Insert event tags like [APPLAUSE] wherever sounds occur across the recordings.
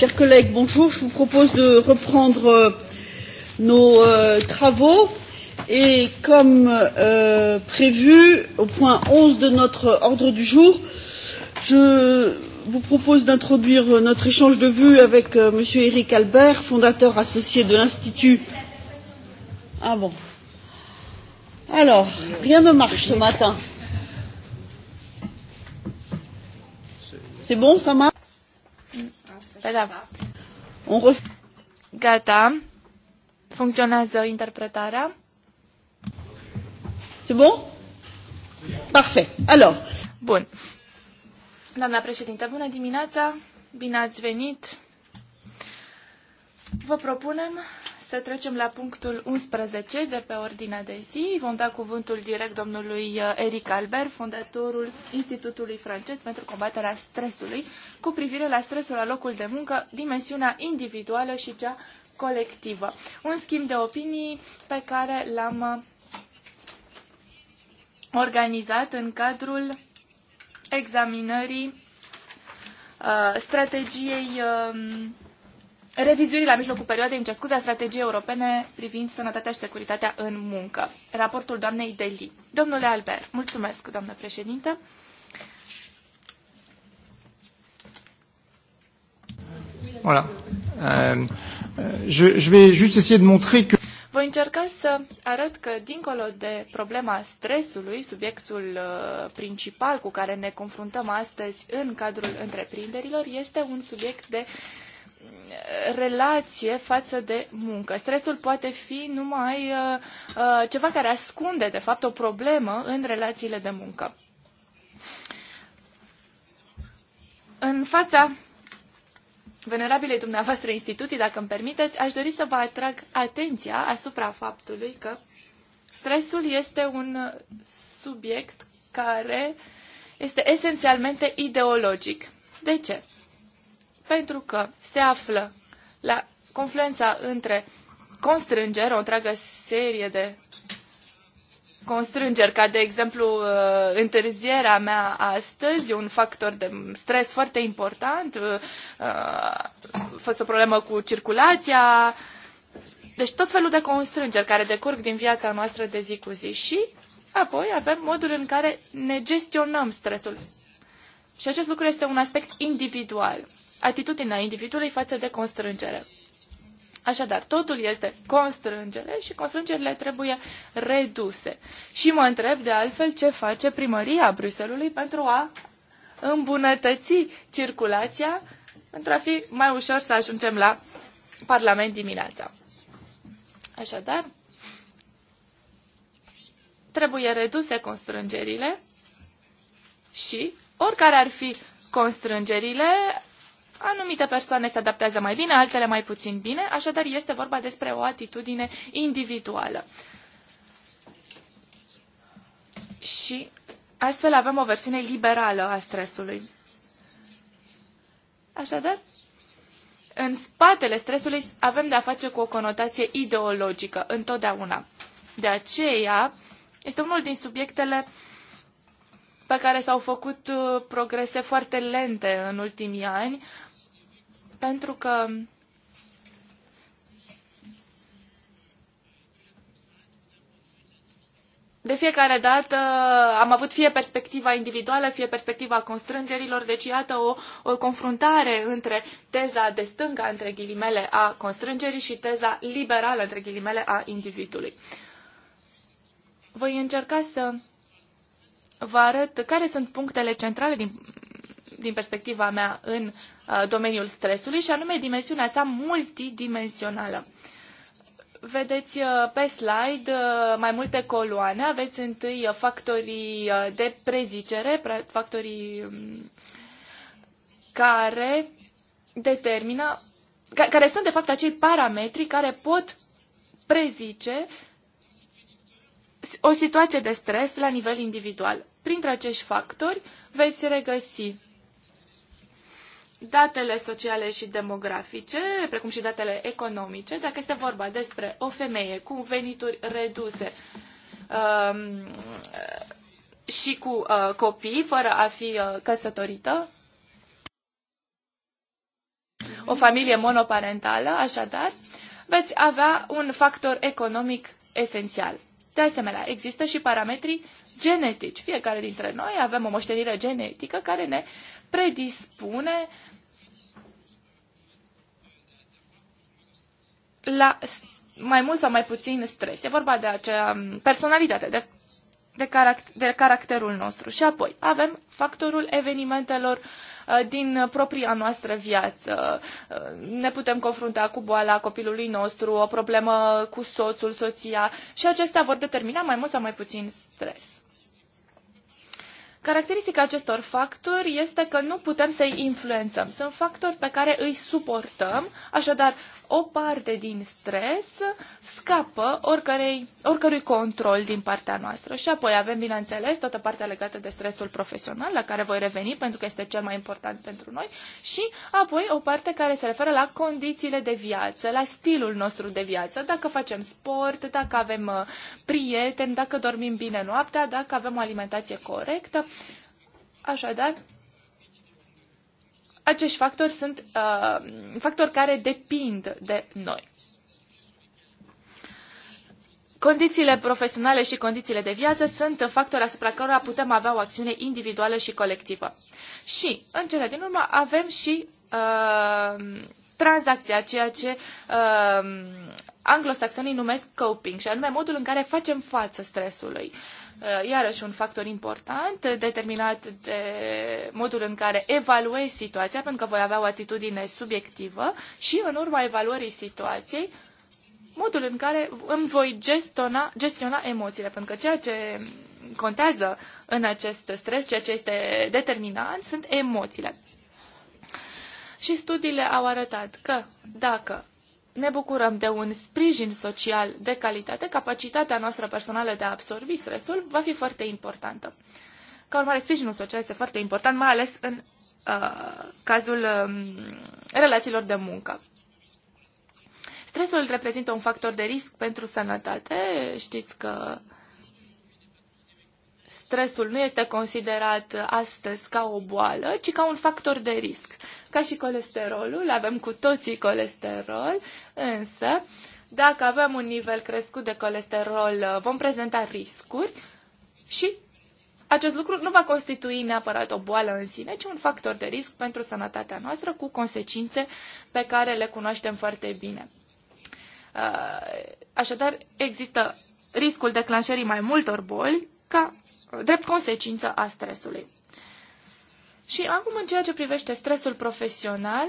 Chers collègues, bonjour. Je vous propose de reprendre euh, nos euh, travaux et comme euh, prévu au point 11 de notre ordre du jour, je vous propose d'introduire notre échange de vues avec euh, M. Eric Albert, fondateur associé de l'Institut. Ah bon. Alors, rien ne marche ce matin. C'est bon, ça marche da. da. Gata. Funcționează interpretarea. C'est bon? Parfait. Alors. Bun. Doamna președinte, bună dimineața. Bine ați venit. Vă propunem să trecem la punctul 11 de pe ordinea de zi. Vom da cuvântul direct domnului uh, Eric Albert, fondatorul Institutului francez pentru combaterea stresului, cu privire la stresul la locul de muncă, dimensiunea individuală și cea colectivă. Un schimb de opinii pe care l-am uh, organizat în cadrul examinării uh, strategiei uh, revizuirii la mijlocul perioadei, în ce scuze, a strategiei europene privind sănătatea și securitatea în muncă. Raportul doamnei Deli. Domnule Albert, mulțumesc, doamnă președintă. Voilà. Euh, je, je vais juste essayer de montrer que... Voi încerca să arăt că, dincolo de problema stresului, subiectul uh, principal cu care ne confruntăm astăzi în cadrul întreprinderilor, este un subiect de uh, relație față de muncă. Stresul poate fi numai uh, uh, ceva care ascunde, de fapt, o problemă în relațiile de muncă. În fața venerabilei dumneavoastră instituții, dacă îmi permiteți, aș dori să vă atrag atenția asupra faptului că stresul este un subiect care este esențialmente ideologic. De ce? pentru că se află la confluența între constrângeri, o întreagă serie de constrângeri, ca de exemplu uh, întârzierea mea astăzi, un factor de stres foarte important, uh, a fost o problemă cu circulația, deci tot felul de constrângeri care decurg din viața noastră de zi cu zi și apoi avem modul în care ne gestionăm stresul. Și acest lucru este un aspect individual atitudinea individului față de constrângere. Așadar, totul este constrângere și constrângerile trebuie reduse. Și mă întreb de altfel ce face primăria Bruselului pentru a îmbunătăți circulația pentru a fi mai ușor să ajungem la Parlament dimineața. Așadar, trebuie reduse constrângerile și oricare ar fi constrângerile, Anumite persoane se adaptează mai bine, altele mai puțin bine, așadar este vorba despre o atitudine individuală. Și astfel avem o versiune liberală a stresului. Așadar, în spatele stresului avem de a face cu o conotație ideologică, întotdeauna. De aceea, este unul din subiectele pe care s-au făcut uh, progrese foarte lente în ultimii ani, pentru că de fiecare dată am avut fie perspectiva individuală, fie perspectiva constrângerilor, deci iată o, o confruntare între teza de stânga, între ghilimele, a constrângerii și teza liberală, între ghilimele, a individului. Voi încerca să vă arăt care sunt punctele centrale din din perspectiva mea în uh, domeniul stresului și anume dimensiunea sa multidimensională. Vedeți uh, pe slide uh, mai multe coloane. Aveți întâi factorii de prezicere, factorii um, care determină, care sunt de fapt acei parametri care pot prezice o situație de stres la nivel individual. Printre acești factori veți regăsi datele sociale și demografice, precum și datele economice, dacă este vorba despre o femeie cu venituri reduse um, și cu uh, copii, fără a fi uh, căsătorită, o familie monoparentală, așadar, veți avea un factor economic esențial. De asemenea, există și parametrii genetici. Fiecare dintre noi avem o moștenire genetică care ne predispune la mai mult sau mai puțin stres. E vorba de acea um, personalitate, de, de, caract, de caracterul nostru. Și apoi avem factorul evenimentelor uh, din propria noastră viață. Uh, ne putem confrunta cu boala copilului nostru, o problemă cu soțul, soția și acestea vor determina mai mult sau mai puțin stres. Caracteristica acestor factori este că nu putem să-i influențăm. Sunt factori pe care îi suportăm, așadar o parte din stres scapă oricărei, oricărui control din partea noastră. Și apoi avem, bineînțeles, toată partea legată de stresul profesional, la care voi reveni pentru că este cel mai important pentru noi, și apoi o parte care se referă la condițiile de viață, la stilul nostru de viață, dacă facem sport, dacă avem uh, prieteni, dacă dormim bine noaptea, dacă avem o alimentație corectă. Așadar, acești factori sunt uh, factori care depind de noi. Condițiile profesionale și condițiile de viață sunt factori asupra cărora putem avea o acțiune individuală și colectivă. Și, în cele din urmă, avem și uh, tranzacția, ceea ce uh, anglosaxonii numesc coping, și anume modul în care facem față stresului. Uh, Uh, iarăși un factor important uh, determinat de modul în care evaluezi situația, pentru că voi avea o atitudine subiectivă și în urma evaluării situației, modul în care îmi voi gestiona, gestiona emoțiile, pentru că ceea ce contează în acest stres, ceea ce este determinant, sunt emoțiile. Și studiile au arătat că dacă ne bucurăm de un sprijin social de calitate, capacitatea noastră personală de a absorbi stresul va fi foarte importantă. Ca urmare, sprijinul social este foarte important, mai ales în uh, cazul um, relațiilor de muncă. Stresul reprezintă un factor de risc pentru sănătate. Știți că stresul nu este considerat astăzi ca o boală, ci ca un factor de risc. Ca și colesterolul, avem cu toții colesterol, însă dacă avem un nivel crescut de colesterol, vom prezenta riscuri și acest lucru nu va constitui neapărat o boală în sine, ci un factor de risc pentru sănătatea noastră cu consecințe pe care le cunoaștem foarte bine. Uh, așadar, există riscul declanșării mai multor boli ca drept consecință a stresului. Și acum, în ceea ce privește stresul profesional,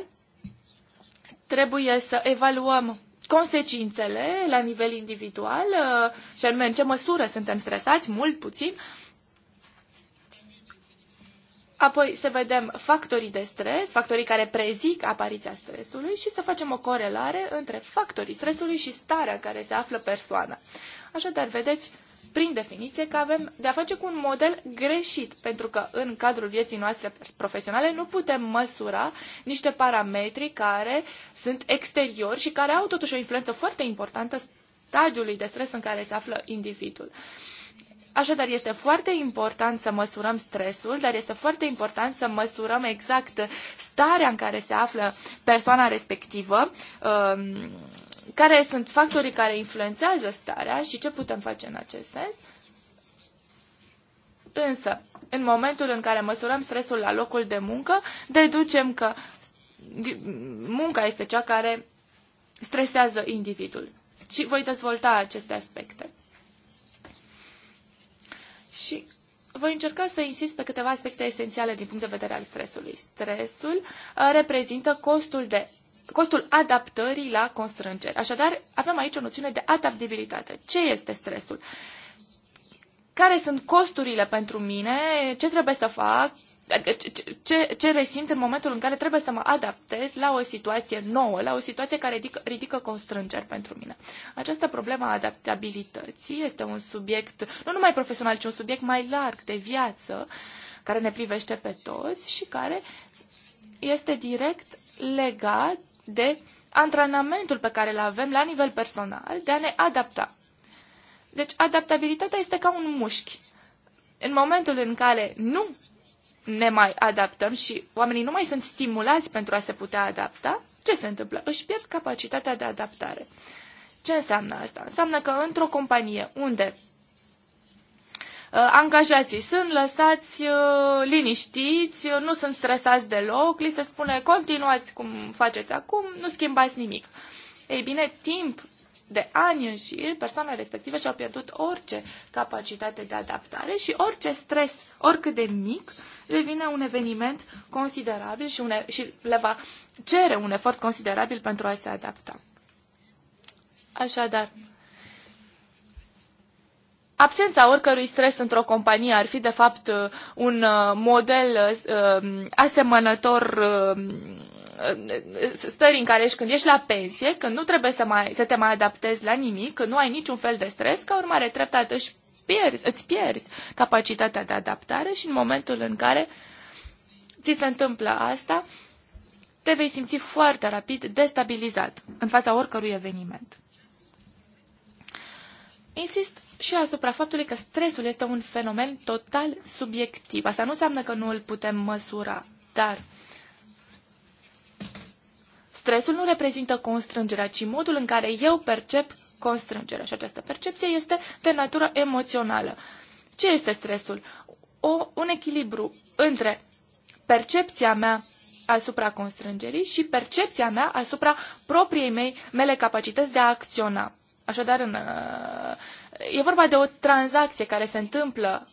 trebuie să evaluăm consecințele la nivel individual uh, și anume în ce măsură suntem stresați, mult, puțin. Apoi să vedem factorii de stres, factorii care prezic apariția stresului și să facem o corelare între factorii stresului și starea în care se află persoana. Așadar, vedeți, prin definiție că avem de a face cu un model greșit, pentru că în cadrul vieții noastre profesionale nu putem măsura niște parametri care sunt exteriori și care au totuși o influență foarte importantă stadiului de stres în care se află individul. Așadar, este foarte important să măsurăm stresul, dar este foarte important să măsurăm exact starea în care se află persoana respectivă, um, care sunt factorii care influențează starea și ce putem face în acest sens. Însă, în momentul în care măsurăm stresul la locul de muncă, deducem că munca este cea care stresează individul. Și voi dezvolta aceste aspecte. Și voi încerca să insist pe câteva aspecte esențiale din punct de vedere al stresului. Stresul uh, reprezintă costul de costul adaptării la constrângeri. Așadar, avem aici o noțiune de adaptabilitate. Ce este stresul? Care sunt costurile pentru mine? Ce trebuie să fac? Adică, ce, ce, ce resimt în momentul în care trebuie să mă adaptez la o situație nouă, la o situație care ridică, ridică constrângeri pentru mine. Această problemă a adaptabilității este un subiect, nu numai profesional, ci un subiect mai larg de viață, care ne privește pe toți și care este direct legat de antrenamentul pe care îl avem la nivel personal de a ne adapta. Deci adaptabilitatea este ca un mușchi. În momentul în care nu ne mai adaptăm și oamenii nu mai sunt stimulați pentru a se putea adapta, ce se întâmplă? Își pierd capacitatea de adaptare. Ce înseamnă asta? Înseamnă că într-o companie unde Uh, angajații sunt lăsați uh, liniștiți, uh, nu sunt stresați deloc, li se spune continuați cum faceți acum, nu schimbați nimic. Ei bine, timp de ani în șir, persoanele respective și-au pierdut orice capacitate de adaptare și orice stres, oricât de mic, devine un eveniment considerabil și, une, și le va cere un efort considerabil pentru a se adapta. Așadar, absența oricărui stres într-o companie ar fi, de fapt, uh, un uh, model uh, asemănător stării în care ești când ești la pensie, când nu trebuie să, mai, să te mai adaptezi la nimic, când nu ai niciun fel de stres, ca urmare treptat își pierzi, îți pierzi capacitatea de adaptare și în momentul în care ți se întâmplă asta, te vei simți foarte rapid destabilizat în fața oricărui eveniment. Insist și asupra faptului că stresul este un fenomen total subiectiv. Asta nu înseamnă că nu îl putem măsura, dar stresul nu reprezintă constrângerea, ci modul în care eu percep constrângerea. Și această percepție este de natură emoțională. Ce este stresul? O, un echilibru între percepția mea asupra constrângerii și percepția mea asupra propriei mei, mele capacități de a acționa. Așadar, în uh, E vorba de o tranzacție care se întâmplă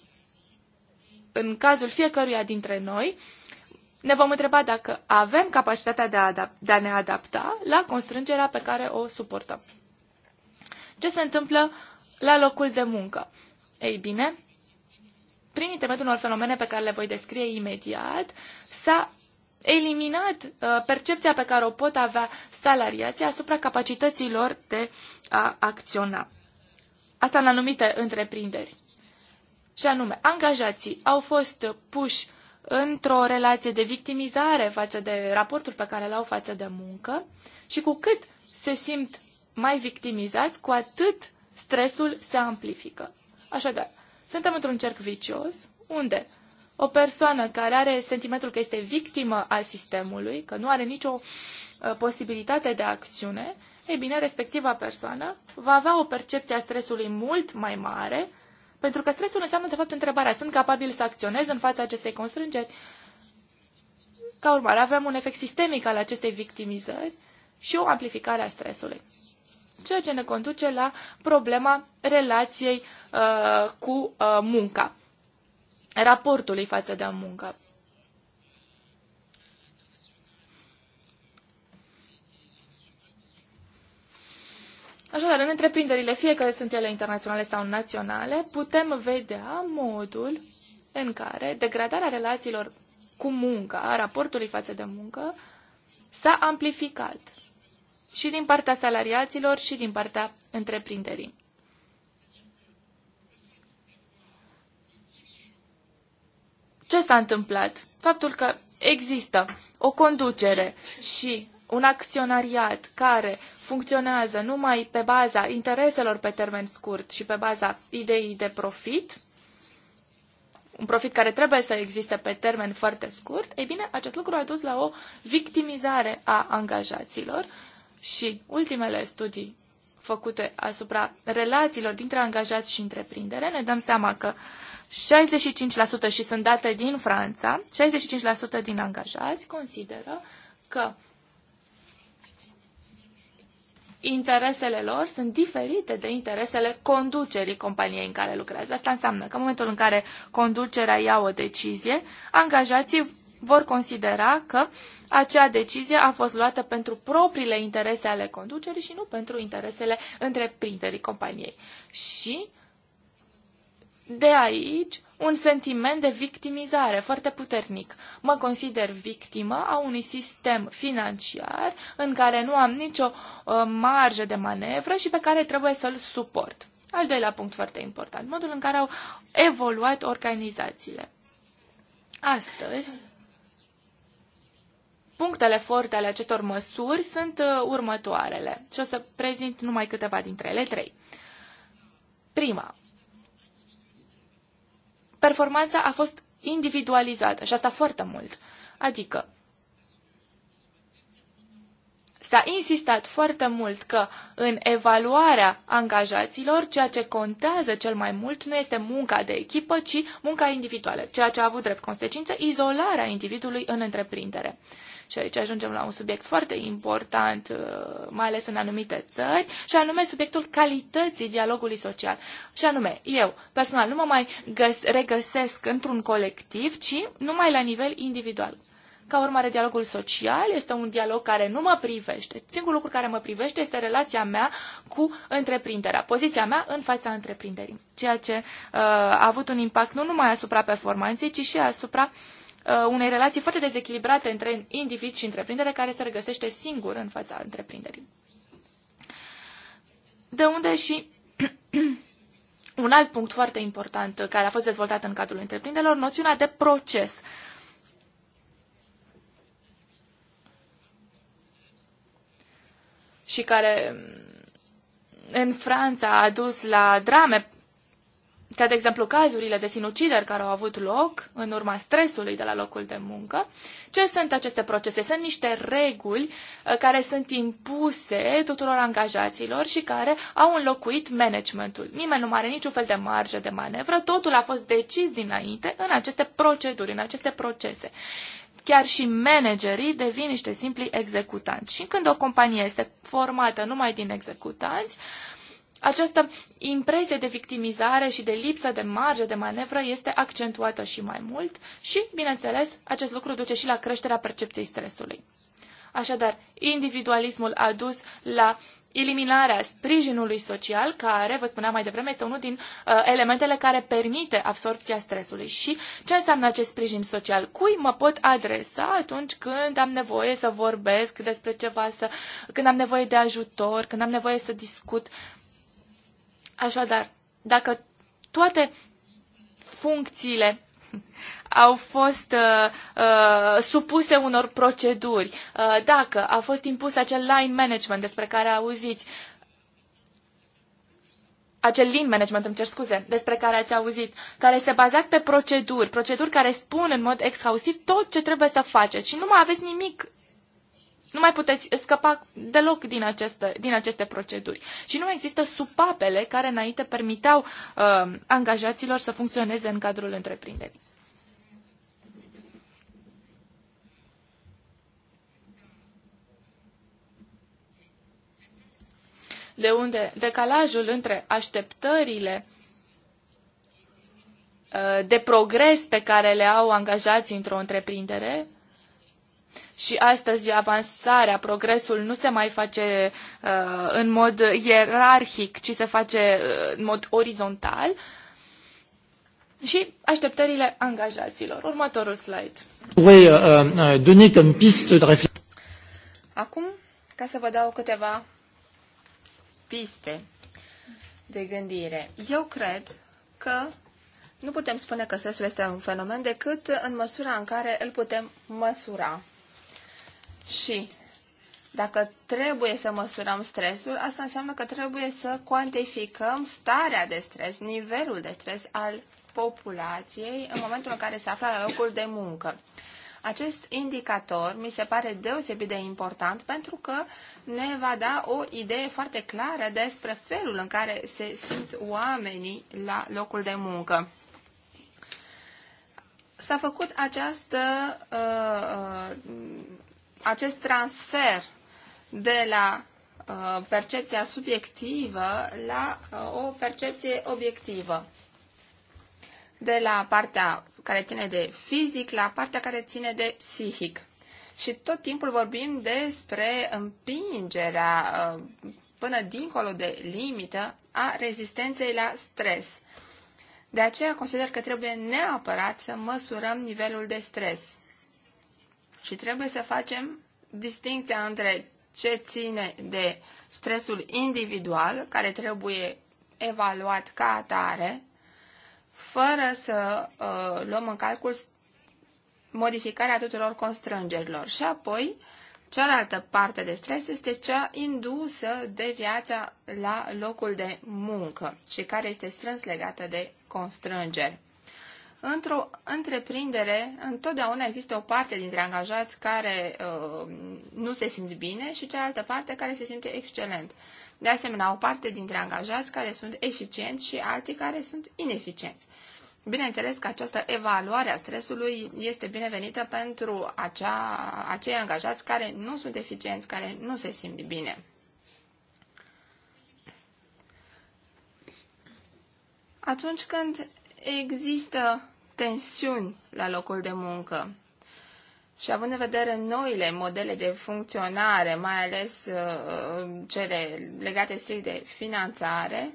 în cazul fiecăruia dintre noi. Ne vom întreba dacă avem capacitatea de a, adap- de a ne adapta la constrângerea pe care o suportăm. Ce se întâmplă la locul de muncă? Ei bine, prin intermediul unor fenomene pe care le voi descrie imediat, s-a eliminat uh, percepția pe care o pot avea salariații asupra capacităților de a acționa. Asta în anumite întreprinderi. Și anume, angajații au fost puși într-o relație de victimizare față de raportul pe care l-au față de muncă și cu cât se simt mai victimizați, cu atât stresul se amplifică. Așadar, suntem într-un cerc vicios unde o persoană care are sentimentul că este victimă a sistemului, că nu are nicio uh, posibilitate de acțiune, ei bine, respectiva persoană va avea o percepție a stresului mult mai mare, pentru că stresul înseamnă, de fapt, întrebarea, sunt capabil să acționez în fața acestei constrângeri? Ca urmare, avem un efect sistemic al acestei victimizări și o amplificare a stresului. Ceea ce ne conduce la problema relației uh, cu uh, munca, raportului față de muncă. Așadar, în întreprinderile, fie că sunt ele internaționale sau naționale, putem vedea modul în care degradarea relațiilor cu munca, a raportului față de muncă, s-a amplificat și din partea salariaților și din partea întreprinderii. Ce s-a întâmplat? Faptul că există o conducere și un acționariat care funcționează numai pe baza intereselor pe termen scurt și pe baza ideii de profit, un profit care trebuie să existe pe termen foarte scurt, ei bine, acest lucru a dus la o victimizare a angajaților și ultimele studii făcute asupra relațiilor dintre angajați și întreprindere, ne dăm seama că 65% și sunt date din Franța, 65% din angajați consideră că interesele lor sunt diferite de interesele conducerii companiei în care lucrează. Asta înseamnă că în momentul în care conducerea ia o decizie, angajații vor considera că acea decizie a fost luată pentru propriile interese ale conducerii și nu pentru interesele întreprinderii companiei. Și de aici un sentiment de victimizare foarte puternic. Mă consider victimă a unui sistem financiar în care nu am nicio uh, marjă de manevră și pe care trebuie să-l suport. Al doilea punct foarte important, modul în care au evoluat organizațiile. Astăzi, punctele forte ale acestor măsuri sunt uh, următoarele și o să prezint numai câteva dintre ele, trei. Prima, performanța a fost individualizată și asta foarte mult. Adică s-a insistat foarte mult că în evaluarea angajaților, ceea ce contează cel mai mult nu este munca de echipă, ci munca individuală, ceea ce a avut drept consecință izolarea individului în întreprindere. Și aici ajungem la un subiect foarte important, uh, mai ales în anumite țări, și anume subiectul calității dialogului social. Și anume, eu personal nu mă mai regăsesc într-un colectiv, ci numai la nivel individual. Ca urmare, dialogul social este un dialog care nu mă privește. Singurul lucru care mă privește este relația mea cu întreprinderea, poziția mea în fața întreprinderii, ceea ce uh, a avut un impact nu numai asupra performanței, ci și asupra uh, Uh, unei relații foarte dezechilibrate între individ și întreprindere care se regăsește singur în fața întreprinderii. De unde și [CLEARS THROAT] un alt punct foarte important care a fost dezvoltat în cadrul întreprinderilor, noțiunea de proces. Și care mm, în Franța a dus la drame ca de exemplu cazurile de sinucideri care au avut loc în urma stresului de la locul de muncă. Ce sunt aceste procese? Sunt niște reguli uh, care sunt impuse tuturor angajaților și care au înlocuit managementul. Nimeni nu are niciun fel de marjă de manevră, totul a fost decis dinainte în aceste proceduri, în aceste procese. Chiar și managerii devin niște simpli executanți. Și când o companie este formată numai din executanți, uh, această impresie de victimizare și de lipsă de marjă de manevră este accentuată și mai mult și, bineînțeles, acest lucru duce și la creșterea percepției stresului. Așadar, individualismul a dus la eliminarea sprijinului social, care, vă spuneam mai devreme, este unul din uh, elementele care permite absorpția stresului. Și ce înseamnă acest sprijin social? Cui mă pot adresa atunci când am nevoie să vorbesc despre ceva, să, când am nevoie de ajutor, când am nevoie să discut uh, Așadar, dacă toate funcțiile au fost uh, uh, supuse unor proceduri, uh, dacă a fost impus acel line management despre care auziți, acel lean management, îmi cer scuze, despre care ați auzit, care este bazat pe proceduri, proceduri care spun în mod exhaustiv tot ce trebuie să faceți și nu mai aveți nimic nu mai puteți scăpa deloc din aceste, din aceste proceduri. Și nu există supapele care înainte permiteau uh, angajaților să funcționeze în cadrul întreprinderii. de unde decalajul între așteptările uh, de progres pe care le au angajații într-o întreprindere și astăzi avansarea, progresul nu se mai face uh, în mod ierarhic, ci se face uh, în mod orizontal. Și așteptările angajaților. Următorul slide. Euh, euh, Acum, ca să vă dau câteva piste de gândire. Eu cred că nu putem spune că stresul este un fenomen decât în măsura în care îl putem măsura. Și dacă trebuie să măsurăm stresul, asta înseamnă că trebuie să cuantificăm starea de stres, nivelul de stres al populației în momentul în care se află la locul de muncă. Acest indicator mi se pare deosebit de important pentru că ne va da o idee foarte clară despre felul în care se simt oamenii la locul de muncă. S-a făcut această uh, uh acest transfer de la uh, percepția subiectivă la uh, o percepție obiectivă. De la partea care ține de fizic la partea care ține de psihic. Și tot timpul vorbim despre împingerea uh, până dincolo de limită a rezistenței la stres. De aceea consider că trebuie neapărat să măsurăm nivelul de stres. Și trebuie să facem distinția între ce ține de stresul individual, care trebuie evaluat ca atare, fără să uh, luăm în calcul modificarea tuturor constrângerilor. Și apoi, cealaltă parte de stres este cea indusă de viața la locul de muncă și care este strâns legată de constrângeri. Într-o întreprindere, întotdeauna există o parte dintre angajați care uh, nu se simt bine și cealaltă parte care se simte excelent. De asemenea, o parte dintre angajați care sunt eficienți și alții care sunt ineficienți. Bineînțeles că această evaluare a stresului este binevenită pentru acea, acei angajați care nu sunt eficienți, care nu se simt bine. Atunci când există tensiuni la locul de muncă. Și având în vedere noile modele de funcționare, mai ales uh, uh, cele legate strict de finanțare,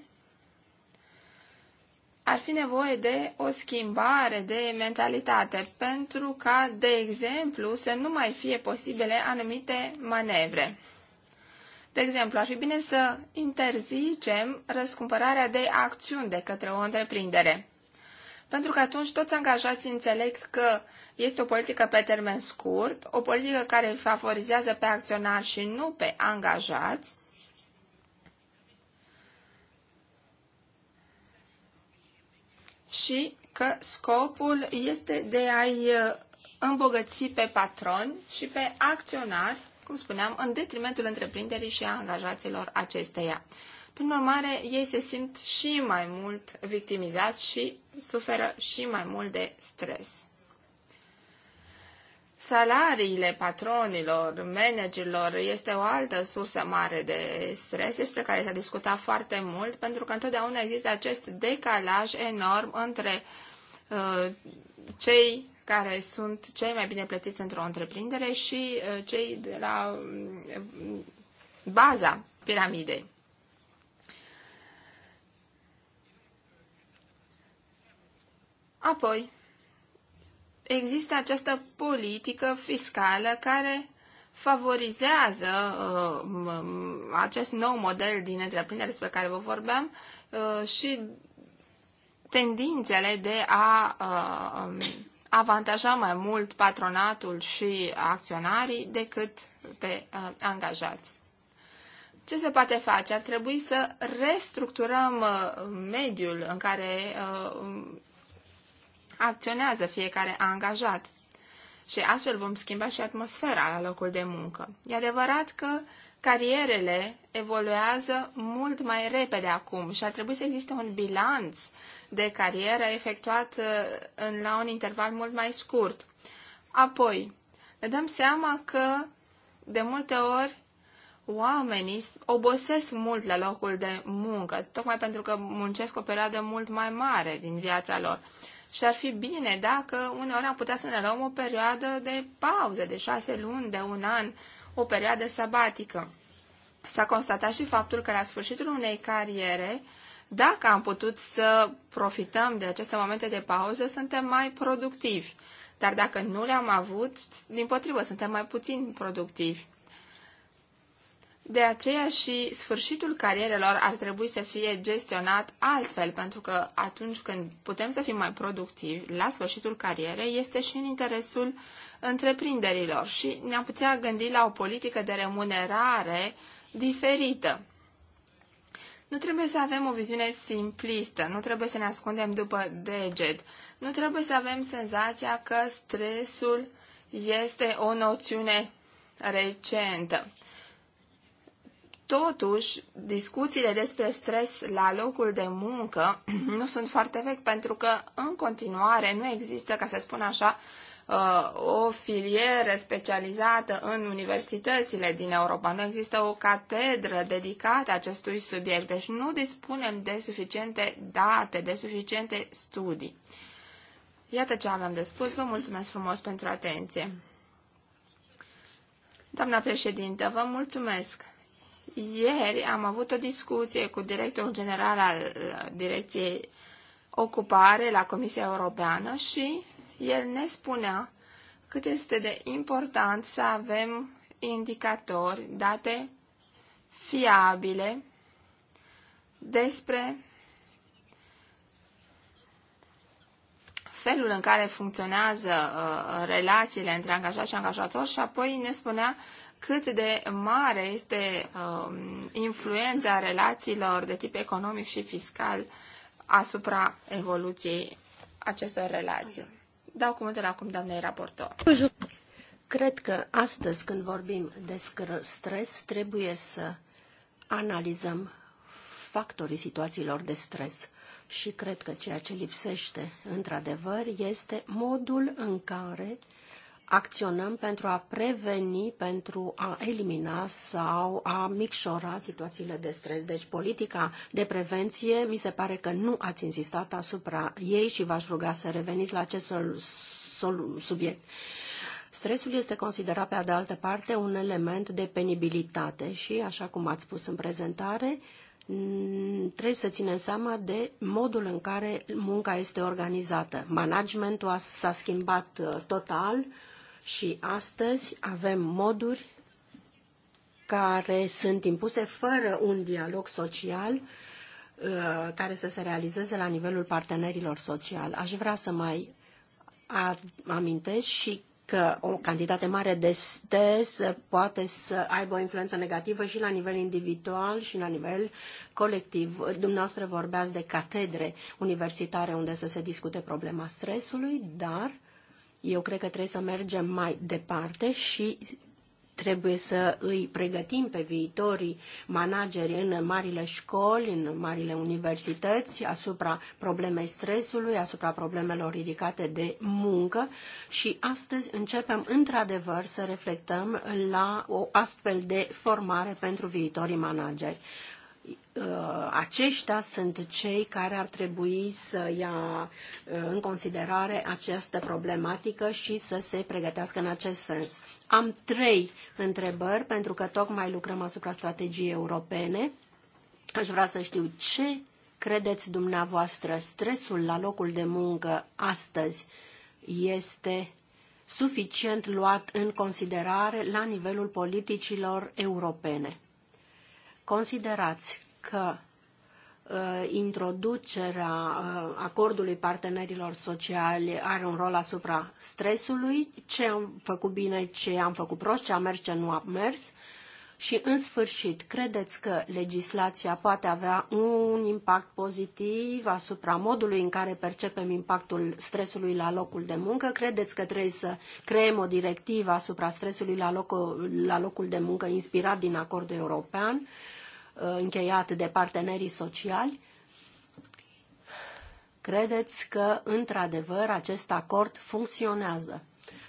ar fi nevoie de o schimbare de mentalitate pentru ca, de exemplu, să nu mai fie posibile anumite manevre. De exemplu, ar fi bine să interzicem răscumpărarea de acțiuni de către o întreprindere pentru că atunci toți angajații înțeleg că este o politică pe termen scurt, o politică care favorizează pe acționari și nu pe angajați. Și că scopul este de a-i uh, îmbogăți pe patroni și pe acționari, cum spuneam, în detrimentul întreprinderii și a angajaților acesteia. Prin urmare, ei se simt și mai mult victimizați și suferă și mai mult de stres. Salariile patronilor, managerilor este o altă sursă mare de stres despre care s-a discutat foarte mult pentru că întotdeauna există acest decalaj enorm între uh, cei care sunt cei mai bine plătiți într-o întreprindere și uh, cei de la uh, baza piramidei. Apoi, există această politică fiscală care favorizează uh, acest nou model din întreprindere despre care vă vorbeam uh, și tendințele de a uh, avantaja mai mult patronatul și acționarii decât pe uh, angajați. Ce se poate face? Ar trebui să restructurăm uh, mediul în care uh, acționează fiecare angajat. Și astfel vom schimba și atmosfera la locul de muncă. E adevărat că carierele evoluează mult mai repede acum și ar trebui să existe un bilanț de carieră efectuat uh, în, la un interval mult mai scurt. Apoi, ne dăm seama că de multe ori oamenii obosesc mult la locul de muncă, tocmai pentru că muncesc o perioadă mult mai mare din viața lor și ar fi bine dacă uneori am putea să ne luăm o perioadă de pauză, de șase luni, de un an, o perioadă sabatică. S-a constatat și faptul că la sfârșitul unei cariere, dacă am putut să profităm de aceste momente de pauză, suntem mai productivi. Dar dacă nu le-am avut, din potrivă, suntem mai puțin productivi. De aceea și sfârșitul carierelor ar trebui să fie gestionat altfel, pentru că atunci când putem să fim mai productivi la sfârșitul carierei, este și în interesul întreprinderilor și ne-am putea gândi la o politică de remunerare diferită. Nu trebuie să avem o viziune simplistă, nu trebuie să ne ascundem după deget, nu trebuie să avem senzația că stresul este o noțiune recentă. Totuși, discuțiile despre stres la locul de muncă [CLEARS THROAT] nu sunt foarte vechi pentru că în continuare nu există, ca să spun așa, uh, o filieră specializată în universitățile din Europa. Nu există o catedră dedicată acestui subiect, deci nu dispunem de suficiente date, de suficiente studii. Iată ce aveam de spus. Vă mulțumesc frumos pentru atenție. Doamna președintă, vă mulțumesc. Ieri am avut o discuție cu directorul general al uh, Direcției Ocupare la Comisia Europeană și el ne spunea cât este de important să avem indicatori, date fiabile despre felul în care funcționează uh, relațiile între angajat și angajator și apoi ne spunea uh, cât de mare este um, influența relațiilor de tip economic și fiscal asupra evoluției acestor relații. Dau cuvântul acum doamnei raportor. Cred că astăzi când vorbim despre stres, trebuie să analizăm factorii situațiilor de stres. Și cred că ceea ce lipsește, într-adevăr, este modul în care acționăm pentru a preveni, pentru a elimina sau a micșora situațiile de stres. Deci politica de prevenție, mi se pare că nu ați insistat asupra ei și v-aș ruga să reveniți la acest subiect. Stresul este considerat, pe de altă parte, un element de penibilitate și, așa cum ați spus în prezentare, trebuie să ținem seama de modul în care munca este organizată. Managementul s-a schimbat uh, total și astăzi avem moduri care sunt impuse fără un dialog social uh, care să se realizeze la nivelul partenerilor sociali. Aș vrea să mai amintesc și că o cantitate mare de stres poate să aibă o influență negativă și la nivel individual și la nivel colectiv. Dumneavoastră vorbeați de catedre universitare unde să se discute problema stresului, dar eu cred că trebuie să mergem mai departe și trebuie să îi pregătim pe viitorii manageri în marile școli, în marile universități, asupra problemei stresului, asupra problemelor ridicate de muncă și astăzi începem într-adevăr să reflectăm la o astfel de formare pentru viitorii manageri. Uh, aceștia sunt cei care ar trebui să ia uh, în considerare această problematică și să se pregătească în acest sens. Am trei întrebări, pentru că tocmai lucrăm asupra strategiei europene. Aș vrea să știu ce credeți dumneavoastră, stresul la locul de muncă astăzi este suficient luat în considerare la nivelul politicilor europene. Considerați că uh, introducerea uh, acordului partenerilor sociali are un rol asupra stresului, ce am făcut bine, ce am făcut prost, ce a mers, ce nu a mers. Și, în sfârșit, credeți că legislația poate avea un impact pozitiv asupra modului în care percepem impactul stresului la locul de muncă? Credeți că trebuie să creăm o directivă asupra stresului la, locul, la locul de muncă inspirat din acordul european? Uh, Uh, încheiat de partenerii sociali? Credeți că, într-adevăr, acest acord funcționează?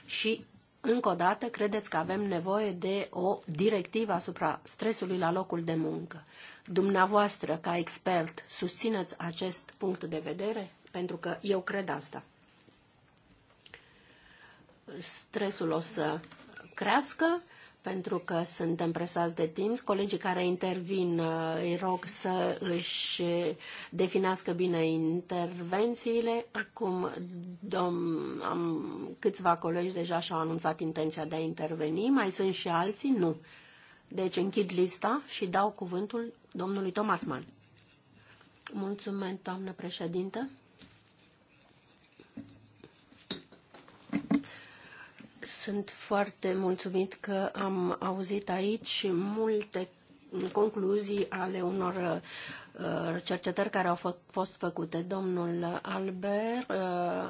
Și, încă o dată, credeți că avem nevoie de o directivă asupra stresului la locul de muncă? Dumneavoastră, ca expert, susțineți acest punct de vedere? Pentru că eu cred asta stresul o să crească pentru că suntem presați de timp. Colegii care intervin uh, îi rog să își definească bine intervențiile. Acum dom, am, câțiva colegi deja și-au anunțat intenția de a interveni. Mai sunt și alții? Nu. Deci închid lista și dau cuvântul domnului Thomas Mann. Mulțumesc, doamnă președintă. Sunt foarte mulțumit că am auzit aici multe concluzii ale unor uh, cercetări care au fost făcute. Domnul Albert uh,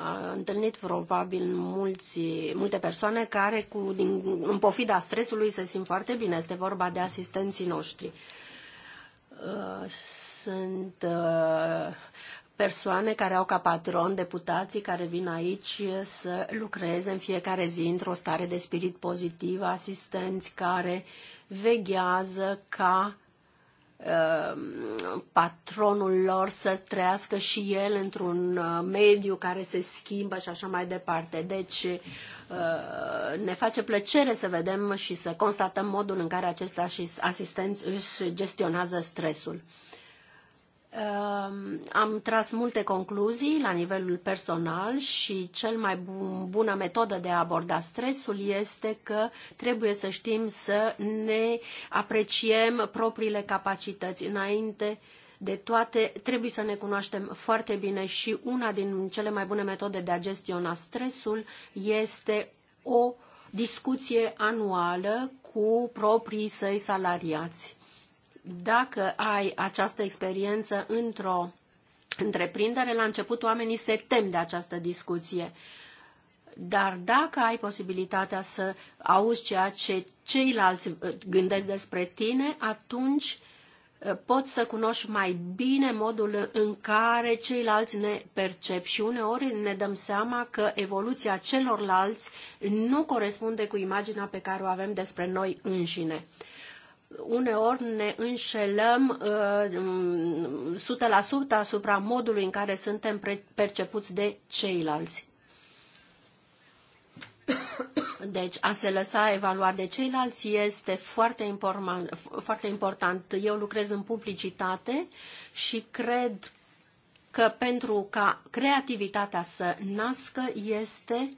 a întâlnit probabil mulți, multe persoane care, cu, din, în pofida stresului, se simt foarte bine. Este vorba de asistenții noștri. Uh, sunt persoane care au ca patron deputații care vin aici să lucreze în fiecare zi într-o stare de spirit pozitiv, asistenți care veghează ca uh, patronul lor să trăiască și el într-un uh, mediu care se schimbă și așa mai departe. Deci uh, ne face plăcere să vedem și să constatăm modul în care acești asistenți își gestionează stresul. Ehm, am tras multe concluzii la nivelul personal și cel mai bun, bună metodă de a aborda stresul este că trebuie să știm să ne apreciem propriile capacități. Înainte de toate, trebuie să ne cunoaștem foarte bine și una din cele mai bune metode de a gestiona stresul este o discuție anuală cu proprii săi salariați dacă ai această experiență într-o întreprindere, la început oamenii se tem de această discuție. Dar dacă ai posibilitatea să auzi ceea ce ceilalți uh, gândesc despre tine, atunci uh, poți să cunoști mai bine modul în care ceilalți ne percep și uneori ne dăm seama că evoluția celorlalți nu corespunde cu imaginea pe care o avem despre noi înșine uneori ne înșelăm uh, um, 100% asupra modului în care suntem percepuți de ceilalți. Deci a se lăsa evaluat de ceilalți este foarte important, foarte important. Eu lucrez în publicitate și cred că pentru ca creativitatea să nască este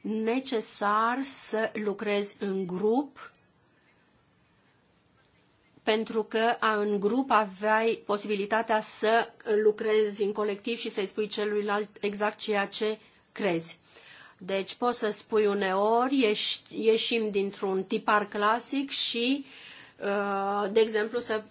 necesar să lucrezi în grup pentru că în grup aveai posibilitatea să lucrezi în colectiv și să-i spui celuilalt exact ceea ce crezi. Deci poți să spui uneori, ieșim dintr-un tipar clasic și uh, Uh, de exemplu, să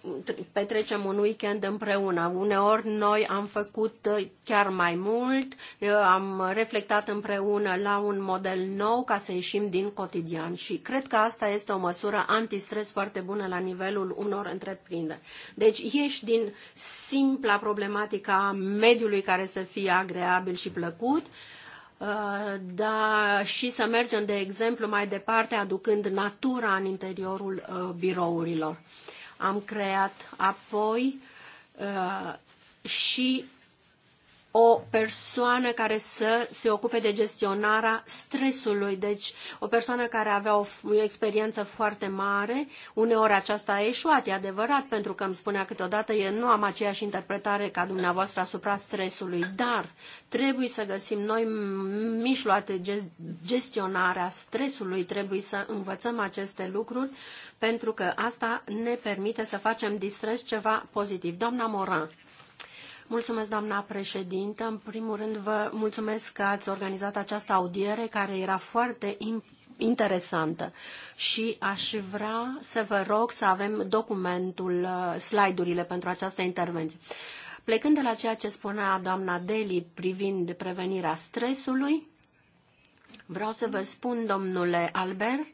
petrecem un weekend împreună. Uneori noi am făcut uh, chiar mai mult, uh, am reflectat împreună la un model nou ca să ieșim din cotidian și cred că asta este o măsură antistres foarte bună la nivelul unor întreprinderi. Deci ieși din simpla problematica mediului care să fie agreabil și plăcut, Uh, da, și să mergem, de exemplu, mai departe, aducând natura în interiorul uh, birourilor. Am creat apoi uh, și o persoană care să se ocupe de gestionarea stresului, deci o persoană care avea o experiență foarte mare, uneori aceasta a eșuat, e adevărat, pentru că îmi spunea câteodată eu nu am aceeași interpretare ca dumneavoastră asupra stresului, dar trebuie să găsim noi mișloate gestionarea stresului, trebuie să învățăm aceste lucruri, pentru că asta ne permite să facem din stres ceva pozitiv. Doamna Moran, Mulțumesc, doamna președintă. În primul rând, vă mulțumesc că ați organizat această audiere care era foarte interesantă și aș vrea să vă rog să avem documentul, uh, slide-urile pentru această intervenție. Plecând de la ceea ce spunea doamna Deli privind prevenirea stresului, vreau să vă spun, domnule Albert,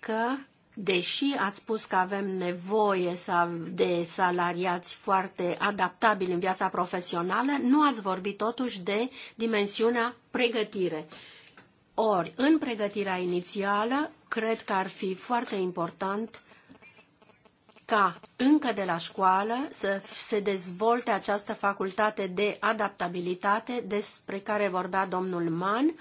că deși ați spus că avem nevoie de salariați foarte adaptabili în viața profesională, nu ați vorbit totuși de dimensiunea pregătire. Ori, în pregătirea inițială, cred că ar fi foarte important ca încă de la școală să se dezvolte această facultate de adaptabilitate despre care vorbea domnul Mann,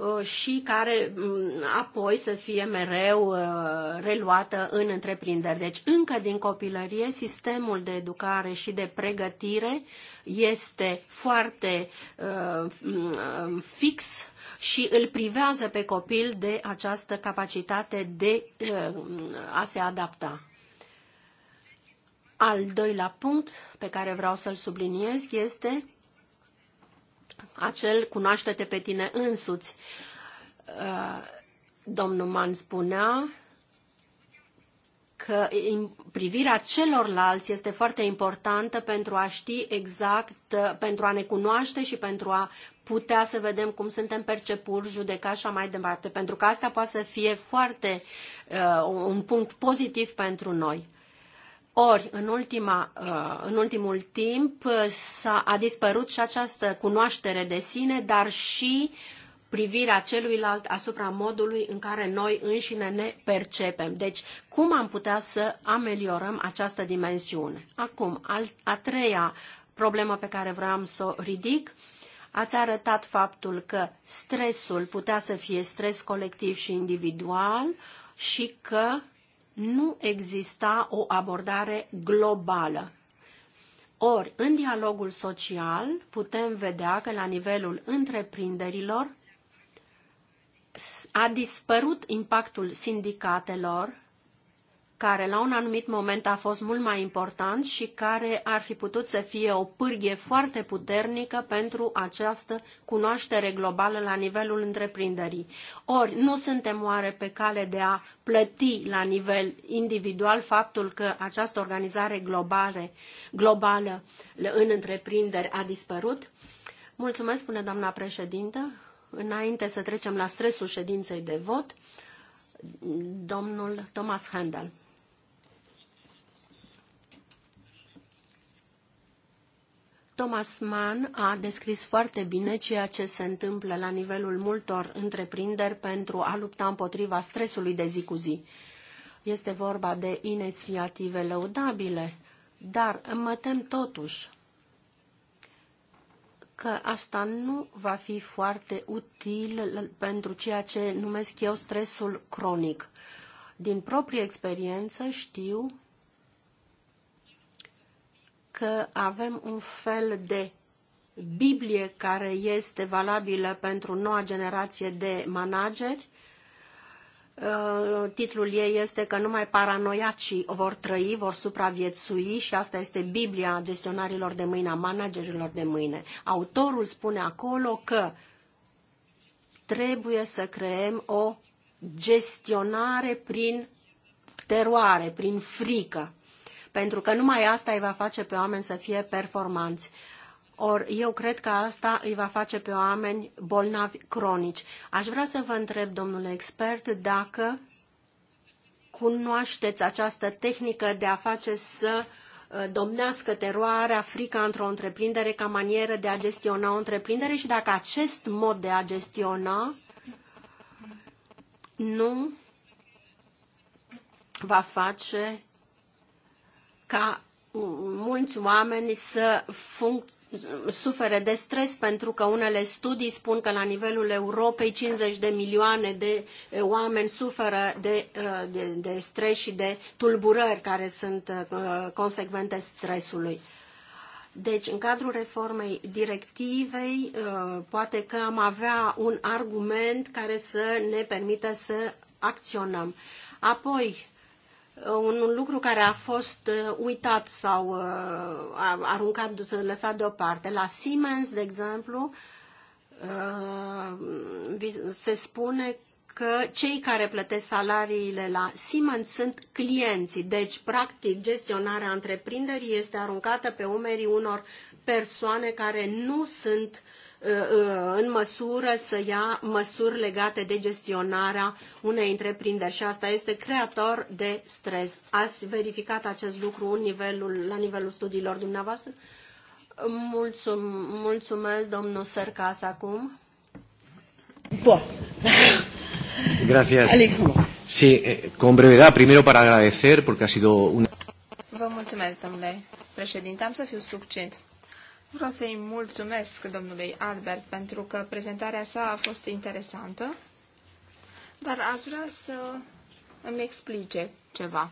Uh, și care mm, apoi să fie mereu uh, reluată în întreprinderi. Deci încă din copilărie sistemul de educare și de pregătire este foarte uh, mm, fix și îl privează pe copil de această capacitate de a se adapta. Al doilea punct pe care vreau să-l subliniez este acel cunoaște-te pe tine însuți. Uh, domnul Man spunea că privirea celorlalți este foarte importantă pentru a ști exact, uh, pentru a ne cunoaște și pentru a putea să vedem cum suntem percepuri, judecați și mai departe, pentru că asta poate să fie foarte uh, un punct pozitiv pentru noi. Ori, în, ultima, uh, în ultimul timp, uh, s-a, a dispărut și această cunoaștere de sine, dar și privirea celuilalt asupra modului în care noi înșine ne percepem. Deci, cum am putea să ameliorăm această dimensiune? Acum, al, a treia problemă pe care vreau să o ridic, ați arătat faptul că stresul putea să fie stres colectiv și individual și că nu exista o abordare globală. Ori, în dialogul social, putem vedea că la nivelul întreprinderilor a dispărut impactul sindicatelor care la un anumit moment a fost mult mai important și care ar fi putut să fie o pârghie foarte puternică pentru această cunoaștere globală la nivelul întreprinderii. Ori nu suntem oare pe cale de a plăti la nivel individual faptul că această organizare globale, globală în întreprinderi a dispărut? Mulțumesc, spune doamna președintă. Înainte să trecem la stresul ședinței de vot, domnul Thomas Handel. Thomas Mann a descris foarte bine ceea ce se întâmplă la nivelul multor întreprinderi pentru a lupta împotriva stresului de zi cu zi. Este vorba de inițiative lăudabile, dar mă tem totuși că asta nu va fi foarte util pentru ceea ce numesc eu stresul cronic. Din proprie experiență știu că avem un fel de Biblie care este valabilă pentru noua generație de manageri. Uh, titlul ei este că numai paranoiacii vor trăi, vor supraviețui și asta este Biblia gestionarilor de mâine, a managerilor de mâine. Autorul spune acolo că trebuie să creăm o gestionare prin teroare, prin frică pentru că numai asta îi va face pe oameni să fie performanți. Or, eu cred că asta îi va face pe oameni bolnavi cronici. Aș vrea să vă întreb, domnule expert, dacă cunoașteți această tehnică de a face să uh, domnească teroarea, frica într-o întreprindere ca manieră de a gestiona o întreprindere și dacă acest mod de a gestiona nu va face ca mulți oameni să sufere de stres pentru că unele studii spun că la nivelul Europei 50 de milioane de eh, oameni suferă de, eh, de, de stres și de tulburări care sunt eh, consecvente stresului. Deci, în cadrul reformei directivei, poate că am avea un argument care să ne permită să acționăm. Apoi, un lucru care a fost uh, uitat sau uh, aruncat, lăsat deoparte. La Siemens, de exemplu, uh, se spune că cei care plătesc salariile la Siemens sunt clienții. Deci, practic, gestionarea întreprinderii este aruncată pe umerii unor persoane care nu sunt Uh, uh, în măsură să ia măsuri legate de gestionarea unei întreprinderi și asta este creator de stres. Ați verificat acest lucru în nivelul, la nivelul studiilor dumneavoastră? Mulțum, mulțumesc, domnul Sărcas, acum. Bun. Gracias. Alex. Sí, eh, con brevedad, primero para agradecer, porque ha sido un... Vă mulțumesc, domnule președinte. Am să fiu succint. Vreau să-i mulțumesc domnului Albert pentru că prezentarea sa a fost interesantă, dar aș vrea să îmi explice ceva.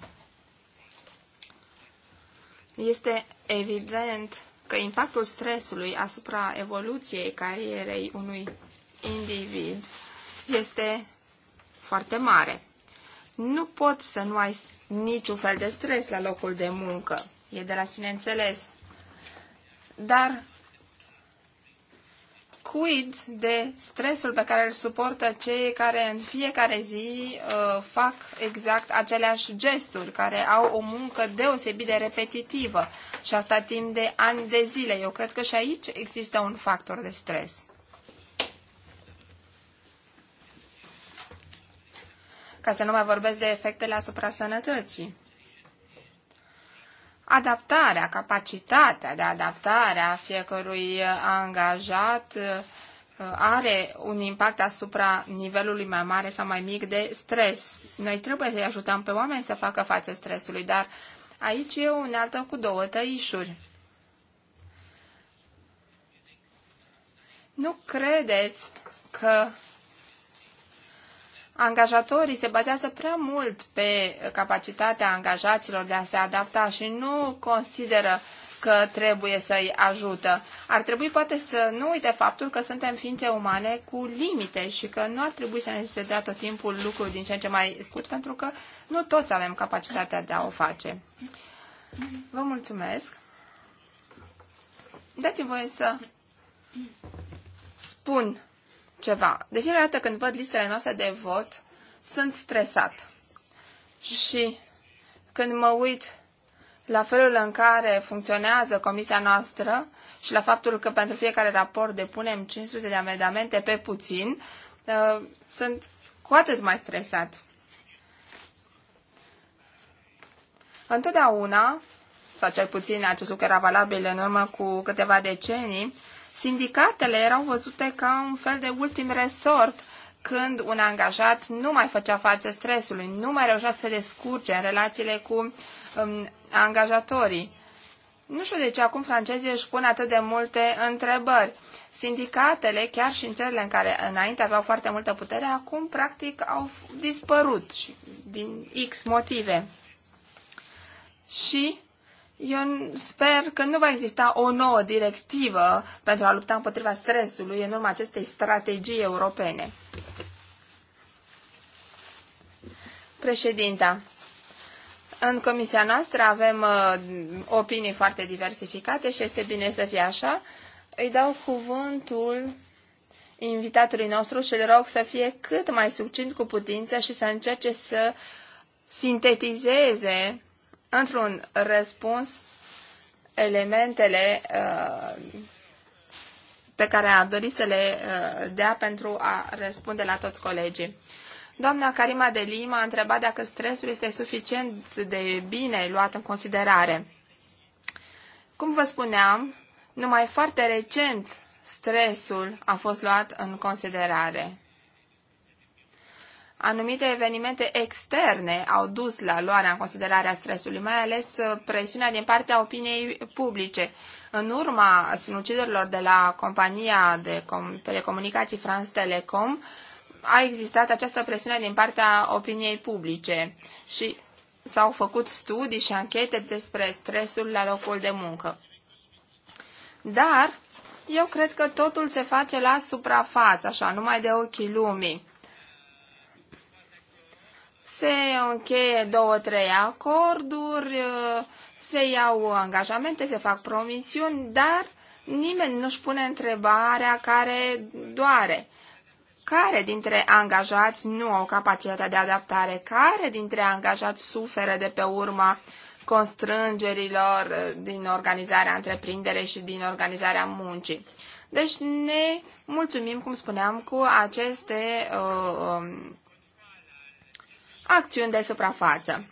Este evident că impactul stresului asupra evoluției carierei unui individ este foarte mare. Nu poți să nu ai niciun fel de stres la locul de muncă. E de la sine înțeles. Dar cuid de stresul pe care îl suportă cei care în fiecare zi uh, fac exact aceleași gesturi, care au o muncă deosebit de repetitivă și asta timp de ani de zile. Eu cred că și aici există un factor de stres. Ca să nu mai vorbesc de efectele asupra sănătății adaptarea, capacitatea de adaptare a fiecărui angajat uh, are un impact asupra nivelului mai mare sau mai mic de stres. Noi trebuie să-i ajutăm pe oameni să facă față stresului, dar aici e o unealtă cu două tăișuri. Nu credeți că angajatorii se bazează prea mult pe capacitatea angajaților de a se adapta și nu consideră că trebuie să-i ajută. Ar trebui poate să nu uite faptul că suntem ființe umane cu limite și că nu ar trebui să ne se dea tot timpul lucruri din ce în ce mai scut, pentru că nu toți avem capacitatea de a o face. Vă mulțumesc. Dați-mi voie să spun ceva. De fiecare dată când văd listele noastre de vot, sunt stresat. Și când mă uit la felul în care funcționează comisia noastră și la faptul că pentru fiecare raport depunem 500 de amendamente pe puțin, uh, sunt cu atât mai stresat. Întotdeauna, sau cel puțin acest lucru era valabil în urmă cu câteva decenii, Sindicatele erau văzute ca un fel de ultim resort când un angajat nu mai făcea față stresului, nu mai reușea să se descurce în relațiile cu um, angajatorii. Nu știu de ce acum francezii își pun atât de multe întrebări. Sindicatele, chiar și în țările în care înainte aveau foarte multă putere, acum practic au dispărut din X motive. Și eu sper că nu va exista o nouă directivă pentru a lupta împotriva stresului în urma acestei strategii europene. Președinta, în comisia noastră avem uh, opinii foarte diversificate și este bine să fie așa. Îi dau cuvântul invitatului nostru și îl rog să fie cât mai succint cu putință și să încerce să sintetizeze într-un răspuns elementele uh, pe care a dorit să le uh, dea pentru a răspunde la toți colegii. Doamna Karima de Lima a întrebat dacă stresul este suficient de bine luat în considerare. Cum vă spuneam, numai foarte recent stresul a fost luat în considerare anumite evenimente externe au dus la luarea în considerare a stresului, mai ales uh, presiunea din partea opiniei publice. În urma sinuciderilor de la compania de telecomunicații France Telecom, a existat această presiune din partea opiniei publice și s-au făcut studii și anchete despre stresul la locul de muncă. Dar eu cred că totul se face la suprafață, așa, numai de ochii lumii se încheie două, trei acorduri, uh, se iau angajamente, se fac promisiuni, dar nimeni nu-și pune întrebarea care doare. Care dintre angajați nu au capacitatea de adaptare? Care dintre angajați suferă de pe urma constrângerilor uh, din organizarea întreprinderei și din organizarea muncii? Deci ne mulțumim, cum spuneam, cu aceste uh, um, acțiuni de suprafață.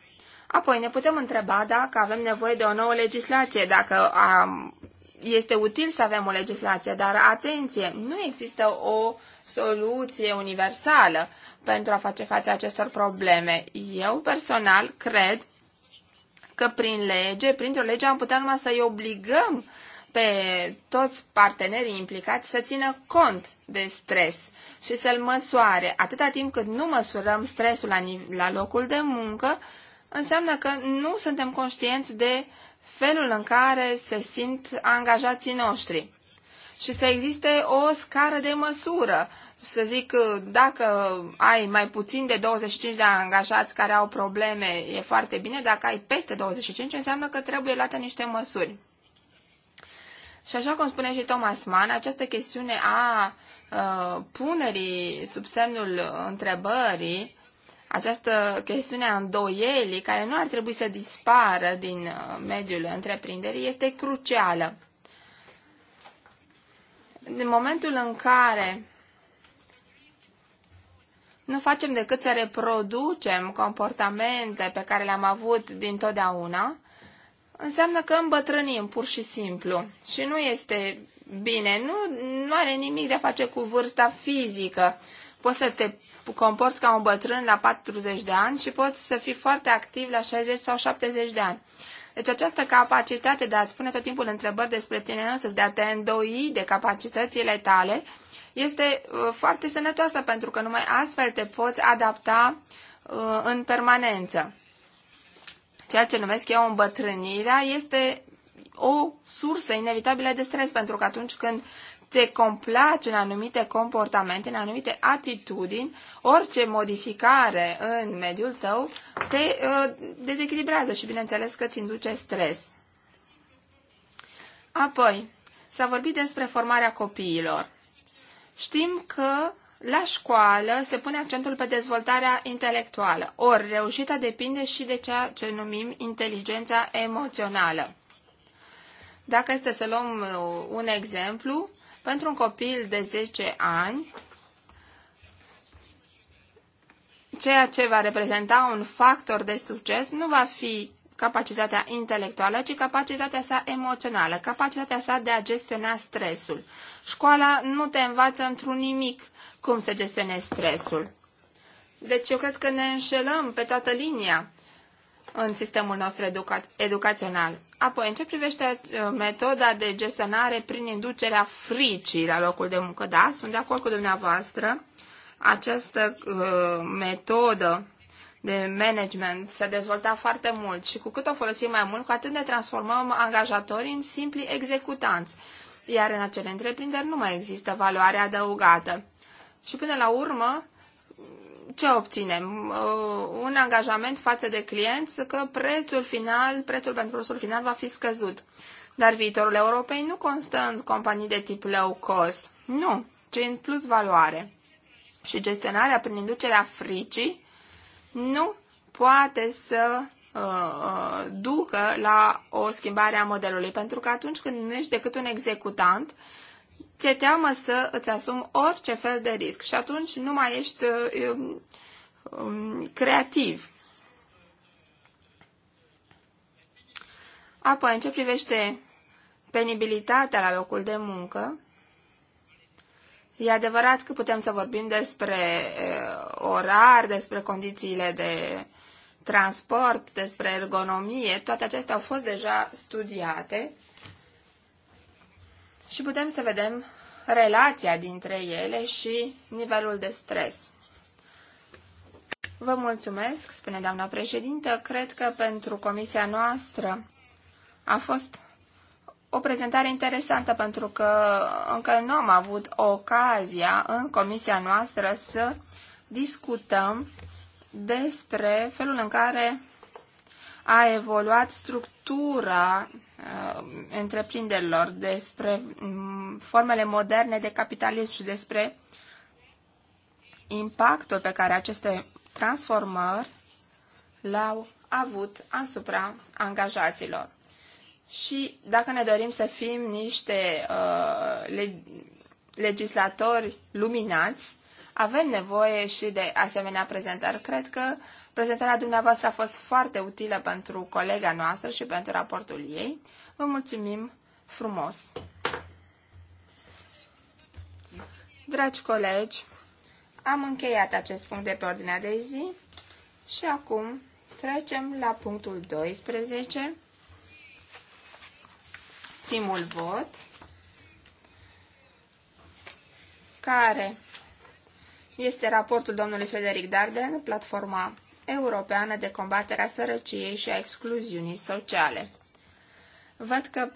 Apoi ne putem întreba dacă avem nevoie de o nouă legislație, dacă um, este util să avem o legislație, dar atenție, nu există o soluție universală pentru a face față acestor probleme. Eu personal cred că prin lege, printr-o lege am putea numai să-i obligăm pe toți partenerii implicați să țină cont de stres și să-l măsoare. Atâta timp cât nu măsurăm stresul la, la locul de muncă, înseamnă că nu suntem conștienți de felul în care se simt angajații noștri. Și să existe o scară de măsură, să zic, dacă ai mai puțin de 25 de angajați care au probleme, e foarte bine, dacă ai peste 25, înseamnă că trebuie luate niște măsuri. Și așa cum spune și Thomas Mann, această chestiune a uh, punerii sub semnul întrebării, această chestiune a îndoielii, care nu ar trebui să dispară din ă, mediul întreprinderii, este crucială. În momentul în care nu facem decât să reproducem comportamente pe care le-am avut dintotdeauna, înseamnă că îmbătrânim pur și simplu și nu este bine. Nu, nu are nimic de a face cu vârsta fizică. Poți să te comporți ca un bătrân la 40 de ani și poți să fii foarte activ la 60 sau 70 de ani. Deci această capacitate de a-ți pune tot timpul întrebări despre tine însăți, de a te îndoi de capacitățile tale, este uh, foarte sănătoasă pentru că numai astfel te poți adapta uh, în permanență ceea ce numesc eu îmbătrânirea, este o sursă inevitabilă de stres, pentru că atunci când te complaci în anumite comportamente, în anumite atitudini, orice modificare în mediul tău te uh, dezechilibrează și bineînțeles că îți induce stres. Apoi, s-a vorbit despre formarea copiilor. Știm că la școală se pune accentul pe dezvoltarea intelectuală, ori reușita depinde și de ceea ce numim inteligența emoțională. Dacă este să luăm uh, un exemplu, pentru un copil de 10 ani, ceea ce va reprezenta un factor de succes nu va fi capacitatea intelectuală, ci capacitatea sa emoțională, capacitatea sa de a gestiona stresul. Școala nu te învață într-un nimic cum să gestionezi stresul. Deci eu cred că ne înșelăm pe toată linia în sistemul nostru educa- educațional. Apoi, în ce privește uh, metoda de gestionare prin inducerea fricii la locul de muncă, da, sunt de acord cu dumneavoastră, această uh, metodă de management s-a dezvoltat foarte mult și cu cât o folosim mai mult, cu atât ne transformăm angajatorii în simpli executanți, iar în acele întreprinderi nu mai există valoare adăugată și până la urmă ce obținem? Uh, un angajament față de clienți că prețul final, prețul pentru produsul final va fi scăzut. Dar viitorul Europei nu constă în companii de tip low cost, nu, ci în plus valoare. Și gestionarea prin inducerea fricii nu poate să uh, uh ducă la o schimbare a modelului, pentru că atunci când nu ești decât un executant, ți-e teamă să îți asumi orice fel de risc și atunci nu mai ești uh, um, um, creativ. Apoi, în ce privește penibilitatea la locul de muncă, e adevărat că putem să vorbim despre uh, orar, despre condițiile de transport, despre ergonomie, toate acestea au fost deja studiate și putem să vedem relația dintre ele și nivelul de stres. Vă mulțumesc, spune doamna președintă. Cred că pentru comisia noastră a fost o prezentare interesantă pentru că încă nu am avut ocazia în comisia noastră să discutăm despre felul în care a evoluat structura Uh, întreprinderilor, despre mm, formele moderne de capitalism și despre impactul pe care aceste transformări l-au avut asupra angajaților. Și dacă ne dorim să fim niște uh, le legislatori luminați, avem nevoie și de asemenea prezentări. Cred că Prezentarea dumneavoastră a fost foarte utilă pentru colega noastră și pentru raportul ei. Vă mulțumim frumos! Dragi colegi, am încheiat acest punct de pe ordinea de zi și acum trecem la punctul 12, primul vot, care este raportul domnului Frederic Darden, platforma europeană de combatere a sărăciei și a excluziunii sociale. Văd că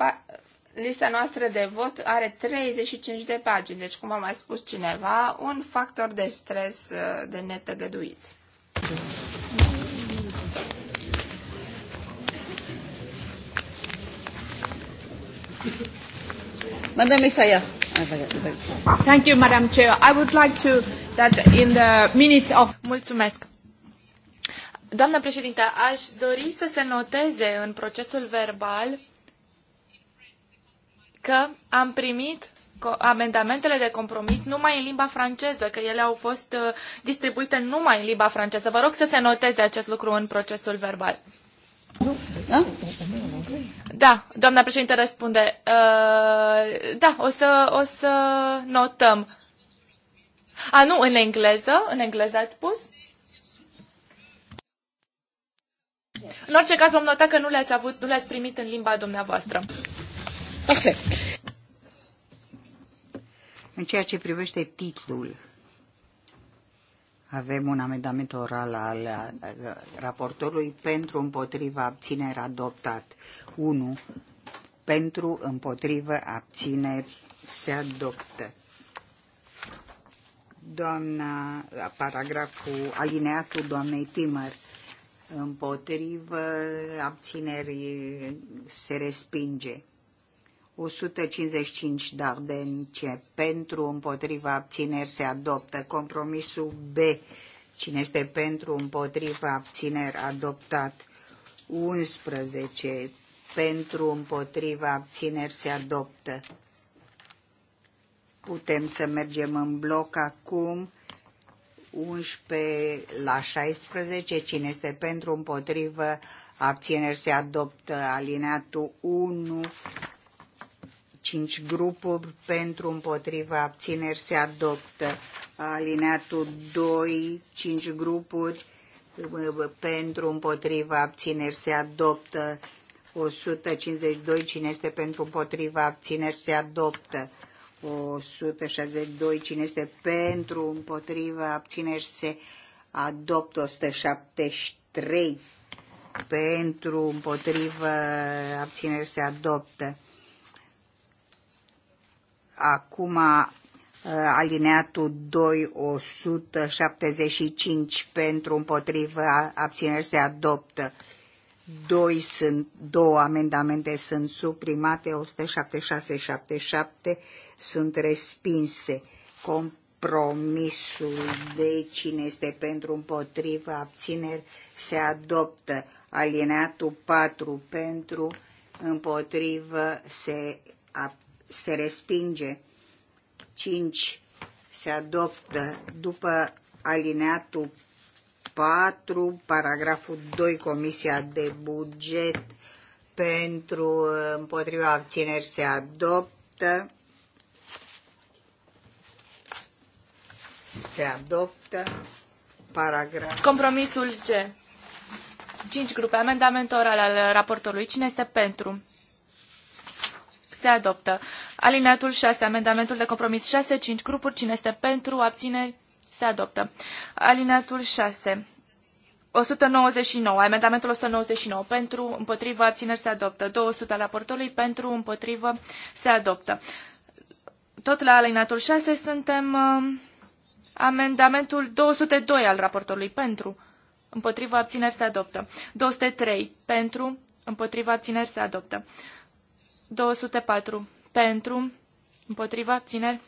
lista noastră de vot are 35 de pagini, deci, cum a mai spus cineva, un factor de stres uh, de netăgăduit. Madame Isaya. Thank you, Madam Chair. I would like to that in the minutes of Mulțumesc. Doamnă președinte, aș dori să se noteze în procesul verbal că am primit amendamentele de compromis numai în limba franceză, că ele au fost uh, distribuite numai în limba franceză. Vă rog să se noteze acest lucru în procesul verbal. Da, doamna președinte răspunde. Uh, da, o să, o să notăm. A, nu, în engleză? În engleză ați spus? În orice caz vom nota că nu le-ați, avut, nu le-ați primit în limba dumneavoastră. Perfect. În ceea ce privește titlul, avem un amendament oral al uh, raportorului pentru împotriva abțineri adoptat. 1. Pentru împotriva abțineri se adoptă. Doamna, uh, paragraful alineatul doamnei Timăr împotrivă, abțineri se respinge. 155 dardenice pentru, împotriva, abțineri se adoptă. Compromisul B, cine este pentru, împotriva, abțineri adoptat. 11 pentru, împotriva, abțineri se adoptă. Putem să mergem în bloc acum 11 la 16. Cine este pentru, împotrivă, abțineri se adoptă. Alineatul 1, 5 grupuri pentru, împotrivă, abțineri se adoptă. Alineatul 2, 5 grupuri pentru, împotrivă, abțineri se adoptă. 152, cine este pentru, împotrivă, abțineri se adoptă. 162. Cine este pentru, împotriva, abțineri, se adoptă. 173. Pentru, împotriva, abțineri, se adoptă. Acum uh, alineatul 2, 175 pentru împotriva abțineri se adoptă. Doi sunt, două amendamente sunt suprimate, 176, 77 sunt respinse. Compromisul de cine este pentru împotriva abțineri se adoptă. Alineatul 4 pentru împotrivă se, a, se respinge. 5 se adoptă după alineatul 4, paragraful 2, Comisia de Buget pentru împotriva abțineri se adoptă. Se adoptă paragraf. Compromisul G. 5 grupe. Amendament oral al raportorului. Cine este pentru? Se adoptă. Alineatul 6. Amendamentul de compromis 6. 5 grupuri. Cine este pentru? Abțineri? Se adoptă. Alineatul 6. 199. Amendamentul 199. Pentru, împotrivă, abțineri se adoptă. 200 al raportorului. Pentru, împotrivă, se adoptă. Tot la alineatul 6 suntem... Uh, Amendamentul 202 al raportorului pentru. Împotriva abțineri se adoptă. 203 pentru. Împotriva abțineri se adoptă. 204 pentru. Împotriva abțineri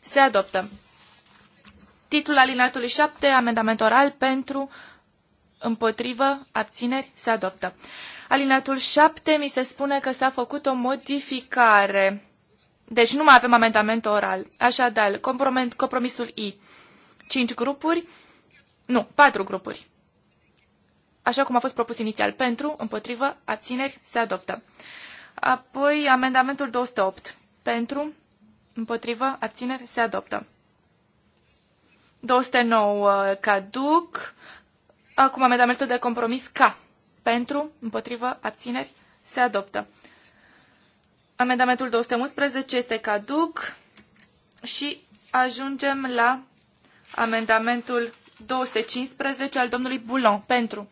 se adoptă. Titlul alinatului 7, amendament oral pentru, împotrivă, abțineri, se adoptă. Alinatul 7 mi se spune că s-a făcut o modificare deci nu mai avem amendament oral. Așadar, compromisul I. Cinci grupuri, nu, patru grupuri. Așa cum a fost propus inițial. Pentru, împotrivă, abțineri, se adoptă. Apoi, amendamentul 208. Pentru, împotrivă, abțineri, se adoptă. 209 caduc. Acum amendamentul de compromis K. Pentru, împotrivă, abțineri, se adoptă. Amendamentul 211 este caduc și ajungem la amendamentul 215 al domnului Boulon. Pentru.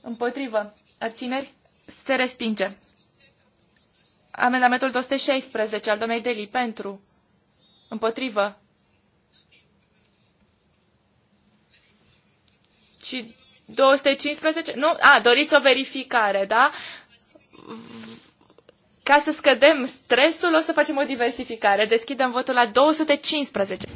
Împotrivă. Abțineri. Se respinge. Amendamentul 216 al domnului Deli. Pentru. Împotrivă. Și 215? Nu? A, doriți o verificare, da? Ca să scădem stresul, o să facem o diversificare. Deschidem votul la 215.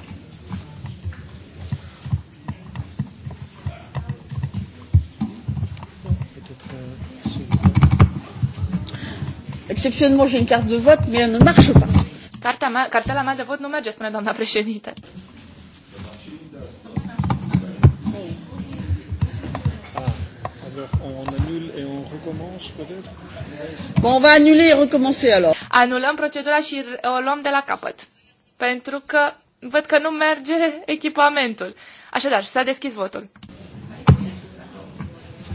Exceptionnellement, j'ai une carte de vot, mais elle ne marche pas. Cartea mea, cartela mea de vot nu merge, spune doamna președinte. Bon, on va annuler et recommencer alors. Annulăm procedura și o luăm de la capăt. Pentru că văd că nu merge echipamentul. Așadar, s-a deschis votul.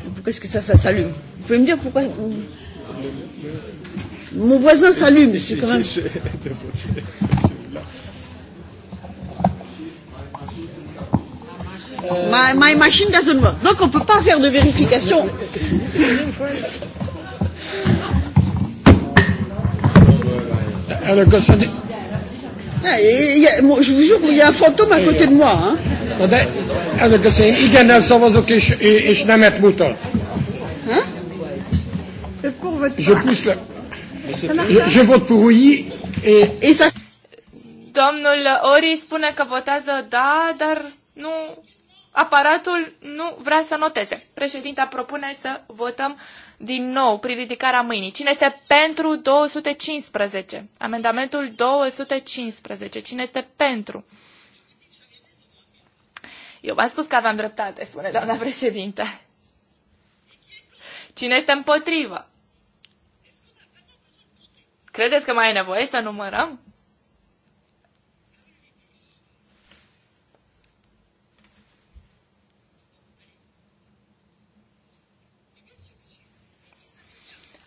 Pourquoi est-ce que ça, ça s'allume Vous pouvez me dire pourquoi Mon voisin s'allume, c'est quand même... My, euh, my machine doesn't work. Donc on ne peut pas faire de vérification. Alors, quand ça je vous jure, il y a un fantôme à côté de moi. Hein. De ezek a szél igennel szavazok, és, és nemet mutat. Je pousse la... Je, je vote pour oui, et... et ça... Domnul Ori spune că votează da, dar nu aparatul nu vrea să noteze. Președinta propune să votăm din nou prin ridicarea mâinii. Cine este pentru 215? Amendamentul 215. Cine este pentru? Eu v-am spus că aveam dreptate, spune doamna președinte. Cine este împotrivă? Credeți că mai e nevoie să numărăm?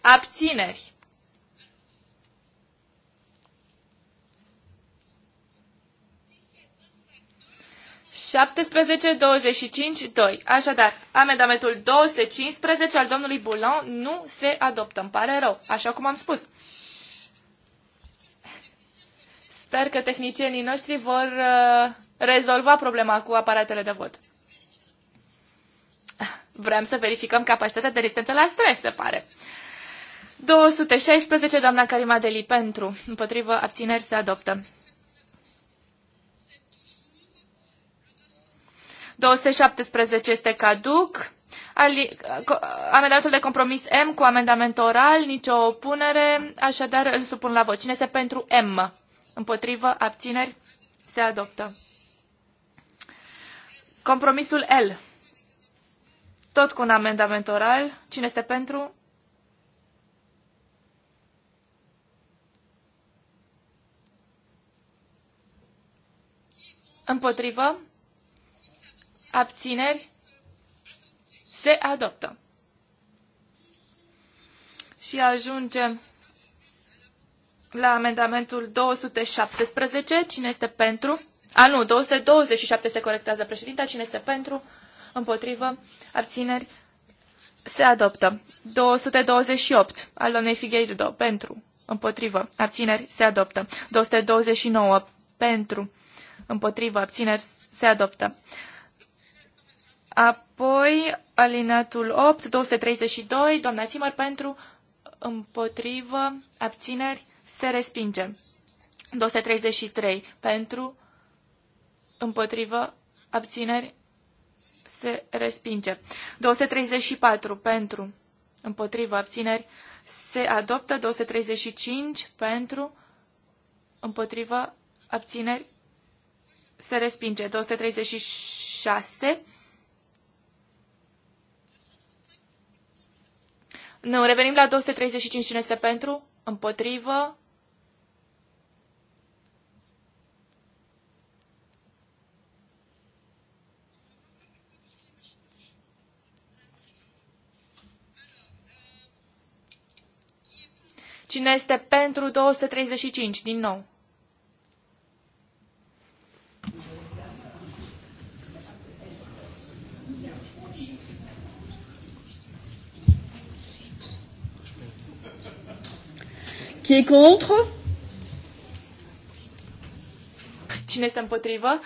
Abțineri. Șaptesprezece, douăzeci cinci, doi. Așadar, amendamentul 215 al domnului Boulon nu se adoptă. Îmi pare rău, așa cum am spus. Sper că tehnicienii noștri vor uh, rezolva problema cu aparatele de vot. Vrem să verificăm capacitatea de rezistență la stres, se pare. 216, doamna Karima Deli, pentru. Împotrivă, abțineri, se adoptă. 217 este caduc. Ali, amendatul de compromis M cu amendament oral, nicio opunere, așadar îl supun la vot. Cine este pentru M? Împotrivă, abțineri, se adoptă. Compromisul L. Tot cu un amendament oral. Cine este pentru? Împotrivă? Abțineri? Se adoptă. Și ajungem la amendamentul 217. Cine este pentru? A, nu, 227 se corectează președinta. Cine este pentru? Împotrivă? Abțineri? Se adoptă. 228 al doamnei Figueiredo. Pentru. Împotrivă. Abțineri. Se adoptă. 229. Pentru împotrivă, abțineri, se adoptă. Apoi, alinatul 8, 232, doamna Țimăr, pentru, împotrivă, abțineri, se respinge. 233, pentru, împotrivă, abțineri, se respinge. 234, pentru, împotrivă, abțineri, se adoptă. 235, pentru, împotrivă, abțineri, se respinge. 236. Nu, revenim la 235. Cine este pentru? Împotrivă. Cine este pentru 235? Din nou. Qui est contre? Cine este împotrivă?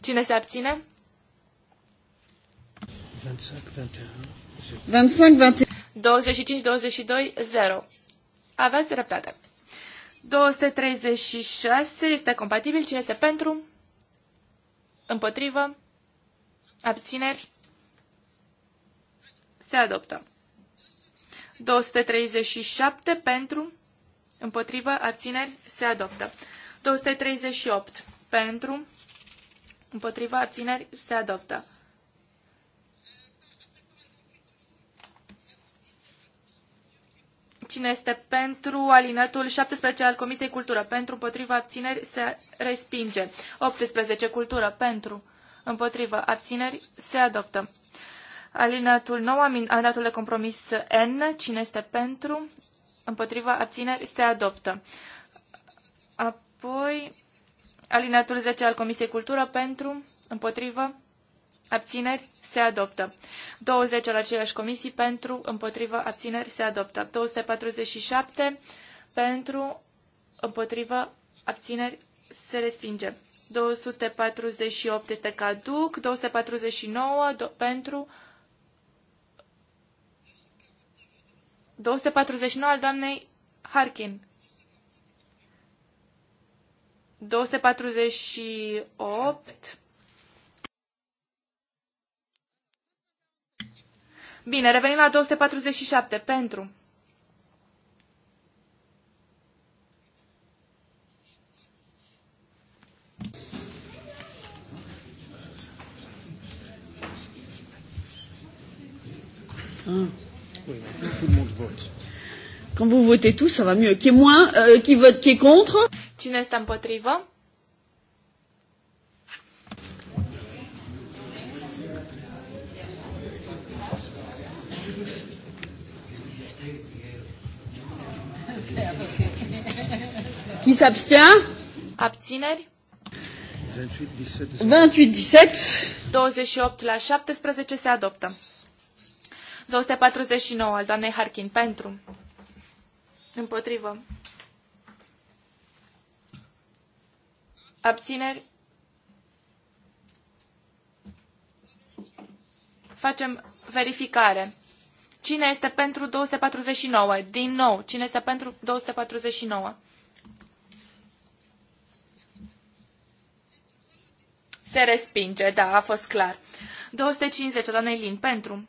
Cine se abține? 25-22-0. Aveți dreptate. 236 este compatibil. Cine este pentru? Împotrivă. Abțineri. Se adoptă. 237 pentru. Împotrivă. Abțineri. Se adoptă. 238 pentru. Împotrivă. Abțineri. Se adoptă. Cine este pentru alinetul 17 al Comisiei Cultură? Pentru, împotriva, abțineri, se respinge. 18. Cultură. Pentru, împotriva, abțineri, se adoptă. Alinatul 9, alinatul de compromis N. Cine este pentru? Împotriva, abțineri, se adoptă. Apoi, alinatul 10 al Comisiei Cultură. Pentru, împotriva, abțineri, se adoptă. 20 la aceleași comisii pentru, împotrivă, abțineri, se adoptă. 247 pentru, împotrivă, abțineri, se respinge. 248 este caduc, 249 do- pentru 249 al doamnei Harkin. 248 Bine, revenim la 247. Pentru. Ah. Oui, Quand vous votez tous, ça va mieux. Qui est moins, euh, qui vote, qui est contre Cine este împotrivă? Qui s'abstient Abțineri? 28-17. 28 la 17 se adoptă. 249 al doamnei Harkin pentru. Împotrivă. Abțineri? Facem verificare. Cine este pentru 249? Din nou, cine este pentru 249? Se respinge, da, a fost clar. 250, doamnei Lin, pentru.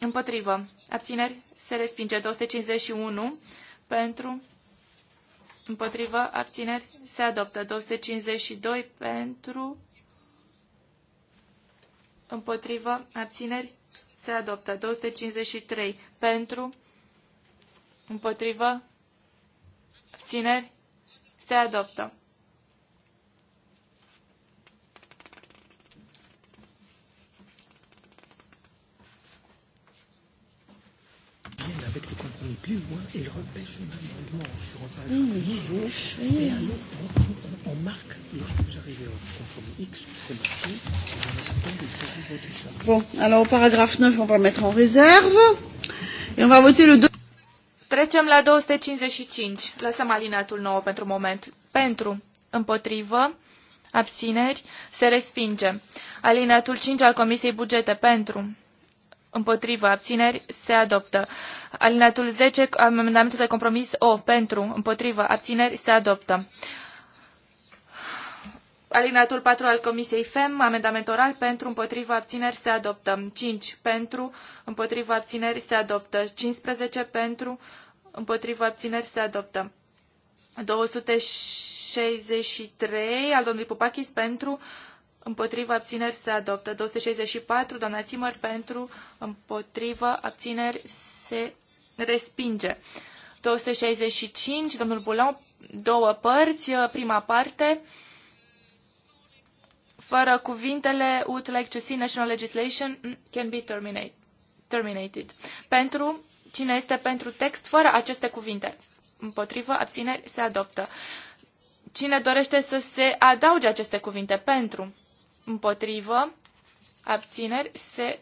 Împotrivă. Abțineri? Se respinge. 251, pentru. Împotrivă. Abțineri? Se adoptă. 252, pentru. Împotrivă. Abțineri? se adoptă. 253 pentru, împotrivă, țineri, se adoptă. plus loin et le repêche un amendement sur un page mmh. nouveau. mmh. Et alors, on, on, on marque, lorsque vous arrivez au compromis X, c'est marqué, c'est dans les attentes de faire voter ça. Bon, alors au paragraphe 9, on va mettre en réserve. Et on va voter le 2. Trecem la 255. Lăsăm alineatul 9 pentru moment. Pentru, împotrivă, abțineri, se respinge. Alineatul 5 al Comisiei Bugete pentru, Împotrivă. Abțineri. Se adoptă. Alineatul 10, amendamentul de compromis O. Pentru. Împotrivă. Abțineri. Se adoptă. Alineatul 4 al Comisiei FEM, amendament oral pentru împotriva abțineri se adoptă. 5 pentru împotriva abțineri se adoptă. 15 pentru împotriva abțineri se adoptă. 263 al domnului Pupachis pentru împotrivă, abțineri se adoptă. 264, doamna Țimăr, pentru, împotrivă, abțineri se respinge. 265, domnul Bulon, două părți, prima parte, fără cuvintele would like to see national legislation mm, can be terminate, terminated. Pentru, cine este pentru text, fără aceste cuvinte. Împotrivă, abțineri, se adoptă. Cine dorește să se adauge aceste cuvinte pentru? împotrivă, abțineri, se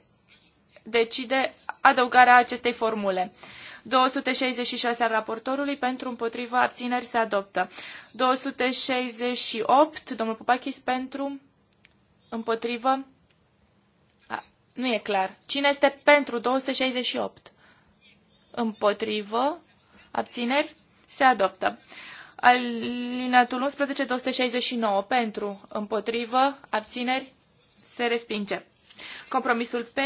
decide adăugarea acestei formule. 266 al raportorului pentru împotriva abțineri se adoptă. 268, domnul Popachis, pentru împotrivă. A, nu e clar. Cine este pentru 268? Împotrivă, abțineri, se adoptă alineatul 11, 269 pentru, împotrivă, abțineri, se respinge. Compromisul P,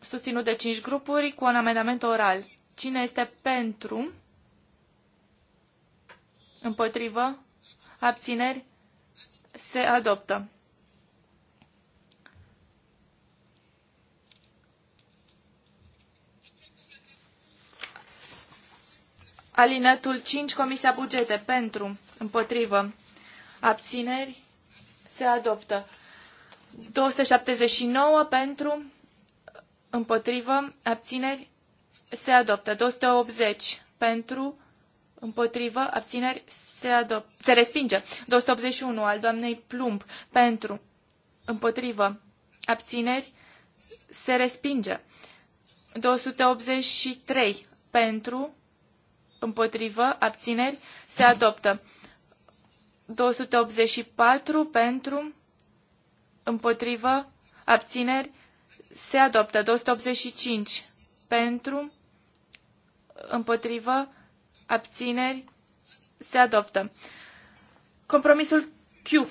susținut de 5 grupuri, cu un amendament oral. Cine este pentru, împotrivă, abțineri, se adoptă. Alinetul 5, Comisia Bugete, pentru, împotrivă, abțineri, se adoptă. 279 pentru, împotrivă, abțineri, se adoptă. 280 pentru, împotrivă, abțineri, se, adoptă. se respinge. 281 al doamnei Plumb, pentru, împotrivă, abțineri, se respinge. 283 pentru, împotrivă, abțineri, se adoptă. 284 pentru, împotrivă, abțineri, se adoptă. 285 pentru, împotrivă, abțineri, se adoptă. Compromisul Q,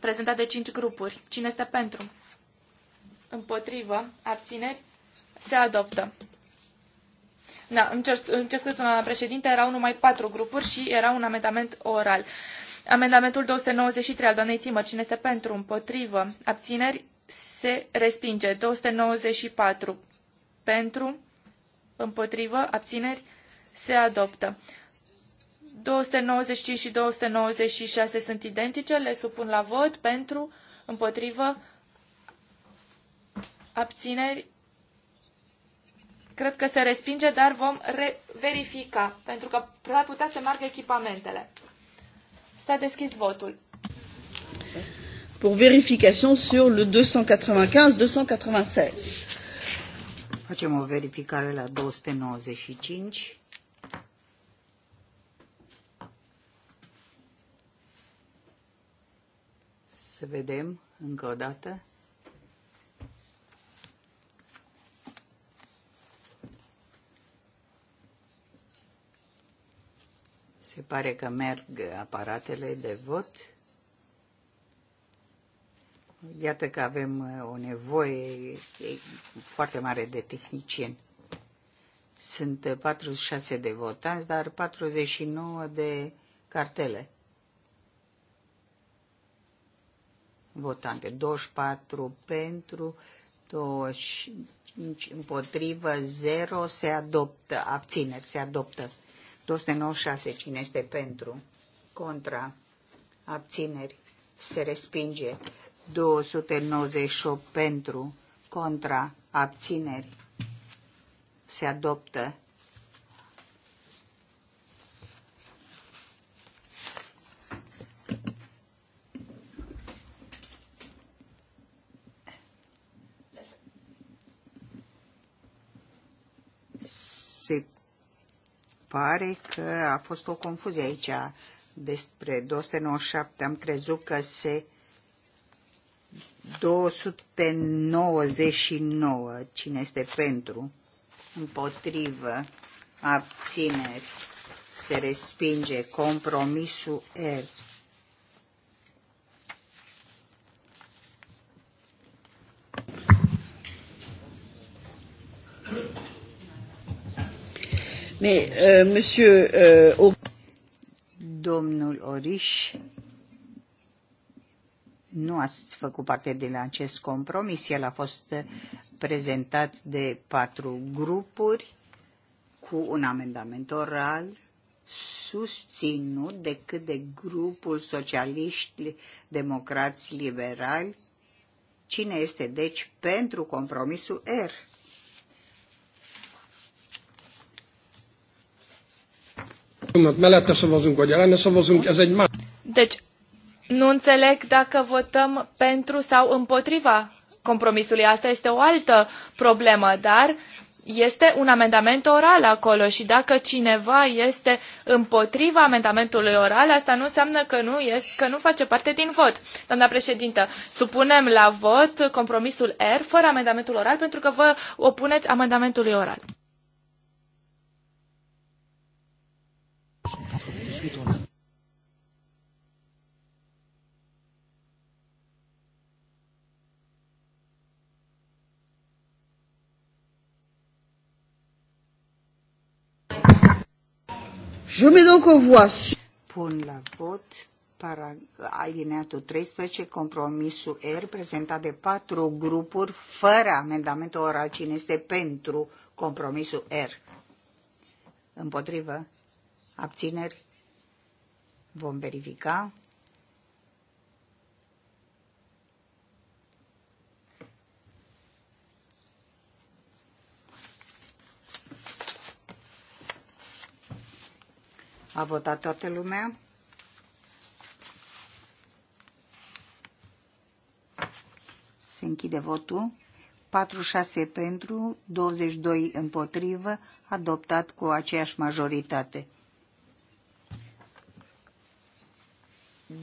prezentat de 5 grupuri. Cine este pentru? Împotrivă, abțineri, se adoptă. Da, îmi cer, cer scuze, doamna președinte, erau numai patru grupuri și era un amendament oral. Amendamentul 293 al doamnei Țimăr, cine este pentru, împotrivă, abțineri, se respinge. 294 pentru, împotrivă, abțineri, se adoptă. 295 și 296 sunt identice, le supun la vot pentru, împotrivă, abțineri, Cred că se respinge, dar vom verifica, pentru că ar putea să meargă echipamentele. S-a deschis votul. Pour vérification sur le 295-296. Facem o verificare la 295. Să vedem încă o dată. Se pare că merg aparatele de vot. Iată că avem uh, o nevoie foarte mare de tehnicieni. Sunt 46 uh, de votanți, dar 49 de cartele. Votante. 24 pentru, 25 împotrivă, 0 se adoptă, abțineri se adoptă. 296. Cine este pentru? Contra. Abțineri. Se respinge. 298 pentru. Contra. Abțineri. Se adoptă. pare că a fost o confuzie aici despre 297. Am crezut că se 299. Cine este pentru? Împotrivă. Abțineri. Se respinge. Compromisul R Mais, euh, monsieur, euh, Domnul Oriș, nu ați făcut parte din acest compromis. El a fost prezentat de patru grupuri cu un amendament oral susținut decât de grupul socialiști democrați liberali. Cine este deci pentru compromisul R? dokument mellette szavazunk, vagy ellene szavazunk, ez egy más. Deci, nu înțeleg dacă votăm pentru sau împotriva compromisului. Asta este o altă problemă, dar este un amendament oral acolo și dacă cineva este împotriva amendamentului oral, asta nu înseamnă că nu, este, că nu face parte din vot. Doamna președintă, supunem la vot compromisul R fără amendamentul oral pentru că vă opuneți amendamentului oral. Je mets donc aux voix. Pun la vot para, alineatul 13, compromisul R, prezentat de patru grupuri, fără amendamentul oral. Cine este pentru compromisul R? Împotrivă? Abțineri? Vom verifica. A votat toată lumea? Se închide votul. 46 pentru, 22 împotrivă, adoptat cu aceeași majoritate.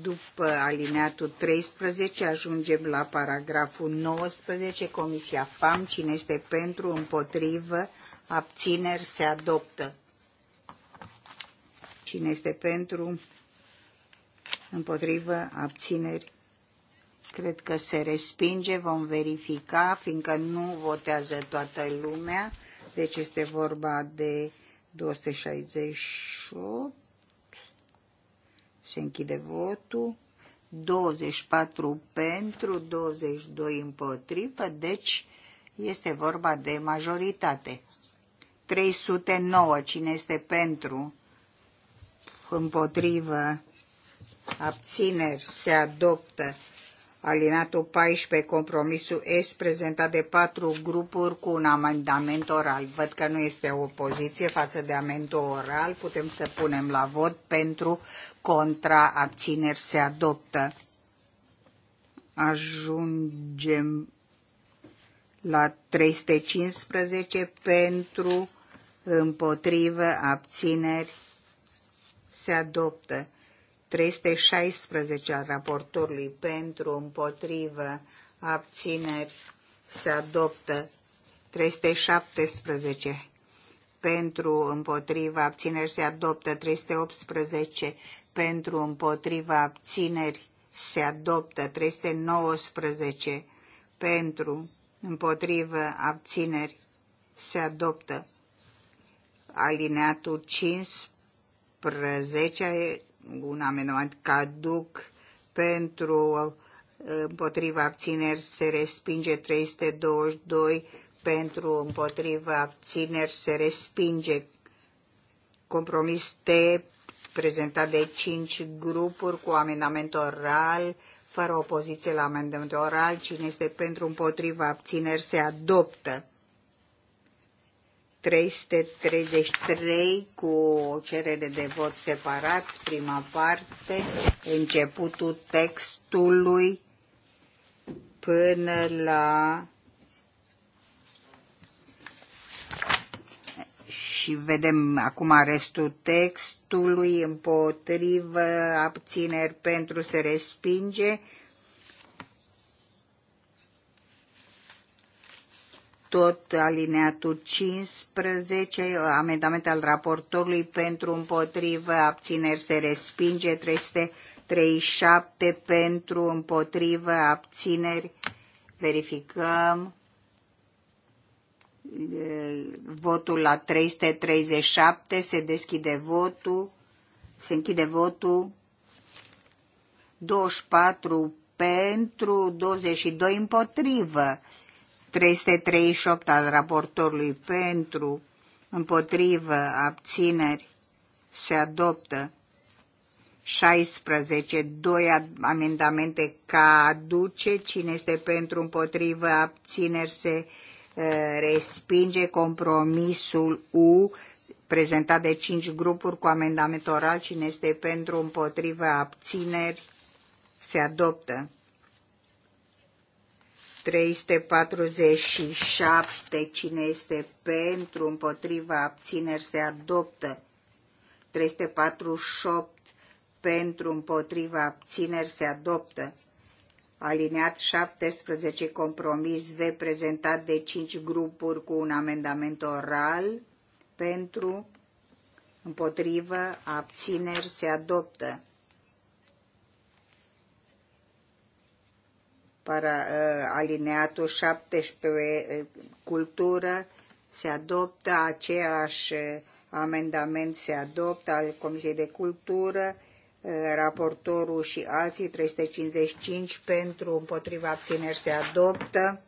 După alineatul 13 ajungem la paragraful 19, Comisia FAM, cine este pentru, împotrivă, abțineri, se adoptă. Cine este pentru? Împotrivă? Abțineri? Cred că se respinge. Vom verifica, fiindcă nu votează toată lumea. Deci este vorba de 268. Se închide votul. 24 pentru, 22 împotrivă, deci este vorba de majoritate. 309, cine este pentru, împotrivă, abțineri, se adoptă. Alinatul 14, compromisul S, prezentat de patru grupuri cu un amendament oral. Văd că nu este o opoziție față de amendul oral. Putem să punem la vot pentru, contra, abțineri, se adoptă. Ajungem la 315 pentru, împotrivă, abțineri, se adoptă. 316 al raportorului pentru, împotrivă, abțineri, se adoptă. 317 pentru, împotriva, abțineri, se adoptă. 318 pentru, împotriva, abțineri, se adoptă. 319 pentru, împotrivă, abțineri, se adoptă. Alineatul 15 11, un amendament caduc pentru împotriva abțineri se respinge 322 pentru împotriva abțineri se respinge compromis T prezentat de 5 grupuri cu amendament oral fără opoziție la amendament oral cine este pentru împotriva abțineri se adoptă 333 cu o cerere de vot separat, prima parte, începutul textului până la și vedem acum restul textului împotrivă, abțineri pentru se respinge, tot alineatul 15, amendament al raportorului pentru împotrivă, abțineri se respinge, 337 pentru împotrivă, abțineri, verificăm. Votul la 337, se deschide votul, se închide votul, 24 pentru, 22 împotrivă 338 al raportorului pentru, împotrivă, abțineri, se adoptă. 16, 2 amendamente ca aduce, cine este pentru, împotrivă, abțineri, se uh, respinge compromisul U prezentat de 5 grupuri cu amendament oral, cine este pentru, împotrivă, abțineri, se adoptă. 347, cine este pentru, împotriva, abțineri, se adoptă. 348, pentru, împotriva, abțineri, se adoptă. aliniat 17, compromis V, prezentat de 5 grupuri cu un amendament oral, pentru, împotriva abțineri, se adoptă. para, eh, alineatul 17, eh, cultură, se adoptă aceeași eh, amendament se adoptă al Comisiei de Cultură, raportorul și alții 355 pentru împotriva abțineri se adoptă.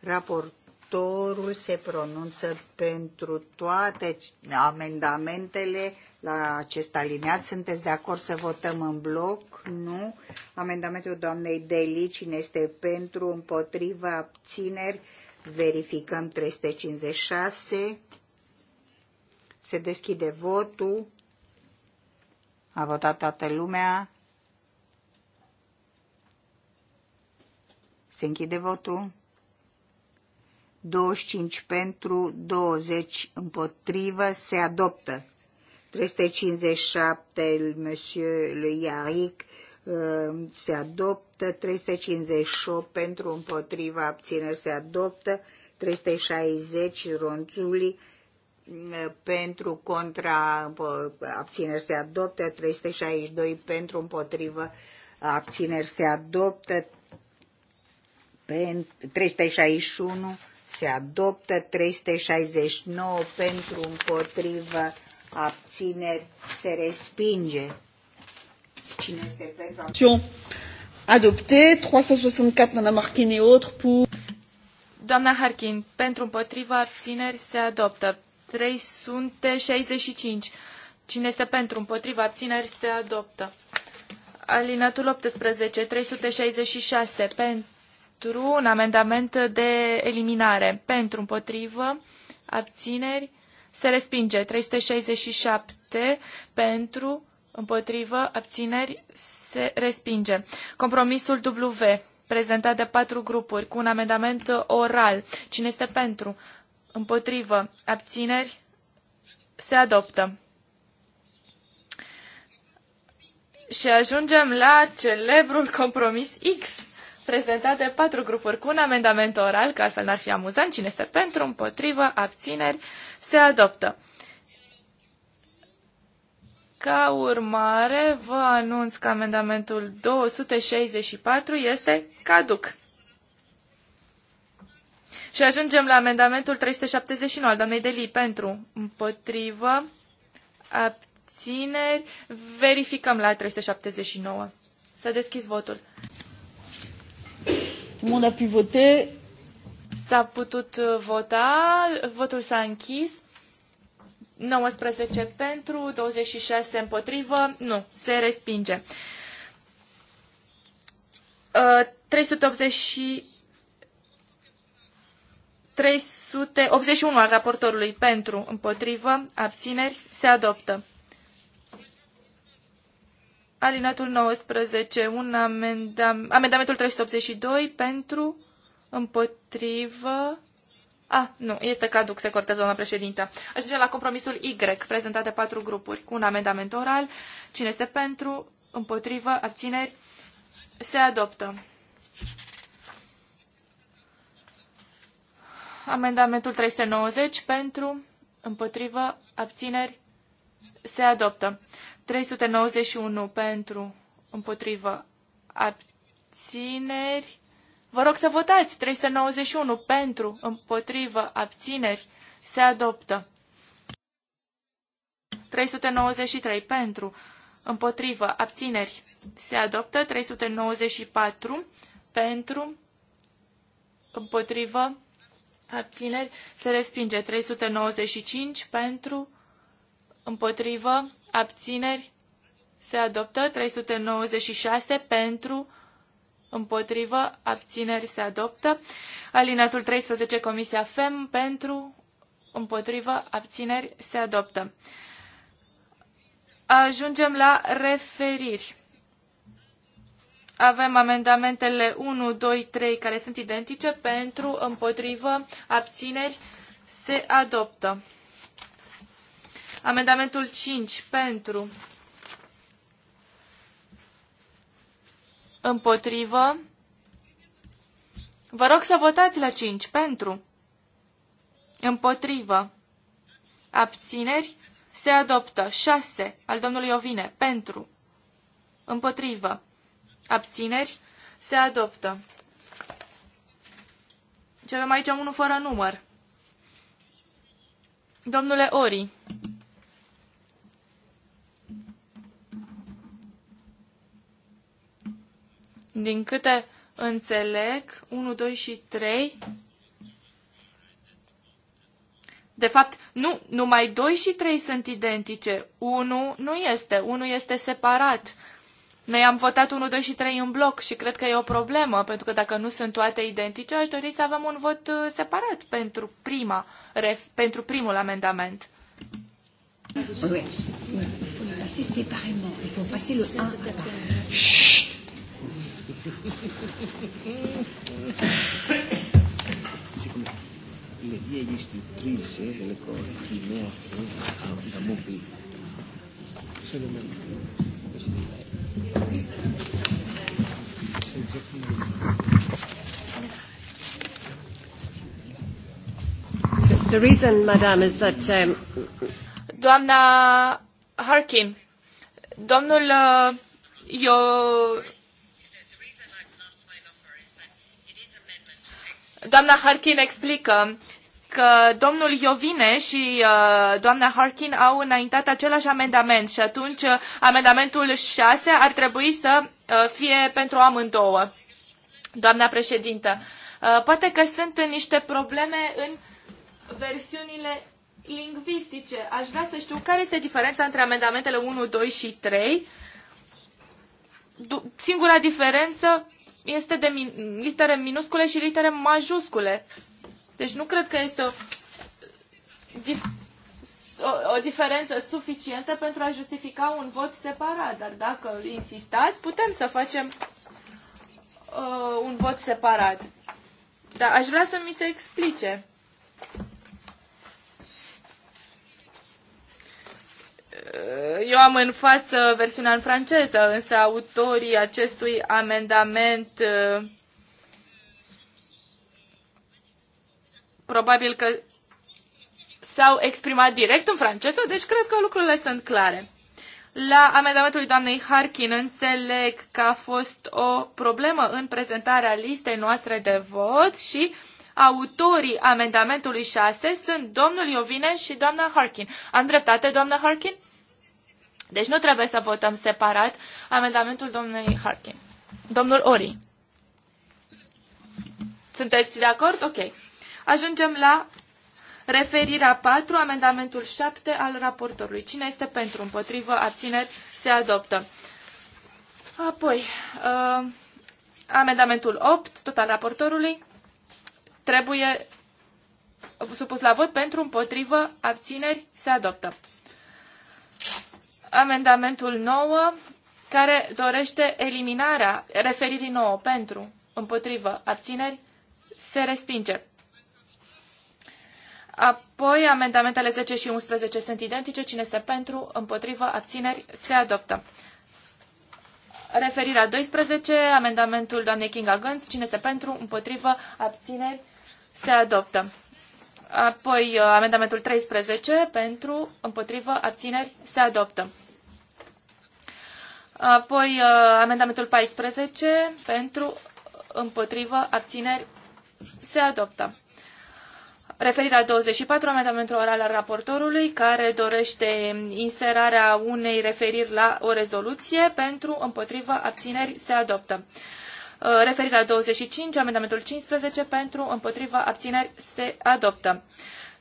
Raportorul se pronunță pentru toate amendamentele la acest aliniat. Sunteți de acord să votăm în bloc? nu. Amendamentul doamnei Deli, cine este pentru, împotriva, abțineri, verificăm 356. Se deschide votul. A votat toată lumea. Se închide votul. 25 pentru, 20 împotrivă, se adoptă. 357, Monsieur Le Iaric, uh, se adoptă, 358 pentru împotriva abțineri se adoptă, 360 Ronțuli uh, pentru contra abțineri se adoptă, 362 pentru împotrivă abțineri se adoptă, 361 se adoptă, 369 pentru împotrivă abțineri, se respinge. Cine este pentru? Adopte 364, Madame Harkin et autres, pour... Doamna Harkin, pentru împotriva abțineri se adoptă. 365. Cine este pentru împotriva abțineri se adoptă. Alinatul 18, 366, pentru un amendament de eliminare. Pentru împotrivă, abțineri, se respinge 367 pentru, împotrivă, abțineri, se respinge. Compromisul W, prezentat de patru grupuri, cu un amendament oral. Cine este pentru? Împotrivă, abțineri, se adoptă. Și ajungem la celebrul compromis X, prezentat de patru grupuri cu un amendament oral, că altfel n-ar fi amuzant, cine este pentru, împotrivă, abțineri, se adoptă. Ca urmare, vă anunț că amendamentul 264 este caduc. Și ajungem la amendamentul 379 al doamnei Deli pentru împotrivă abțineri. Verificăm la 379. Să deschis votul. Tout le monde a pu voter. S-a putut uh, vota, votul s-a închis. 19 pentru, 26 împotrivă, nu, se respinge. 380 uh, 381 al raportorului pentru, împotrivă, abțineri, se adoptă. Alinatul 19, un amendam, amendamentul 382 pentru, împotrivă... A, nu, este caduc, se cortează doamna președintă. Ajungem la compromisul Y, prezentat de patru grupuri, cu un amendament oral. Cine este pentru, împotrivă, abțineri, se adoptă. Amendamentul 390 pentru, împotrivă, abțineri, se adoptă. 391 pentru, împotrivă, abțineri, Vă rog să votați. 391 pentru, împotrivă, abțineri, se adoptă. 393 pentru, împotrivă, abțineri, se adoptă. 394 pentru, împotrivă, abțineri, se respinge. 395 pentru, împotrivă, abțineri, se adoptă. 396 pentru, împotrivă, abțineri se adoptă. Alinatul 13, Comisia FEM, pentru, împotrivă, abțineri se adoptă. Ajungem la referiri. Avem amendamentele 1, 2, 3 care sunt identice pentru, împotrivă, abțineri se adoptă. Amendamentul 5 pentru, Împotrivă. Vă rog să votați la 5 pentru. Împotrivă. Abțineri. Se adoptă 6 al domnului Ovine pentru. Împotrivă. Abțineri. Se adoptă. Și avem aici unul fără număr. Domnule Ori. Din câte înțeleg, 1, 2 și 3. De fapt, nu, numai 2 și 3 sunt identice. 1 nu este, 1 este separat. Noi am votat 1, 2 și 3 în bloc și cred că e o problemă, pentru că dacă nu sunt toate identice, aș dori să avem un vot uh, separat pentru, prima, ref, pentru primul amendament. Oui. Il faut les passer séparément. Il faut Siccome le mie istruttrice delle cose di me da mobile se lo The reason, madam, is that um... Doamna Harkin, domnul uh, eu Doamna Harkin explică că domnul Iovine și uh, doamna Harkin au înaintat același amendament și atunci uh, amendamentul 6 ar trebui să uh, fie pentru amândouă. Doamna președintă, uh, poate că sunt niște probleme în versiunile lingvistice. Aș vrea să știu care este diferența între amendamentele 1, 2 și 3. Du- singura diferență este de min- litere minuscule și litere majuscule. Deci nu cred că este o, dif- o, o diferență suficientă pentru a justifica un vot separat. Dar dacă insistați, putem să facem uh, un vot separat. Dar aș vrea să mi se explice. Eh, eu am în față versiunea în franceză, însă autorii acestui amendament eh, probabil că s-au exprimat direct în franceză, deci cred că lucrurile sunt clare. La amendamentul doamnei Harkin înțeleg că a fost o problemă în prezentarea listei noastre de vot și autorii amendamentului 6 sunt domnul Iovine și doamna Harkin. Am dreptate, doamna Harkin? Deci nu trebuie să votăm separat amendamentul domnului Harkin. Domnul Ori. Sunteți de acord? Ok. Ajungem la referirea 4, amendamentul 7 al raportorului. Cine este pentru, împotrivă, abțineri, se adoptă. Apoi, uh, amendamentul 8, tot al raportorului, trebuie supus la vot pentru, împotrivă, abțineri, se adoptă. Amendamentul 9, care dorește eliminarea referirii 9 pentru, împotrivă, abțineri, se respinge. Apoi, amendamentele 10 și 11 sunt identice. Cine este pentru, împotrivă, abțineri, se adoptă. Referirea 12, amendamentul doamnei Kinga Gânz. Cine este pentru, împotrivă, abțineri, se adoptă. Apoi, uh, amendamentul 13, pentru, împotrivă, abțineri, se adoptă. Apoi uh, amendamentul 14 pentru împotrivă abțineri se adoptă. Referirea 24, amendamentul oral al raportorului, care dorește inserarea unei referiri la o rezoluție pentru împotrivă abțineri se adoptă. Uh, referirea 25, amendamentul 15 pentru împotrivă abțineri se adoptă.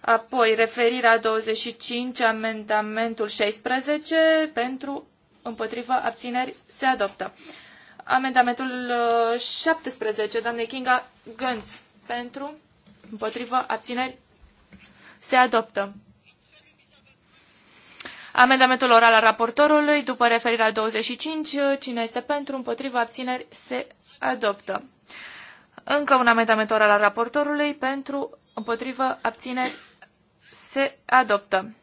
Apoi referirea 25, amendamentul 16 pentru împotrivă, abțineri, se adoptă. Amendamentul 17, uh, doamne Kinga Gânț, pentru, împotrivă, abțineri, se adoptă. Amendamentul oral al raportorului, după referirea 25, uh, cine este pentru, împotrivă, abțineri, se adoptă. Încă un amendament oral al raportorului, pentru, împotrivă, abțineri, se adoptă.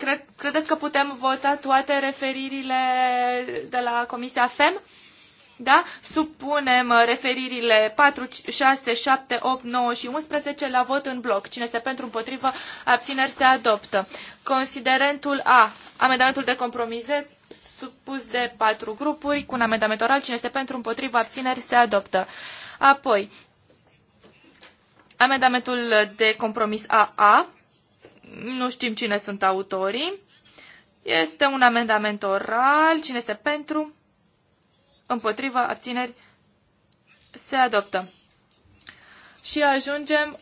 cre- credeți că putem vota toate referirile de la Comisia FEM? Da? Supunem uh, referirile 4, 6, 7, 8, 9 și 11 la vot în bloc. Cine este pentru, împotrivă, abțineri se adoptă. Considerentul A, amendamentul de compromise supus de patru grupuri cu un amendament oral. Cine este pentru, împotrivă, abțineri se adoptă. Apoi, amendamentul de compromis AA, nu știm cine sunt autorii. Este un amendament oral. Cine este pentru? Împotriva abțineri se adoptă. Și ajungem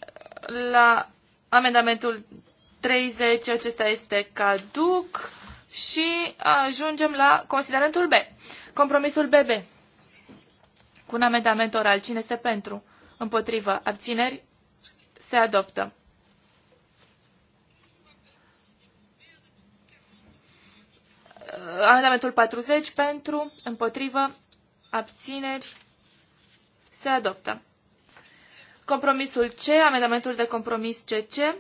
la amendamentul 30, acesta este caduc și ajungem la considerentul B. Compromisul BB. Cu un amendament oral, cine este pentru? Împotriva abțineri, se adoptă. Amendamentul 40 pentru, împotrivă, abțineri, se adoptă. Compromisul C, amendamentul de compromis CC,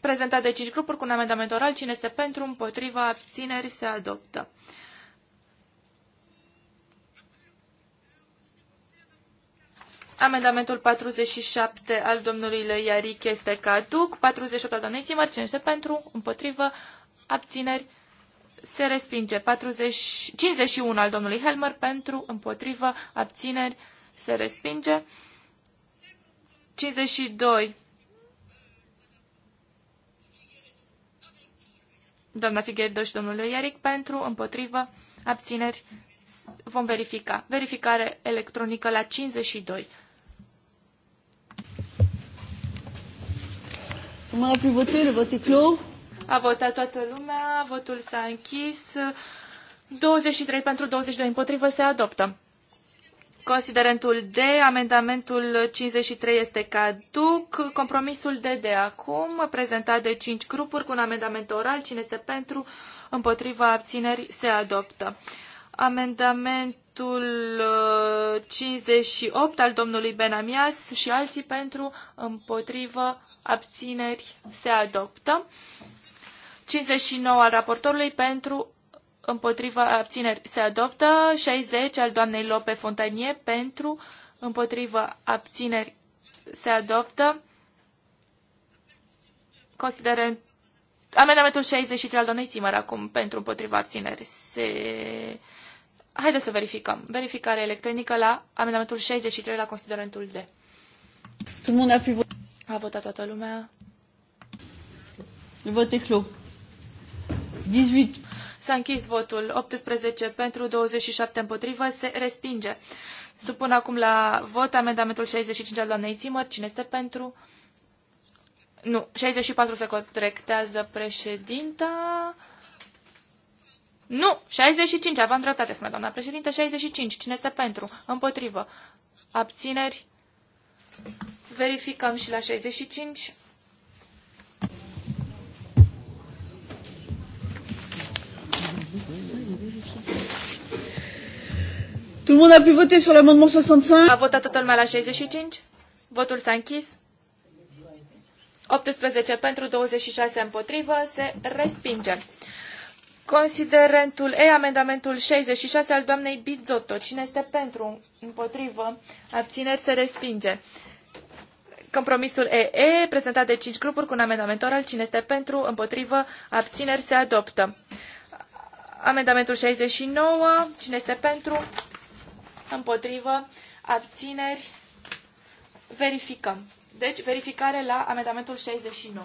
prezentat de 5 grupuri cu un amendament oral, cine este pentru, împotriva, abțineri, se adoptă. Amendamentul 47 al domnului Iaric este caduc. 48 al doamnei Țimăr, este pentru? Împotrivă. Abțineri. Se respinge. 40, 51 al domnului Helmer. Pentru. Împotrivă. Abțineri. Se respinge. 52. Doamna Figueredo și domnul Iaric. Pentru. Împotrivă. Abțineri. Vom verifica. Verificare electronică la 52. Mă a voté, le vote clos. A votat toată lumea, votul s-a închis. 23 pentru 22 împotrivă se adoptă. Considerentul D, amendamentul 53 este caduc. Compromisul D de acum, prezentat de 5 grupuri cu un amendament oral. Cine este pentru, împotriva abțineri, se adoptă. Amendamentul 58 uh, al domnului Benamias și alții pentru, împotrivă, abțineri, se adoptă. 59 al raportorului pentru, împotriva, abțineri, se adoptă. 60 al doamnei Lope Fontanie pentru, împotriva, abțineri, se adoptă. Considerăm amendamentul 63 al doamnei Țimăr acum pentru împotriva abțineri. Se... Haideți să verificăm. Verificare electronică la amendamentul 63 la considerentul D. Tout a votat toată lumea. Vot e clos. 18. S-a închis votul. 18 pentru, 27 împotrivă. Se respinge. Supun acum la vot amendamentul 65 al doamnei Țimăr. Cine este pentru? Nu. 64 se corectează președinta. Nu! 65. Aveam dreptate, spune doamna președinte. 65. Cine este pentru? Împotrivă. Abțineri. Verificăm și la 65. Tout le monde a pu voter sur l'amendement 65 A votat toată lumea la 65. Votul s-a închis. 18 pentru, 26 împotrivă, se respinge. Considerentul E, amendamentul 66 al doamnei Bizotto. Cine este pentru, împotrivă, abțineri, se respinge. Compromisul EE, prezentat de cinci grupuri cu un amendament oral, cine este pentru, împotrivă, abțineri, se adoptă. Amendamentul 69, cine este pentru, împotrivă, abțineri, verificăm. Deci, verificare la amendamentul 69.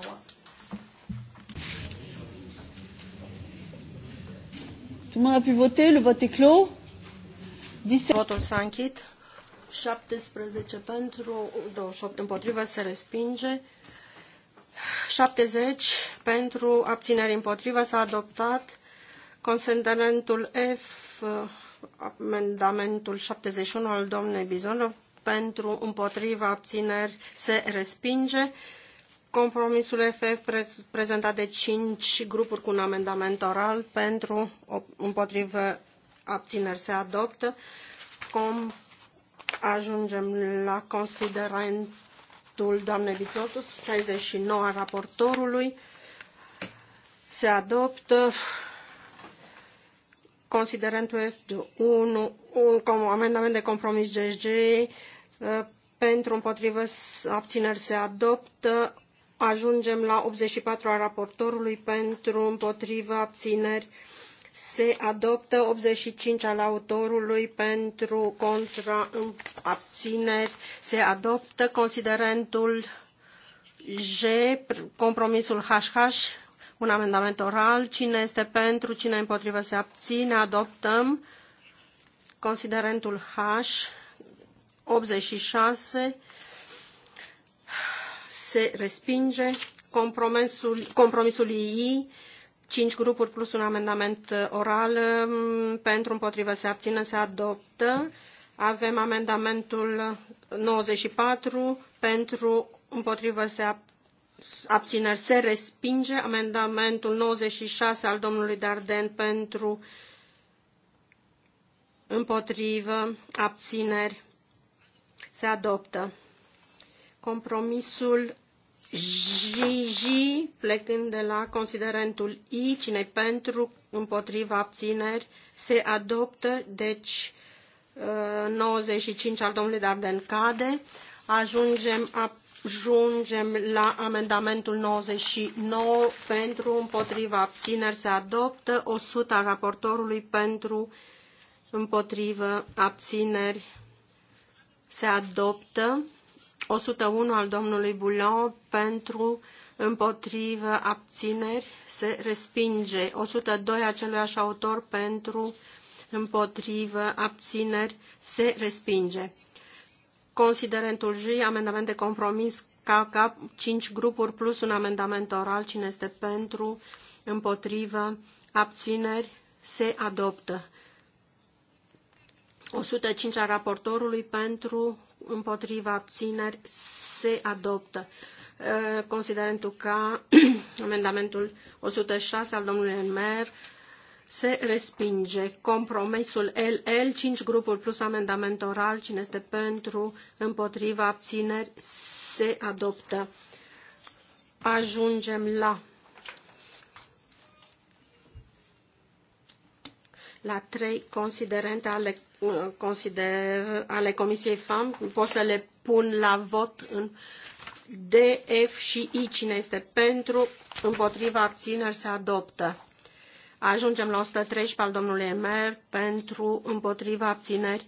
Tout le monde a pu voter, le vote est clos. Votul s-a închis. 17 pentru, 28 împotrivă, se respinge. 70 pentru abținere împotrivă s-a adoptat consentamentul F, amendamentul 71 al domnului Bizonov pentru împotriva abțineri se respinge. Compromisul FF prezentat de 5 grupuri cu un amendament oral pentru împotrivă abțineri se adoptă. Com ajungem la considerentul doamnei Bizotus, 69 a raportorului. Se adoptă considerentul F1, un amendament de compromis GG uh, pentru împotrivă abțineri se adoptă. Ajungem la 84 a raportorului pentru împotrivă abțineri se adoptă 85 al autorului pentru contra abțineri, se adoptă considerentul J, compromisul HH, un amendament oral, cine este pentru, cine împotrivă se abține, adoptăm considerentul H, 86, se respinge, compromisul, compromisul I, 5 grupuri plus un amendament oral mm, pentru împotrivă se abține, se adoptă. Avem amendamentul 94 pentru împotrivă se abțineri se respinge. Amendamentul 96 al domnului Darden pentru împotrivă abțineri se adoptă. Compromisul Jiji, plecând de la considerentul I, cine pentru, împotriva, abțineri, se adoptă, deci 95 uh, al domnului Darden cade. Ajungem, ajungem la amendamentul 99 pentru, împotriva, abțineri, se adoptă, 100 al raportorului pentru, împotriva abțineri, se adoptă. 101 al domnului Boulon pentru împotrivă abțineri se respinge. 102 aceluiași autor pentru împotrivă abțineri se respinge. Considerentul J, amendament de compromis KK, 5 grupuri plus un amendament oral, cine este pentru, împotrivă, abțineri, se adoptă. 105 a raportorului pentru, împotriva abțineri se adoptă. Uh, considerentul ca [CLEARS THROAT] amendamentul 106 al domnului Enmer se respinge. Compromisul LL, 5 grupuri plus amendament oral, cine este pentru, împotriva, abțineri, se adoptă. Ajungem la la trei considerente ale consider ale Comisiei FAM, pot să le pun la vot în D, F și I. Cine este pentru, împotriva, abțineri, se adoptă. Ajungem la 113 al domnului Emer, pentru, împotriva, abțineri,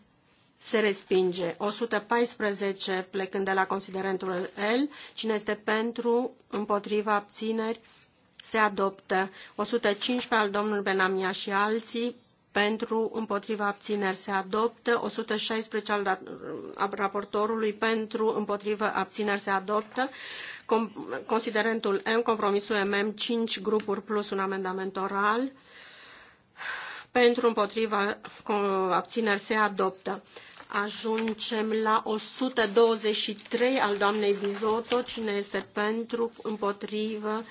se respinge. 114, plecând de la considerentul L, cine este pentru, împotriva, abțineri, se adoptă. 115 al domnului Benamia și alții, pentru, împotriva abțineri se adoptă, 116 al raportorului pentru, împotriva abțineri se adoptă, Com considerentul M, compromisul MM, 5 grupuri plus un amendament oral, pentru, împotriva abțineri se adoptă. Ajungem la 123 al doamnei Bizotto. Cine este pentru, împotrivă,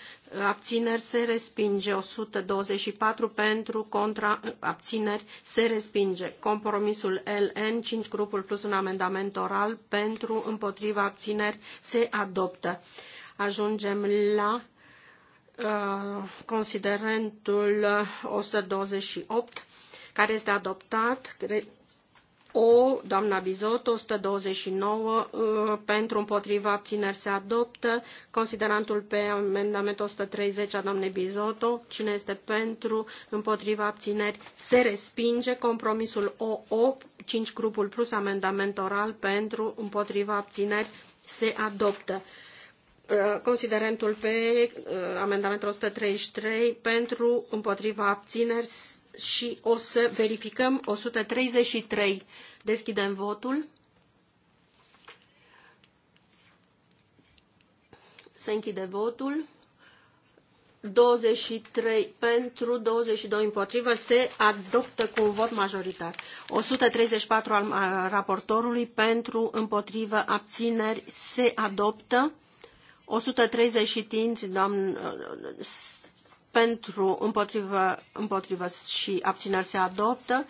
abțineri, se respinge. 124 pentru, contra, abțineri, se respinge. Compromisul LN, 5 grupul plus un amendament oral, pentru, împotrivă, abțineri, se adoptă. Ajungem la uh, considerentul 128 care este adoptat, o, doamna Bizotto, 129 uh, pentru împotriva abțineri se adoptă. Considerantul pe amendamentul 130 a doamnei Bizotto, cine este pentru împotriva abțineri se respinge. Compromisul O, 5 grupul plus amendament oral pentru împotriva abțineri se adoptă. Uh, Considerentul pe uh, amendamentul 133 pentru împotriva abțineri și o să verificăm 133. Deschidem votul. Se închide votul. 23 pentru, 22 împotrivă, se adoptă cu un vot majoritar. 134 al raportorului pentru, împotrivă, abțineri, se adoptă. 135, doamnă, pentru, împotrivă, împotrivă și abțineri se adoptă.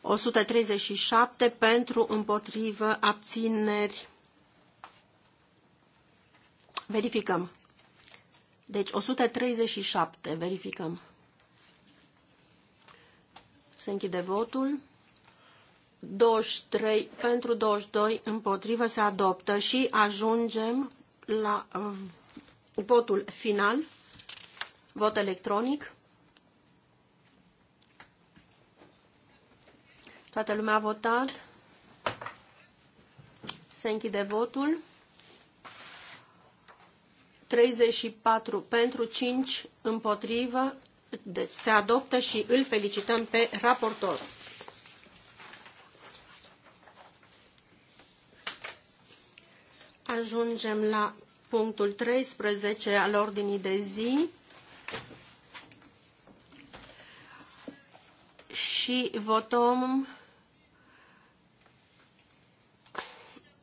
137 pentru, împotrivă, abțineri. Verificăm. Deci 137, verificăm. Se închide votul. 23 pentru 22 împotrivă se adoptă și ajungem la uh, votul final. Vot electronic. Toată lumea a votat. Se închide votul. 34 pentru 5 împotrivă. Deci se adoptă și îl felicităm pe raportor. Ajungem la punctul 13 al ordinii de zi și votăm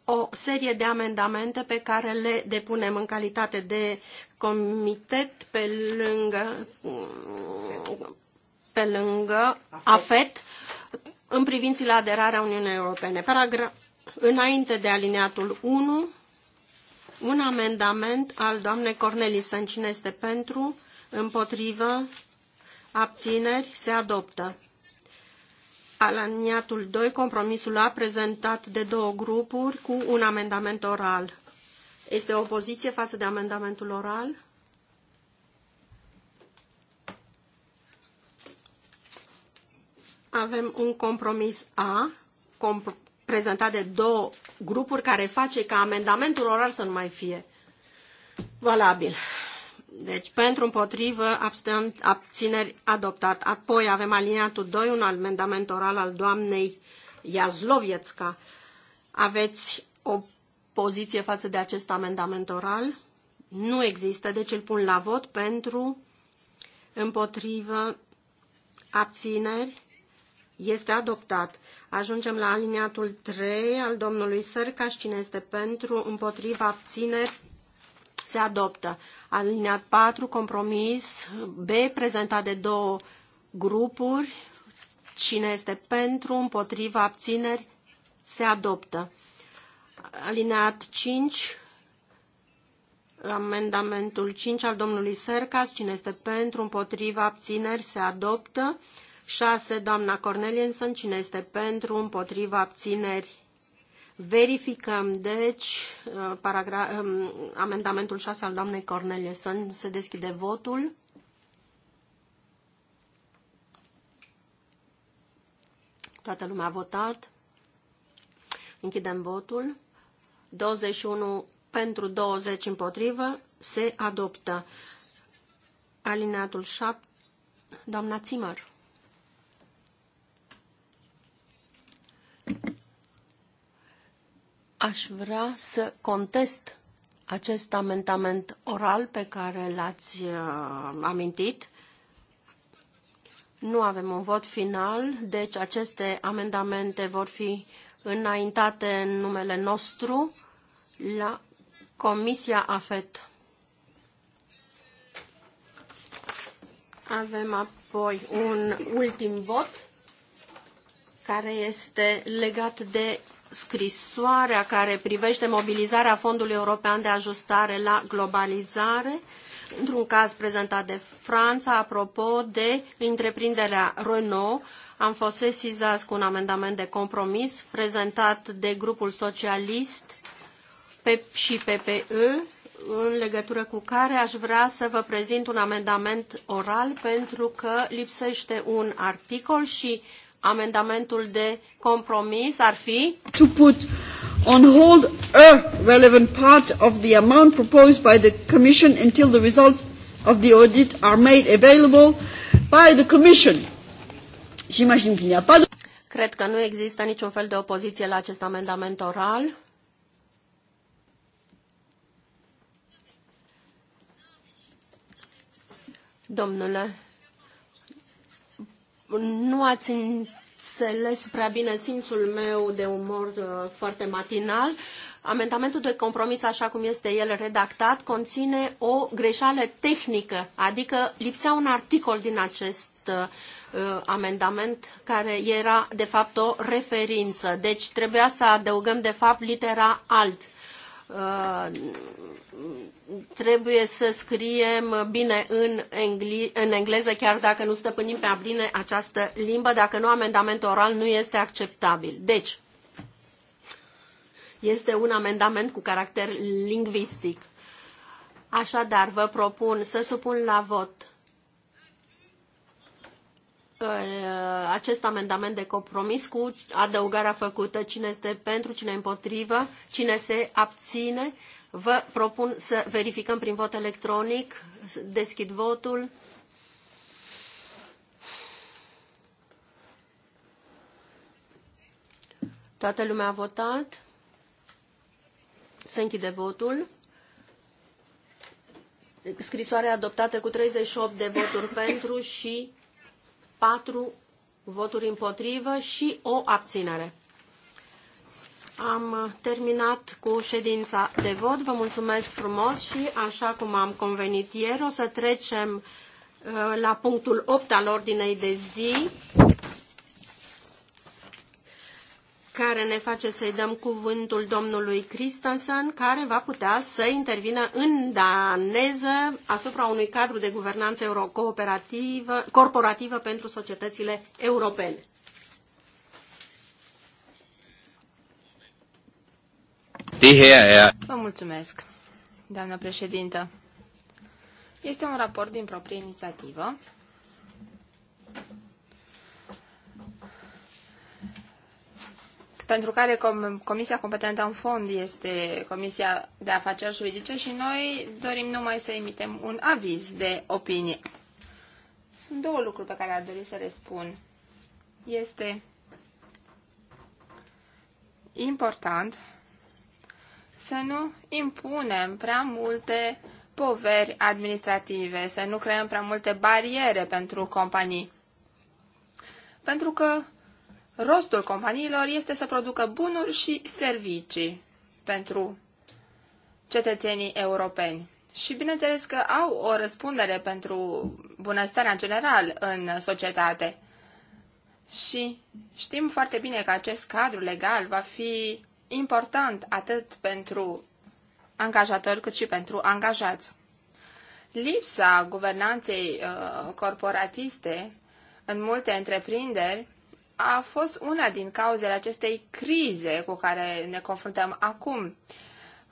o serie de amendamente pe care le depunem în calitate de comitet pe lângă, pe lângă AFET în privința aderarea Uniunii Europene. Paragra înainte de alineatul 1, un amendament al doamnei Cornelii Săncine este pentru? împotrivă, abțineri, se adoptă. Alaniatul 2, compromisul A, prezentat de două grupuri cu un amendament oral. Este opoziție față de amendamentul oral? Avem un compromis A, comp prezentat de două grupuri, care face ca amendamentul oral să nu mai fie valabil. Deci, pentru împotrivă, abțineri adoptat. Apoi avem aliniatul 2, un amendament oral al doamnei Iazlovietska. Aveți o poziție față de acest amendament oral? Nu există, deci îl pun la vot pentru, împotrivă, abțineri. Este adoptat. Ajungem la aliniatul 3 al domnului Sărcaș. Cine este pentru, împotriva, abțineri, se adoptă. Alineat 4, compromis B, prezentat de două grupuri. Cine este pentru, împotriva, abțineri, se adoptă. Alineat 5, amendamentul 5 al domnului Sercas. Cine este pentru, împotriva, abțineri, se adoptă. 6. Doamna Cornelienson. Cine este pentru, împotriva, abțineri, Verificăm, deci, uh, paragra- um, amendamentul 6 al doamnei Să Se deschide votul. Toată lumea a votat. Închidem votul. 21 pentru 20 împotrivă. Se adoptă. Alineatul 7. Doamna Zimmer. Aș vrea să contest acest amendament oral pe care l-ați uh, amintit. Nu avem un vot final, deci aceste amendamente vor fi înaintate în numele nostru la Comisia AFET. Avem apoi un ultim vot care este legat de scrisoarea care privește mobilizarea Fondului European de Ajustare la Globalizare, într-un caz prezentat de Franța, apropo de întreprinderea Renault, am fost sesizați cu un amendament de compromis prezentat de grupul socialist și PPE, în legătură cu care aș vrea să vă prezint un amendament oral pentru că lipsește un articol și Amendamentul de compromis ar fi to put on hold a relevant part of the amount proposed by the Commission until the results of the audit are made available by the Commission. Și imagine că a pas Cred că nu există niciun fel de opoziție la acest amendament oral. Domnule, nu ați înțeles prea bine simțul meu de umor uh, foarte matinal. Amendamentul de compromis, așa cum este el redactat, conține o greșeală tehnică, adică lipsea un articol din acest uh, uh, amendament care era, de fapt, o referință. Deci trebuia să adăugăm, de fapt, litera alt trebuie să scriem bine în, engli- în engleză, chiar dacă nu stăpânim pe bine această limbă, dacă nu, amendamentul oral nu este acceptabil. Deci, este un amendament cu caracter lingvistic. Așadar, vă propun să supun la vot uh, acest amendament de compromis cu adăugarea făcută. Cine este pentru, cine împotrivă, cine se abține. Vă propun să verificăm prin vot electronic. Deschid votul. Toată lumea a votat. Se închide votul. Scrisoarea adoptată cu 38 de voturi [COUGHS] pentru și 4 voturi împotrivă și o abținere am uh, terminat cu ședința de vot. Vă mulțumesc frumos și, așa cum am convenit ieri, o să trecem uh, la punctul 8 al ordinei de zi, care ne face să-i dăm cuvântul domnului Christensen, care va putea să intervină în daneză asupra unui cadru de guvernanță eurocooperativă, corporativă pentru societățile europene. Det her er... Vă mulțumesc, doamnă președintă. Este un raport din proprie inițiativă. pentru care Comisia competentă în fond este Comisia de Afaceri Juridice și noi dorim numai să emitem un aviz de opinie. Sunt două lucruri pe care ar dori să le spun. Este important să nu impunem prea multe poveri administrative, să nu creăm prea multe bariere pentru companii. Pentru că rostul companiilor este să producă bunuri și servicii pentru cetățenii europeni. Și bineînțeles că au o răspundere pentru bunăstarea în general în societate. Și știm foarte bine că acest cadru legal va fi important atât pentru angajatori cât și pentru angajați. Lipsa guvernanței uh, corporatiste în multe întreprinderi a fost una din cauzele acestei crize cu care ne confruntăm acum.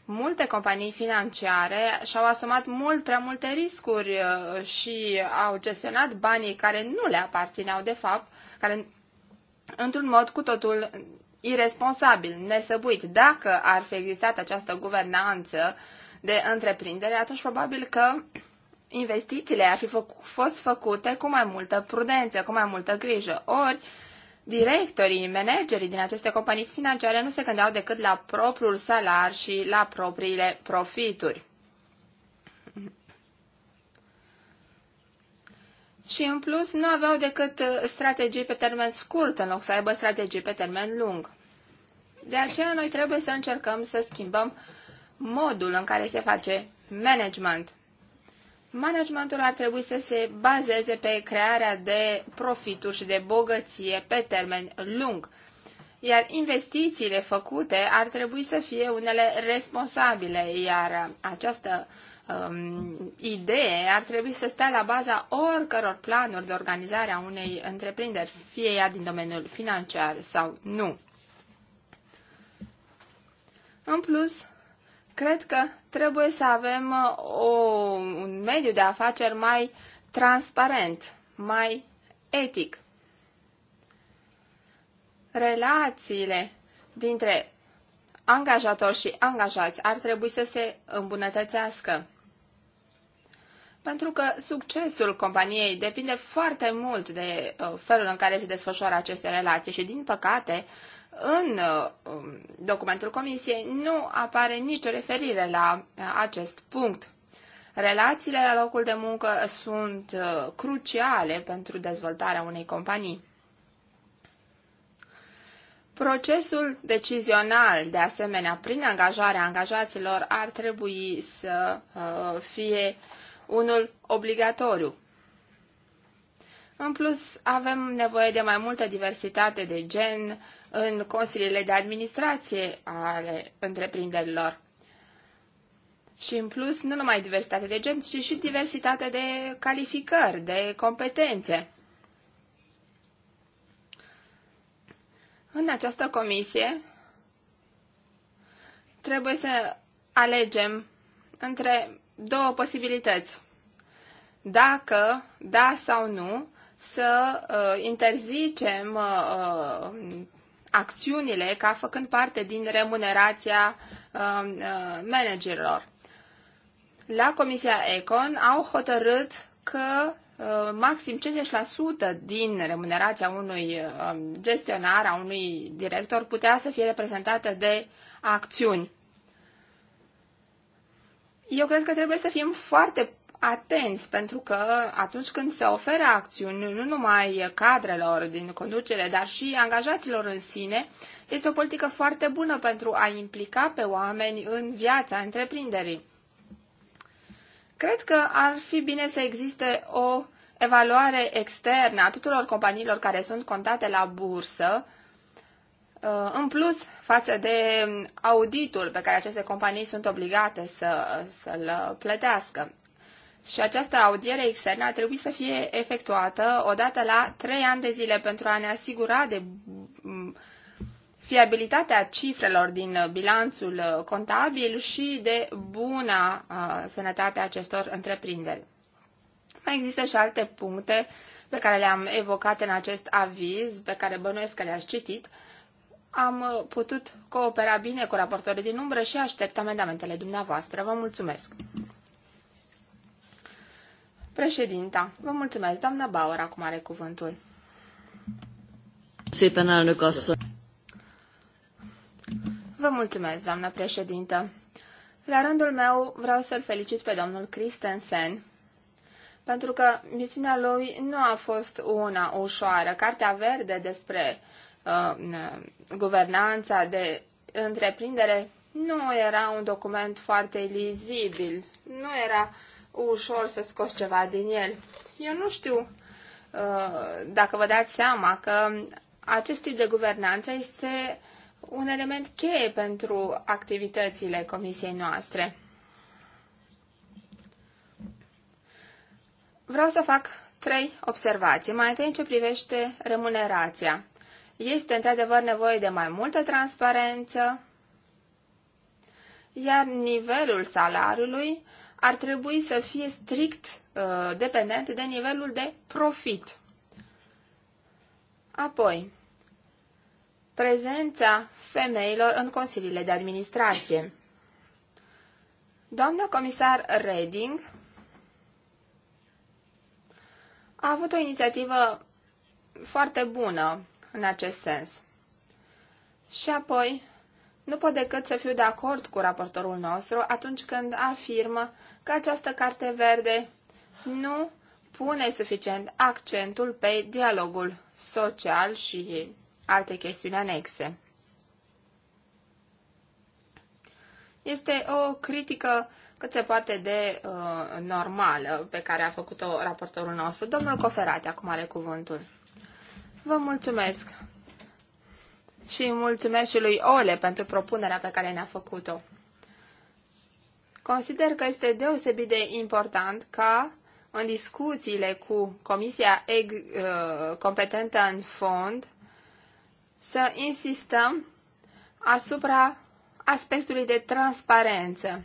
Multe companii financiare și-au asumat mult prea multe riscuri uh, și au gestionat banii care nu le aparțineau de fapt, care într-un mod cu totul iresponsabil, nesăbuit. Dacă ar fi existat această guvernanță de întreprindere, atunci probabil că investițiile ar fi fă- fost făcute cu mai multă prudență, cu mai multă grijă. Ori, directorii, managerii din aceste companii financiare nu se gândeau decât la propriul salar și la propriile profituri. Și în plus nu aveau decât uh, strategii pe termen scurt în loc să aibă strategii pe termen lung. De aceea noi trebuie să încercăm să schimbăm modul în care se face management. Managementul ar trebui să se bazeze pe crearea de profituri și de bogăție pe termen lung, iar investițiile făcute ar trebui să fie unele responsabile, iar această um, idee ar trebui să stea la baza oricăror planuri de organizare a unei întreprinderi, fie ea din domeniul financiar sau nu. În plus, cred că trebuie să avem uh, o, un mediu de afaceri mai transparent, mai etic. Relațiile dintre angajatori și angajați ar trebui să se îmbunătățească. Pentru că succesul companiei depinde foarte mult de uh, felul în care se desfășoară aceste relații și, din păcate, în um, documentul comisiei nu apare nicio referire la uh, acest punct. Relațiile la locul de muncă sunt uh, cruciale pentru dezvoltarea unei companii. Procesul decizional, de asemenea, prin angajarea angajaților, ar trebui să uh, fie unul obligatoriu. În plus, avem nevoie de mai multă diversitate de gen în consiliile de administrație ale întreprinderilor. Și în plus, nu numai diversitate de gen, ci și diversitate de calificări, de competențe. În această comisie trebuie să alegem între două posibilități. Dacă, da sau nu, să uh, interzicem uh, uh, acțiunile ca făcând parte din remunerația uh, uh, managerilor. La Comisia Econ au hotărât că uh, maxim 50% din remunerația unui uh, gestionar, a unui director, putea să fie reprezentată de acțiuni. Eu cred că trebuie să fim foarte atenți, pentru că atunci când se oferă acțiuni, nu numai cadrelor din conducere, dar și angajaților în sine, este o politică foarte bună pentru a implica pe oameni în viața întreprinderii. Cred că ar fi bine să existe o evaluare externă a tuturor companiilor care sunt contate la bursă, uh, în plus față de auditul pe care aceste companii sunt obligate să, să-l plătească. Și această audiere externă a trebuit să fie efectuată odată la trei ani de zile pentru a ne asigura de mm, fiabilitatea cifrelor din bilanțul contabil și de buna sănătate acestor întreprinderi. Mai există și alte puncte pe care le-am evocat în acest aviz, pe care bănuiesc că le-ați citit. Am putut coopera bine cu raportorii din umbră și aștept amendamentele dumneavoastră. Vă mulțumesc! Președinta, vă mulțumesc. Doamna Bauer acum are cuvântul. Vă mulțumesc, doamna președintă. La rândul meu vreau să-l felicit pe domnul Christensen, pentru că misiunea lui nu a fost una ușoară. Cartea verde despre uh, guvernanța de întreprindere nu era un document foarte lizibil, nu era uh, ușor să scoți ceva din el. Eu nu știu uh, dacă vă dați seama că acest tip de guvernanță este un element cheie pentru activitățile comisiei noastre. Vreau să fac trei observații. Mai întâi în ce privește remunerația. Este într-adevăr nevoie de mai multă transparență, iar nivelul salariului ar trebui să fie strict uh, dependent de nivelul de profit. Apoi, prezența femeilor în consiliile de administrație. Doamna comisar Reding a avut o inițiativă foarte bună în acest sens. Și apoi, nu pot decât să fiu de acord cu raportorul nostru atunci când afirmă că această carte verde nu pune suficient accentul pe dialogul social și alte chestiuni anexe. Este o critică cât se poate de uh, normală pe care a făcut-o raportorul nostru. Domnul Coferate acum are cuvântul. Vă mulțumesc și mulțumesc și lui Ole pentru propunerea pe care ne-a făcut-o. Consider că este deosebit de important ca în discuțiile cu comisia uh, competentă în fond să insistăm asupra aspectului de transparență.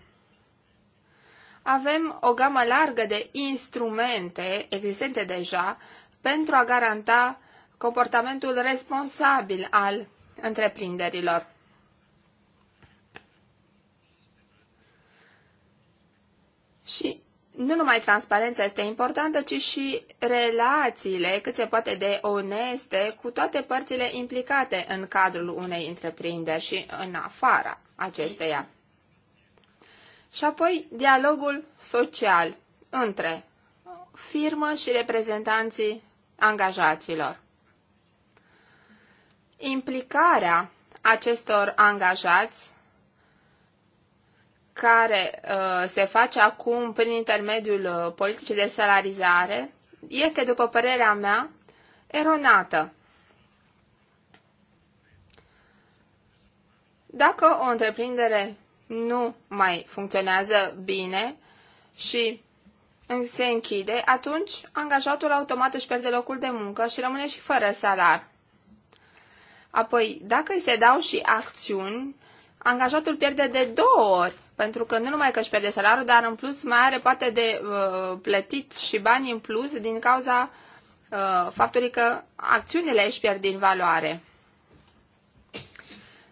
Avem o gamă largă de instrumente existente deja pentru a garanta comportamentul responsabil al întreprinderilor. Și nu numai transparența este importantă, ci și relațiile cât se poate de oneste cu toate părțile implicate în cadrul unei întreprinderi și în afara acesteia. Și apoi dialogul social între firmă și reprezentanții angajaților implicarea acestor angajați care uh, se face acum prin intermediul uh, politicii de salarizare este, după părerea mea, eronată. Dacă o întreprindere nu mai funcționează bine și se închide, atunci angajatul automat își pierde locul de muncă și rămâne și fără salar. Apoi, dacă îi se dau și acțiuni, angajatul pierde de două ori, pentru că nu numai că își pierde salariul, dar în plus mai are poate de uh, plătit și bani în plus din cauza uh, faptului că acțiunile își pierd din valoare.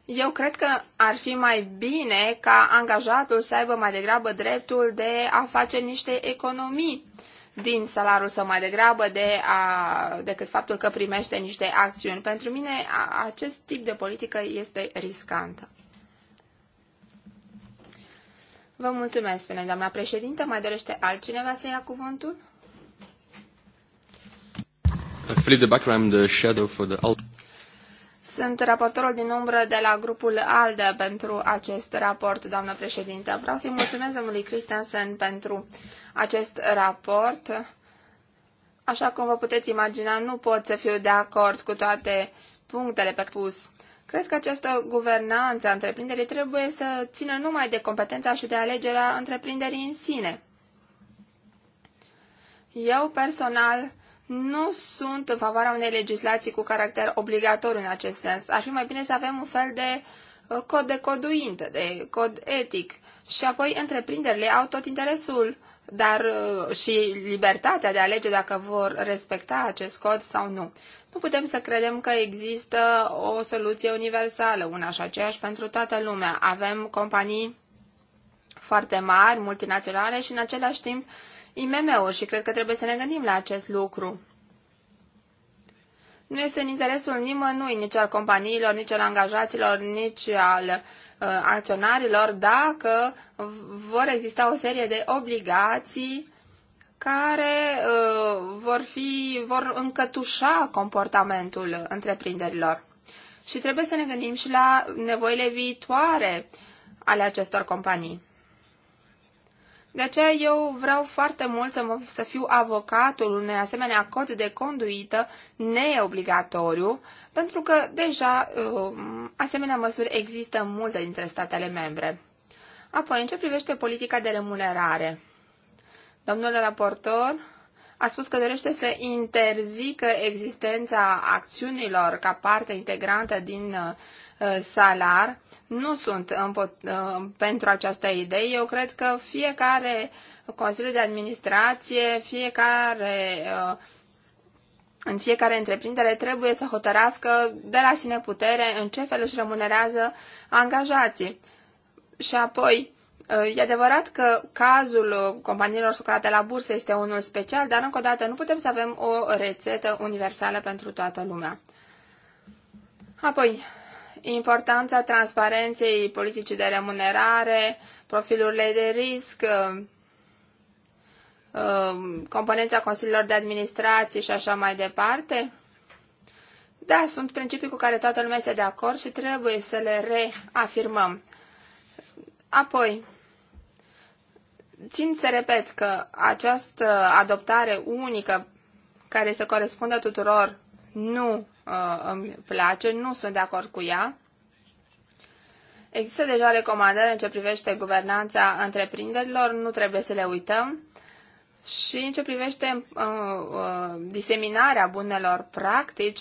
Eu cred că ar fi mai bine ca angajatul să aibă mai degrabă dreptul de a face niște economii din salarul său mai degrabă de a, decât faptul că primește niște acțiuni. Pentru mine a, acest tip de politică este riscantă. Vă mulțumesc, spune doamna președintă. Mai dorește altcineva să ia cuvântul? Philip de Bacram, the shadow for the... Sunt raportorul din umbră de la grupul ALDE pentru acest raport, doamnă președintă. Vreau să-i mulțumesc domnului Christensen pentru acest raport. Așa cum vă puteți imagina, nu pot să fiu de acord cu toate punctele pe pus. Cred că această guvernanță a întreprinderii trebuie să țină numai de competența și de alegerea întreprinderii în sine. Eu personal nu sunt în favoarea unei legislații cu caracter obligatoriu în acest sens. Ar fi mai bine să avem un fel de uh, cod de coduintă, de cod etic. Și apoi întreprinderile au tot interesul, dar uh, și libertatea de a alege dacă vor respecta acest cod sau nu. Nu putem să credem că există o soluție universală, una și aceeași pentru toată lumea. Avem companii foarte mari, multinaționale și în același timp IMM-uri și cred că trebuie să ne gândim la acest lucru. Nu este în interesul nimănui, nici al companiilor, nici al angajaților, nici al uh, acționarilor, dacă vor exista o serie de obligații care uh, vor, fi, vor încătușa comportamentul întreprinderilor. Și trebuie să ne gândim și la nevoile viitoare ale acestor companii. De aceea eu vreau foarte mult să, mă, să fiu avocatul unei asemenea cod de conduită neobligatoriu, pentru că deja um, asemenea măsuri există în multe dintre statele membre. Apoi, în ce privește politica de remunerare? Domnul raportor a spus că dorește să interzică existența acțiunilor ca parte integrantă din uh, Uh, salar. Nu sunt uh, pentru această idee. Eu cred că fiecare Consiliu de Administrație, fiecare uh, în fiecare întreprindere trebuie să hotărască de la sine putere în ce fel își remunerează angajații. Și apoi, e adevărat că cazul companiilor sucate la bursă este unul special, dar încă o dată nu putem să avem o rețetă universală pentru toată lumea. Apoi, importanța transparenței politicii de remunerare, profilurile de risc, uh, uh, componența consiliilor de administrație și așa mai departe? Da, sunt principii cu care toată lumea este de acord și trebuie să le reafirmăm. Apoi, țin să repet că această adoptare unică care să corespundă tuturor nu uh, îmi place, nu sunt de acord cu ea. Există deja recomandări în ce privește guvernanța întreprinderilor, nu trebuie să le uităm. Și în ce privește uh, uh, diseminarea bunelor practici,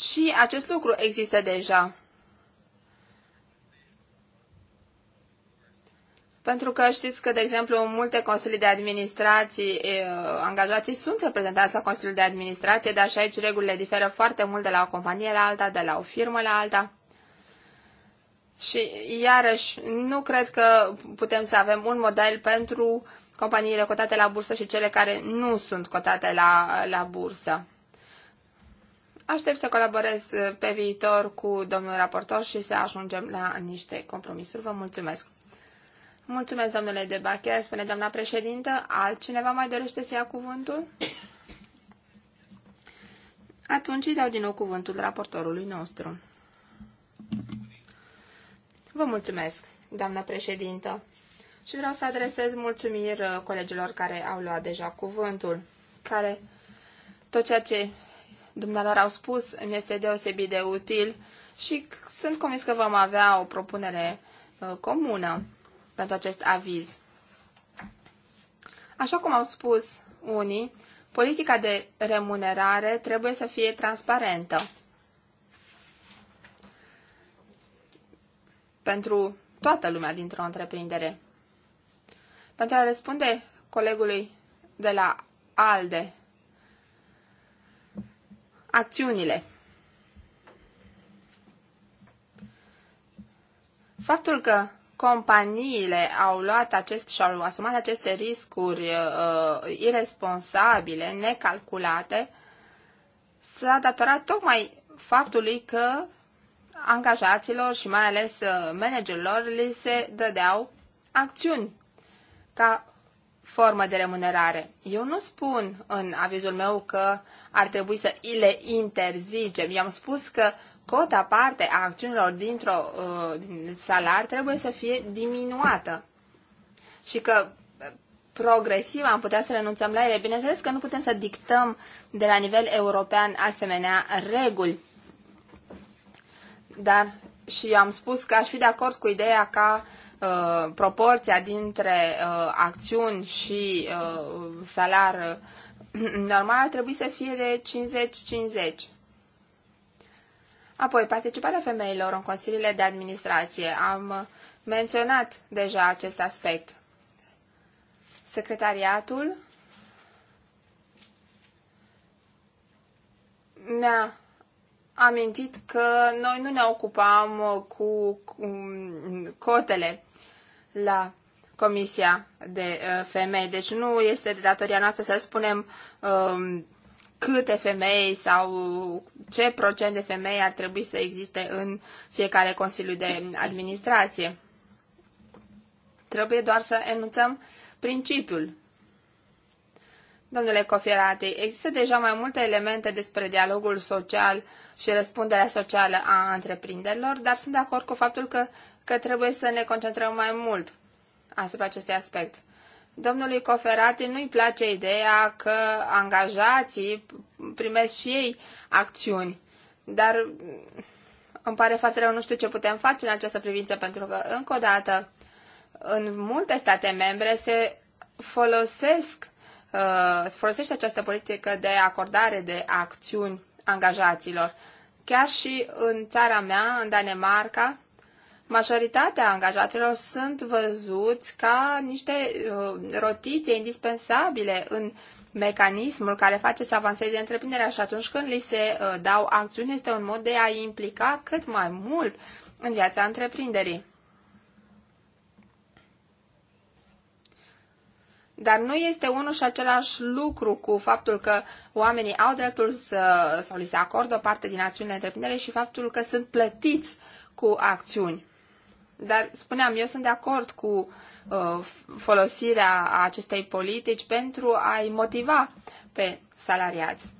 și acest lucru există deja. Pentru că știți că, de exemplu, în multe consilii de administrații, angajații sunt reprezentați la Consiliul de Administrație, dar și aici regulile diferă foarte mult de la o companie la alta, de la o firmă la alta. Și, iarăși, nu cred că putem să avem un model pentru companiile cotate la bursă și cele care nu sunt cotate la, la bursă. Aștept să colaborez pe viitor cu domnul raportor și să ajungem la niște compromisuri. Vă mulțumesc! Mulțumesc, domnule de Bacher, spune doamna președintă. Altcineva mai dorește să ia cuvântul? Atunci îi dau din nou cuvântul raportorului nostru. Vă mulțumesc, doamna președintă, și vreau să adresez mulțumiri uh, colegilor care au luat deja cuvântul, care tot ceea ce dumnealor au spus îmi este deosebit de util și sunt convins că vom avea o propunere uh, comună pentru acest aviz. Așa cum au spus unii, politica de remunerare trebuie să fie transparentă. Pentru toată lumea dintr-o întreprindere. Pentru a răspunde colegului de la ALDE, acțiunile. Faptul că companiile au luat acest și au asumat aceste riscuri uh, uh, irresponsabile, necalculate, s-a datorat tocmai faptului că angajaților și mai ales uh, managerilor li se dădeau acțiuni ca formă de remunerare. Eu nu spun în avizul meu că ar trebui să le interzicem. I-am spus că uh, cota parte a acțiunilor dintr-o uh, din salar trebuie să fie diminuată și că uh, progresiv am putea să renunțăm la ele. Bineînțeles că nu putem să dictăm de la nivel european asemenea reguli. Dar și am spus că aș fi de acord cu ideea ca uh, proporția dintre uh, acțiuni și uh, salar uh, normal ar trebui să fie de 50-50. Apoi, participarea femeilor în consiliile de administrație. Am menționat deja acest aspect. Secretariatul ne-a amintit că noi nu ne ocupam cu mm, cotele la Comisia de uh, Femei. Deci nu este de datoria noastră să spunem um, câte femei sau ce procent de femei ar trebui să existe în fiecare Consiliu de Administrație. Trebuie doar să enunțăm principiul. Domnule Cofierate, există deja mai multe elemente despre dialogul social și răspunderea socială a întreprinderilor, dar sunt de acord cu faptul că, că trebuie să ne concentrăm mai mult asupra acestui aspect. Domnului Coferati nu-i place ideea că angajații primesc și ei acțiuni, dar îmi pare foarte rău, nu știu ce putem face în această privință, pentru că, încă o dată, în multe state membre se folosesc uh, se folosește această politică de acordare de acțiuni angajaților. Chiar și în țara mea, în Danemarca, majoritatea angajaților sunt văzuți ca niște uh, rotițe indispensabile în mecanismul care face să avanseze întreprinderea și atunci când li se uh, dau acțiuni este un mod de a implica cât mai mult în viața întreprinderii. Dar nu este unul și același lucru cu faptul că oamenii au dreptul să, sau li se acordă o parte din acțiunile întreprinderii și faptul că sunt plătiți cu acțiuni. Dar spuneam, eu sunt de acord cu uh, folosirea acestei politici pentru a-i motiva pe salariați.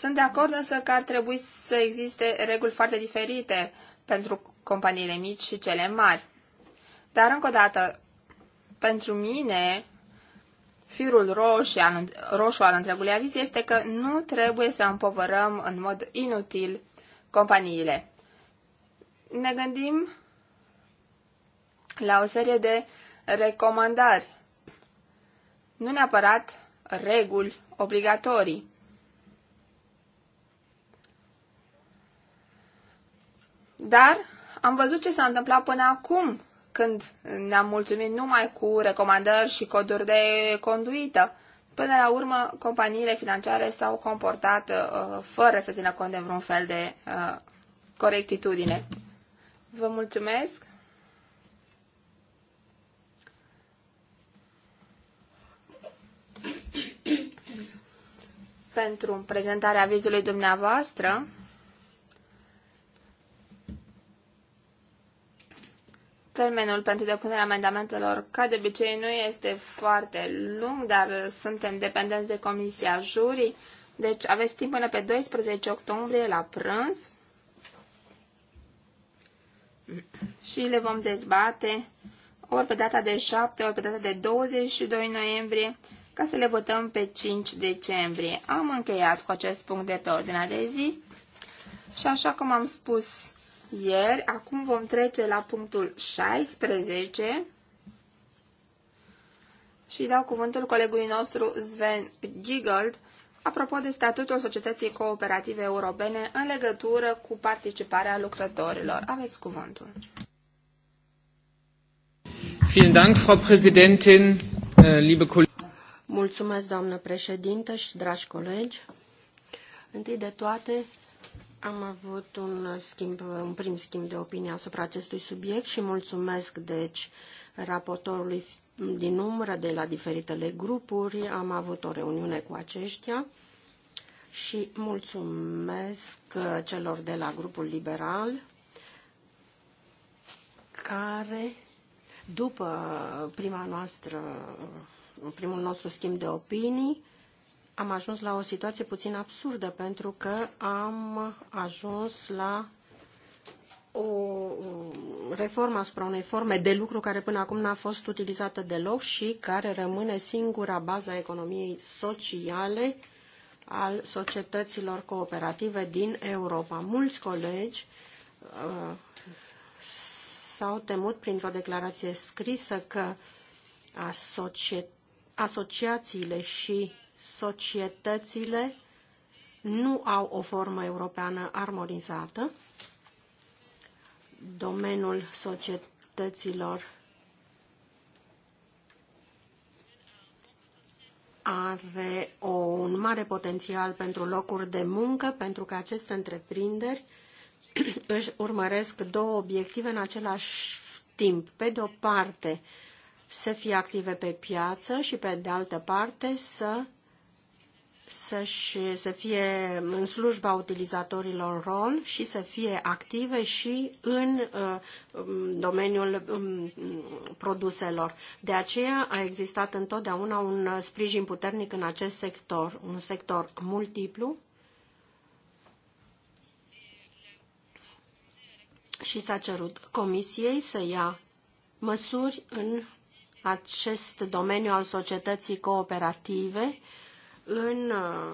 Sunt de acord însă că ar trebui să existe reguli foarte diferite pentru companiile mici și cele mari. Dar, încă o dată, pentru mine, firul roșu al, roșu al întregului aviz este că nu trebuie să împovărăm în mod inutil companiile ne gândim la o serie de recomandări, nu neapărat reguli obligatorii. Dar am văzut ce s-a întâmplat până acum, când ne-am mulțumit numai cu recomandări și coduri de conduită. Până la urmă, companiile financiare s-au comportat uh, fără să țină cont de vreun fel de uh, corectitudine. Vă mulțumesc! pentru prezentarea avizului dumneavoastră. Termenul pentru depunerea amendamentelor, ca de obicei, nu este foarte lung, dar suntem dependenți de Comisia Jurii, deci aveți timp până pe 12 octombrie la prânz și le vom dezbate ori pe data de 7, ori pe data de 22 noiembrie, ca să le votăm pe 5 decembrie. Am încheiat cu acest punct de pe ordinea de zi și așa cum am spus ieri, acum vom trece la punctul 16 și dau cuvântul colegului nostru Sven Giggold apropo de statutul societății cooperative europene în legătură cu participarea lucrătorilor. Aveți cuvântul. Äh, mulțumesc, doamnă președintă și dragi colegi. Întâi de toate, am avut un, schimb, un prim schimb de opinie asupra acestui subiect și mulțumesc, deci, raportorului din umbră de la diferitele grupuri. Am avut o reuniune cu aceștia și mulțumesc celor de la grupul liberal care, după prima noastră, primul nostru schimb de opinii, am ajuns la o situație puțin absurdă pentru că am ajuns la o reformă asupra unei forme de lucru care până acum n-a fost utilizată deloc și care rămâne singura bază a economiei sociale al societăților cooperative din Europa. Mulți colegi uh, s-au temut printr-o declarație scrisă că asocie, asociațiile și societățile nu au o formă europeană armonizată domeniul societăților are o, un mare potențial pentru locuri de muncă, pentru că aceste întreprinderi [CLEARS THROAT] își urmăresc două obiective în același timp. Pe de o parte, să fie active pe piață și pe de altă parte să să, -și, să fie în slujba utilizatorilor rol și să fie active și în uh, um, domeniul um, produselor. De aceea a existat întotdeauna un sprijin puternic în acest sector, un sector multiplu și s-a cerut Comisiei să ia măsuri în acest domeniu al societății cooperative uh, în uh,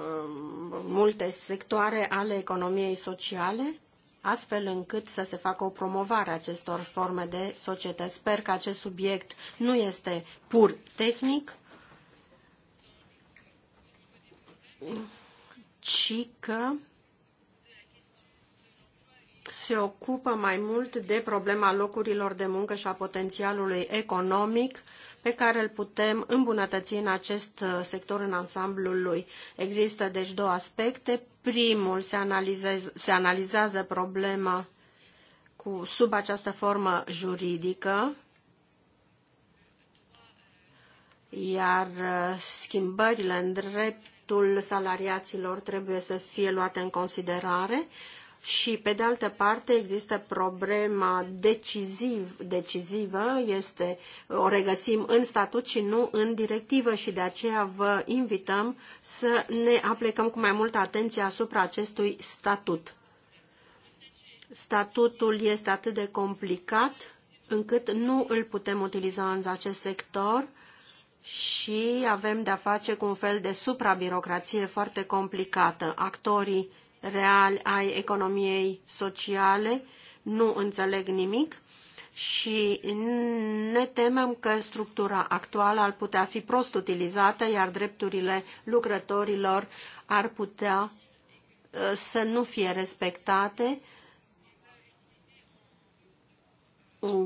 multe sectoare ale economiei sociale, astfel încât să se facă o promovare a acestor forme de societăți. Sper că acest subiect nu este pur tehnic, ci că se ocupă mai mult de problema locurilor de muncă și a potențialului economic pe care îl putem îmbunătăți în acest uh, sector în ansamblul lui. Există deci două aspecte. Primul se, analizează, se analizează problema cu, sub această formă juridică, iar uh, schimbările în dreptul salariaților trebuie să fie luate în considerare. Uh, și, pe de altă parte, există problema deciziv, decizivă, este, o regăsim în statut și nu în directivă și de aceea vă invităm să ne aplicăm cu mai multă atenție asupra acestui statut. Statutul este atât de complicat încât nu îl putem utiliza în acest sector și avem de-a face cu un fel de suprabirocrație foarte complicată. Actorii reali ai economiei sociale, nu înțeleg nimic și ne temem că structura actuală ar putea fi prost utilizată, iar drepturile lucrătorilor ar putea uh, să nu fie respectate.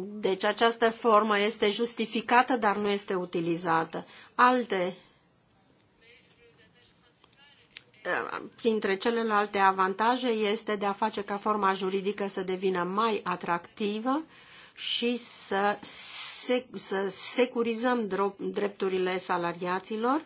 Deci această formă este justificată, dar nu este utilizată. Alte printre celelalte avantaje este de a face ca forma juridică să devină mai atractivă și să, sec, să securizăm drepturile salariaților,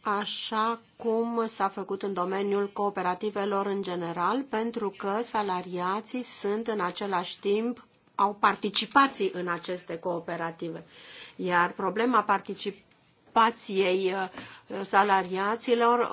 așa cum s-a făcut în domeniul cooperativelor în general, pentru că salariații sunt în același timp, au participații în aceste cooperative. Iar problema particip ocupației uh, salariaților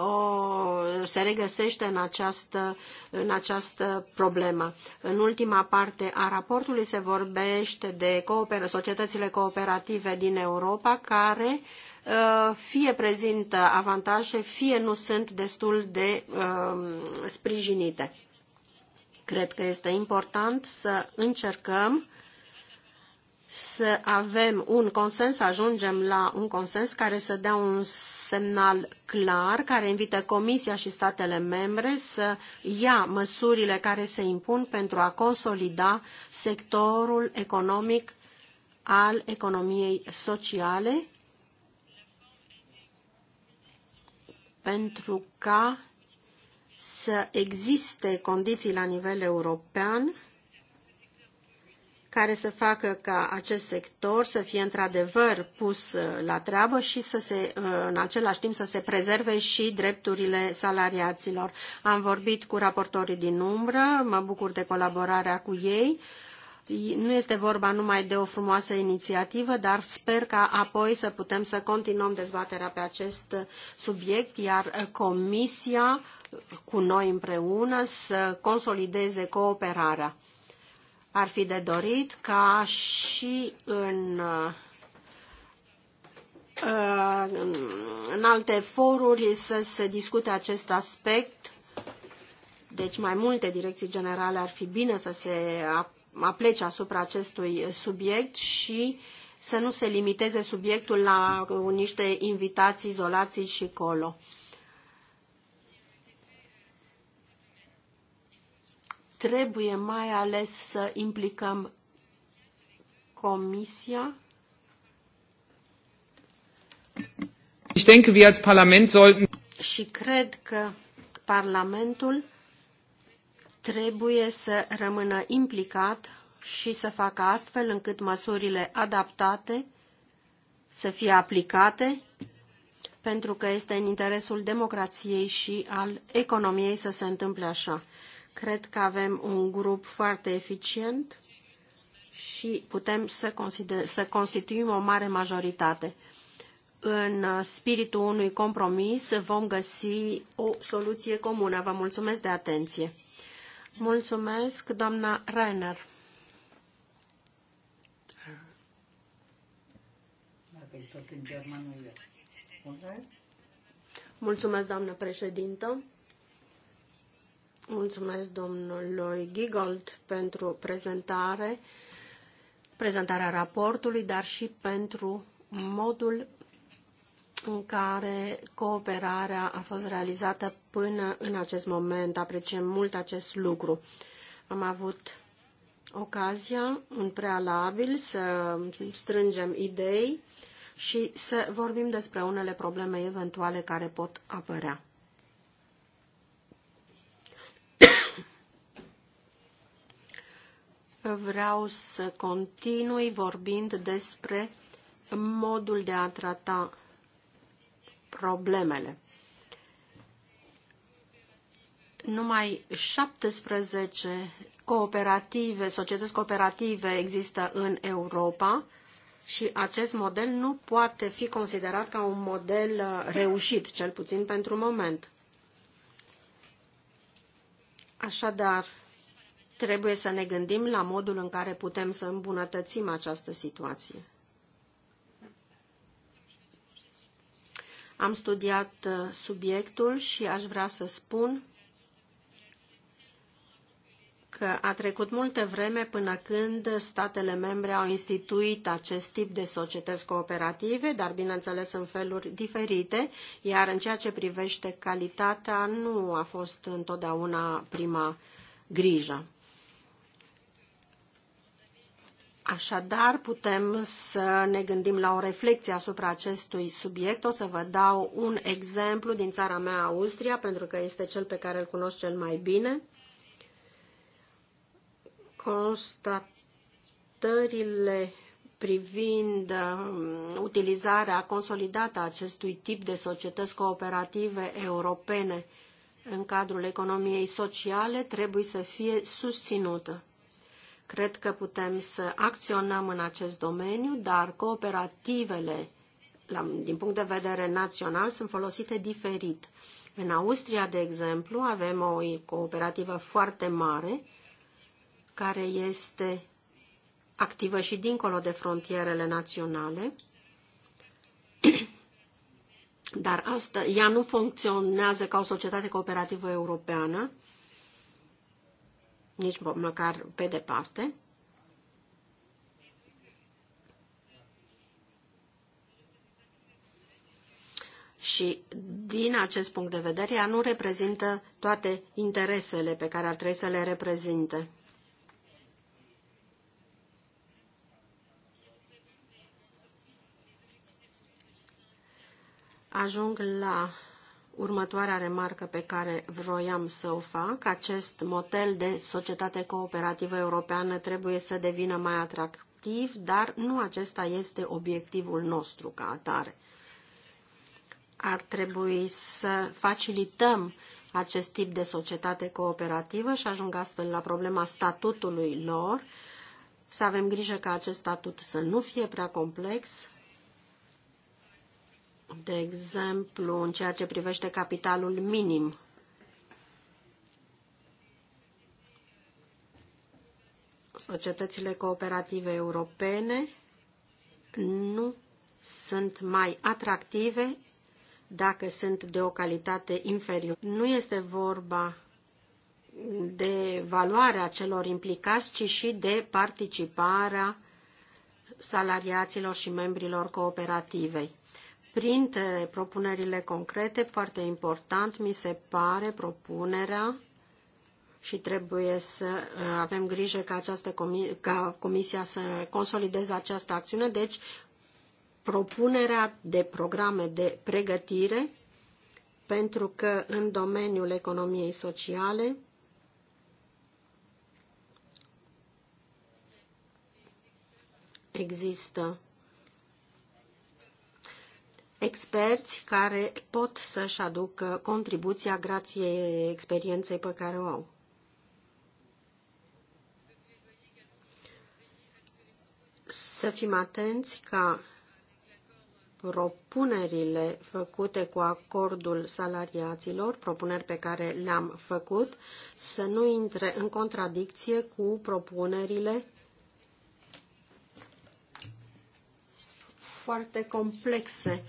se regăsește în această, în această problemă. În ultima parte a raportului se vorbește de cooper, societățile cooperative din Europa care uh, fie prezintă avantaje, fie nu sunt destul de uh, sprijinite. Cred că este important să încercăm să avem un consens, să ajungem la un consens care să dea un semnal clar, care invită Comisia și statele membre să ia măsurile care se impun pentru a consolida sectorul economic al economiei sociale, pentru ca să existe condiții la nivel european care să facă ca acest sector să fie într-adevăr pus uh, la treabă și să se, uh, în același timp să se prezerve și drepturile salariaților. Am vorbit cu raportorii din umbră, mă bucur de colaborarea cu ei. Nu este vorba numai de o frumoasă inițiativă, dar sper ca apoi să putem să continuăm dezbaterea pe acest uh, subiect, iar Comisia cu noi împreună să consolideze cooperarea. Ar fi de dorit ca și în uh, în alte foruri să se discute acest aspect. Deci mai multe direcții generale ar fi bine să se aplece asupra acestui subiect și să nu se limiteze subiectul la niște invitații izolații și colo. trebuie mai ales să implicăm Comisia. Ich denke, wir als Parlament sollten și cred că Parlamentul trebuie să rămână implicat și să facă astfel încât măsurile adaptate să fie aplicate, pentru că este în interesul democrației și al economiei să se întâmple așa. Cred că avem un grup foarte eficient și putem să, consider, să constituim o mare majoritate. În uh, spiritul unui compromis vom găsi o soluție comună. Vă mulțumesc de atenție. Mulțumesc, doamna Rainer. Mulțumesc, doamnă președintă. Mulțumesc domnului Gigold pentru prezentare, prezentarea raportului, dar și pentru modul în care cooperarea a fost realizată până în acest moment. Apreciem mult acest lucru. Am avut ocazia în prealabil să strângem idei și să vorbim despre unele probleme eventuale care pot apărea. vreau să continui vorbind despre modul de a trata problemele. Numai 17 cooperative, societăți cooperative există în Europa și acest model nu poate fi considerat ca un model uh, reușit, cel puțin pentru moment. Așadar, trebuie să ne gândim la modul în care putem să îmbunătățim această situație. Am studiat uh, subiectul și aș vrea să spun că a trecut multe vreme până când statele membre au instituit acest tip de societăți cooperative, dar bineînțeles în feluri diferite, iar în ceea ce privește calitatea nu a fost întotdeauna prima grijă. Așadar, putem să ne gândim la o reflexie asupra acestui subiect. O să vă dau un exemplu din țara mea, Austria, pentru că este cel pe care îl cunosc cel mai bine. Constatările privind um, utilizarea consolidată a acestui tip de societăți cooperative europene în cadrul economiei sociale trebuie să fie susținută. Cred că putem să acționăm în acest domeniu, dar cooperativele, la, din punct de vedere național, sunt folosite diferit. În Austria, de exemplu, avem o cooperativă foarte mare care este activă și dincolo de frontierele naționale, dar asta, ea nu funcționează ca o societate cooperativă europeană, nici măcar pe departe. Și din acest punct de vedere, ea nu reprezintă toate interesele pe care ar trebui să le reprezinte. Ajung la următoarea remarcă pe care vroiam să o fac. Acest model de societate cooperativă europeană trebuie să devină mai atractiv, dar nu acesta este obiectivul nostru ca atare. Ar trebui să facilităm acest tip de societate cooperativă și ajung astfel la problema statutului lor, să avem grijă ca acest statut să nu fie prea complex, de exemplu, în ceea ce privește capitalul minim. Societățile cooperative europene nu sunt mai atractive dacă sunt de o calitate inferioară. Nu este vorba de valoarea celor implicați, ci și de participarea salariaților și membrilor cooperativei. Printre propunerile concrete, foarte important mi se pare propunerea și trebuie să uh, avem grijă ca, această comi- ca comisia să consolideze această acțiune, deci propunerea de programe de pregătire pentru că în domeniul economiei sociale există experți care pot să-și aducă contribuția grație experienței pe care o au. Să fim atenți ca propunerile făcute cu acordul salariaților, propuneri pe care le-am făcut, să nu intre în contradicție cu propunerile foarte complexe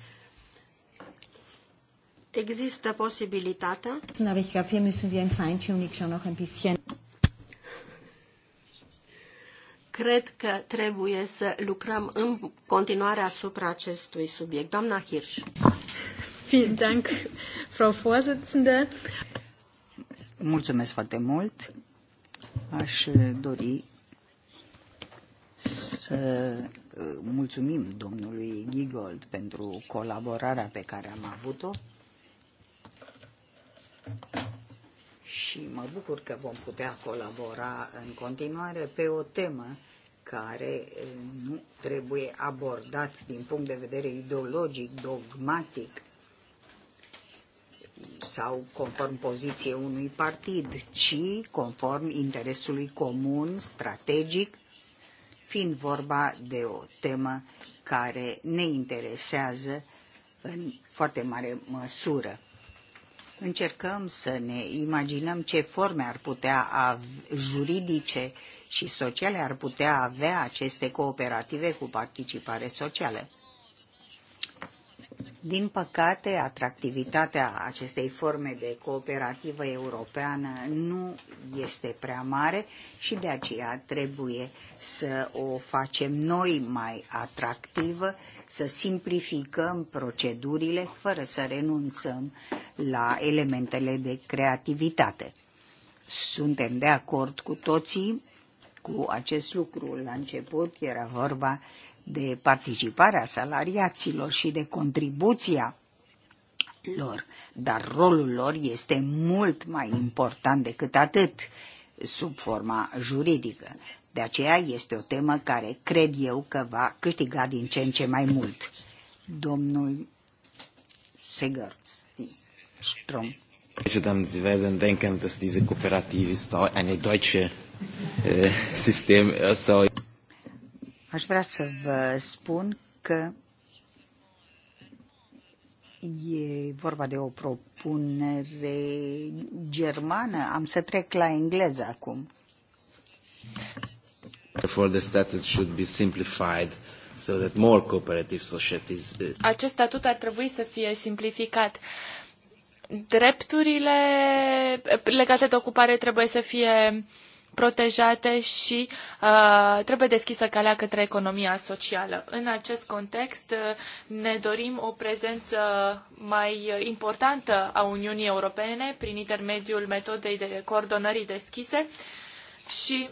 Există posibilitatea. Dar, ich glaube, hier müssen wir in Feintuning schon noch ein bisschen cred că trebuie să lucrăm în continuare asupra acestui subiect. Doamna Hirsch. Vielen Dank, Frau Vorsitzende. Mulțumesc foarte mult. Aș dori să uh, mulțumim domnului Gigold pentru colaborarea pe care am avut-o și mă bucur că vom putea colabora în continuare pe o temă care eh, nu trebuie abordat din punct de vedere ideologic, dogmatic sau conform poziției unui partid, ci conform interesului comun, strategic, fiind vorba de o temă care ne interesează în foarte mare măsură încercăm să ne imaginăm ce forme ar putea juridice și sociale ar putea avea aceste cooperative cu participare socială. Din păcate, atractivitatea acestei forme de cooperativă europeană nu este prea mare și de aceea trebuie să o facem noi mai atractivă, să simplificăm procedurile fără să renunțăm la elementele de creativitate. Suntem de acord cu toții cu acest lucru. La început era vorba de participarea salariaților și de contribuția lor, dar rolul lor este mult mai important decât atât sub forma juridică. De aceea este o temă care cred eu că va câștiga din ce în ce mai mult. Domnul Segărț, Strom. Dann Sie werden denken, dass diese Kooperative ist ein deutsches eh, System. sau Aș vrea să vă spun că e vorba de o propunere germană. Am să trec la engleză acum. Therefore, the statute should be simplified so that more cooperative societies... Uh, Acest statut ar trebui să fie simplificat. Drepturile legate de ocupare trebuie să fie protejate și uh, trebuie deschisă calea către economia socială. În acest context uh, ne dorim o prezență mai importantă a Uniunii Europene prin intermediul metodei de coordonării deschise și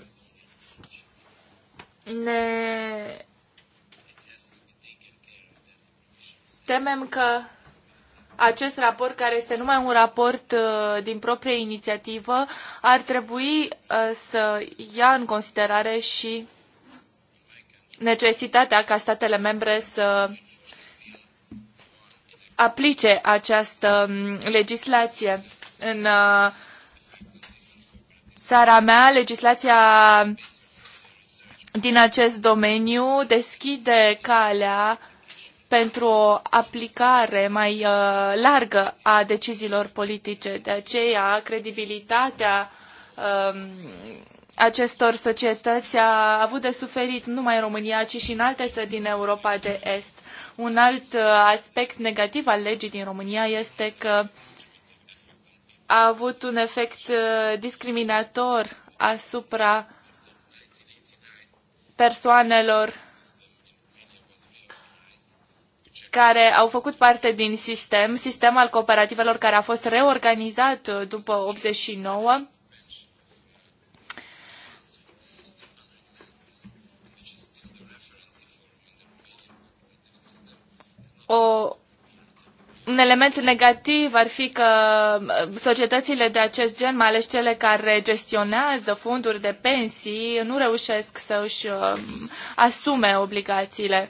ne temem că acest raport, care este numai un raport uh, din proprie inițiativă, ar trebui uh, să ia în considerare și necesitatea ca statele membre să aplice această um, legislație. În uh, țara mea, legislația din acest domeniu deschide calea pentru o aplicare mai uh, largă a deciziilor politice. De aceea, credibilitatea uh, acestor societăți a avut de suferit nu numai în România, ci și în alte țări din Europa de Est. Un alt uh, aspect negativ al legii din România este că a avut un efect uh, discriminator asupra persoanelor care au făcut parte din sistem, sistem al cooperativelor care a fost reorganizat uh, după 89. O, un element negativ ar fi că uh, societățile de acest gen, mai ales cele care gestionează fonduri de pensii, nu reușesc să își uh, asume obligațiile.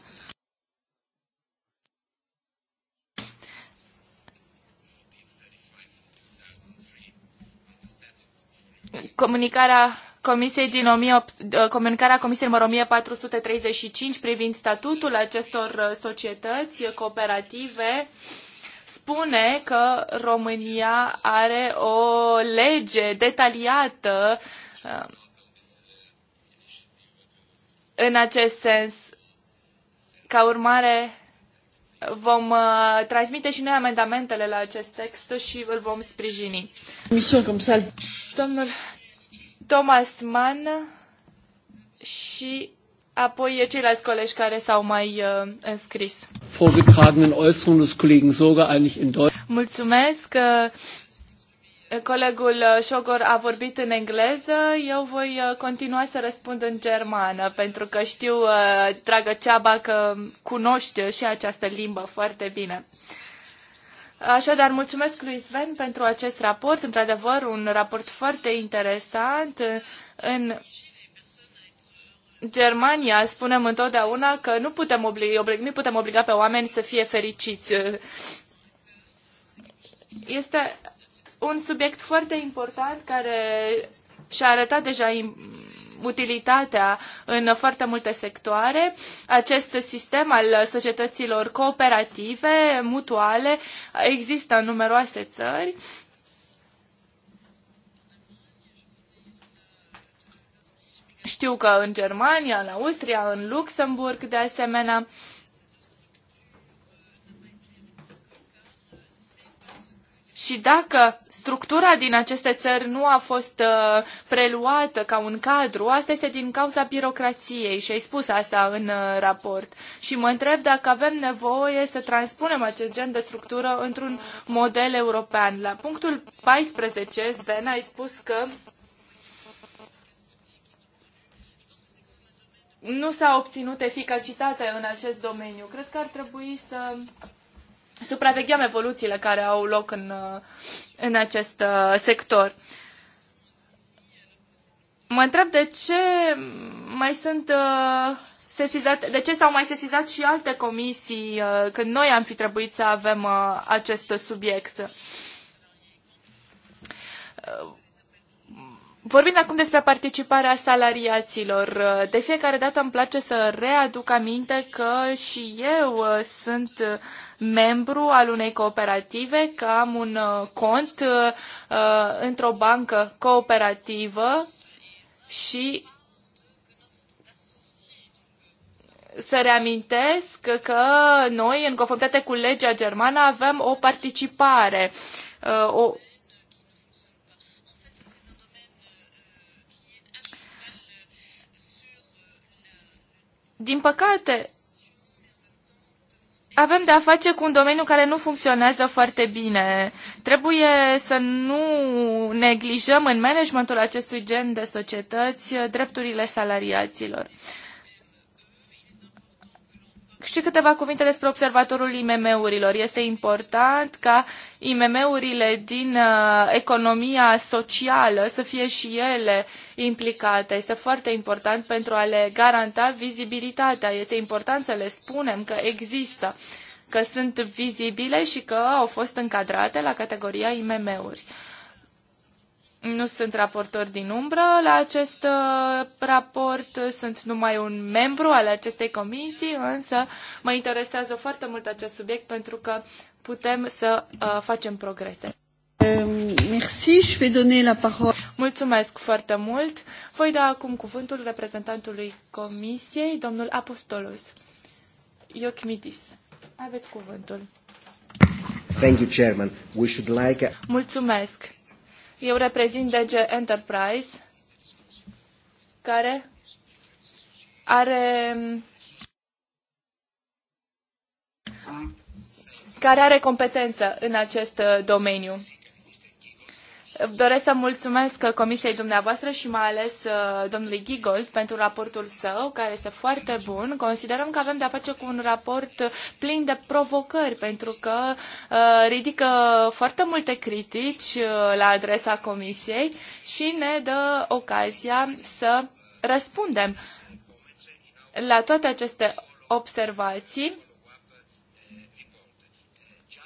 comunicarea Comisiei din 18, comunicarea Comisiei numărul 1435 privind statutul acestor uh, societăți cooperative spune că România are o lege detaliată uh, în acest sens. Ca urmare vom uh, transmite și noi amendamentele la acest text și îl vom sprijini. Domnul Thomas Mann și apoi ceilalți colegi care s-au mai uh, înscris. Mulțumesc. Uh, Colegul uh, Șogor a vorbit în engleză, eu voi uh, continua să răspund în germană, pentru că știu, uh, dragă Ceaba, că cunoști și această limbă foarte bine. Așadar, mulțumesc lui Sven pentru acest raport, într-adevăr un raport foarte interesant. În Germania spunem întotdeauna că nu putem, obliga, nu putem obliga pe oameni să fie fericiți. Este un subiect foarte important care și-a arătat deja utilitatea în foarte multe sectoare. Acest sistem al societăților cooperative, mutuale, există în numeroase țări. Știu că în Germania, în Austria, în Luxemburg, de asemenea, uh, Și dacă structura din aceste țări nu a fost uh, preluată ca un cadru, asta este din cauza birocrației și ai spus asta în uh, raport. Și mă întreb dacă avem nevoie să transpunem acest gen de structură într-un model european. La punctul 14, Sven, ai spus că nu s-a obținut eficacitate în acest domeniu. Cred că ar trebui să supraveghem evoluțiile care au loc în, uh, în acest uh, sector. Mă întreb de ce mai sunt uh, sesizate, de ce s-au mai sesizat și alte comisii când noi am fi trebuit să avem acest subiect. Vorbind acum despre participarea salariaților, de fiecare dată îmi place să readuc aminte că și eu sunt membru al unei cooperative, că am un uh, cont uh, uh, într-o bancă cooperativă și să reamintesc că noi, în conformitate cu legea germană, avem o participare, o Din păcate, avem de a face cu un domeniu care nu funcționează foarte bine. Trebuie să nu neglijăm în managementul acestui gen de societăți drepturile salariaților. Și câteva cuvinte despre observatorul IMM-urilor. Este important ca IMM-urile din uh, economia socială să fie și ele implicate. Este foarte important pentru a le garanta vizibilitatea. Este important să le spunem că există, că sunt vizibile și că au fost încadrate la categoria IMM-uri. Uh, nu sunt raportor din umbră la acest uh, raport, sunt numai un membru al acestei comisii, însă mă interesează foarte mult acest subiect pentru că putem să uh, facem progrese. Um, Mulțumesc foarte mult. Voi da acum cuvântul reprezentantului Comisiei, domnul Apostolos. Iochmitis, aveți cuvântul. Thank you, Chairman. We should like a... Mulțumesc. Eu reprezint DG Enterprise, care are care are competență în acest domeniu. Doresc să mulțumesc comisiei dumneavoastră și mai ales uh, domnului Gigold pentru raportul său, care este foarte bun. Considerăm că avem de-a face cu un raport plin de provocări, pentru că uh, ridică foarte multe critici uh, la adresa comisiei și ne dă ocazia să răspundem la toate aceste observații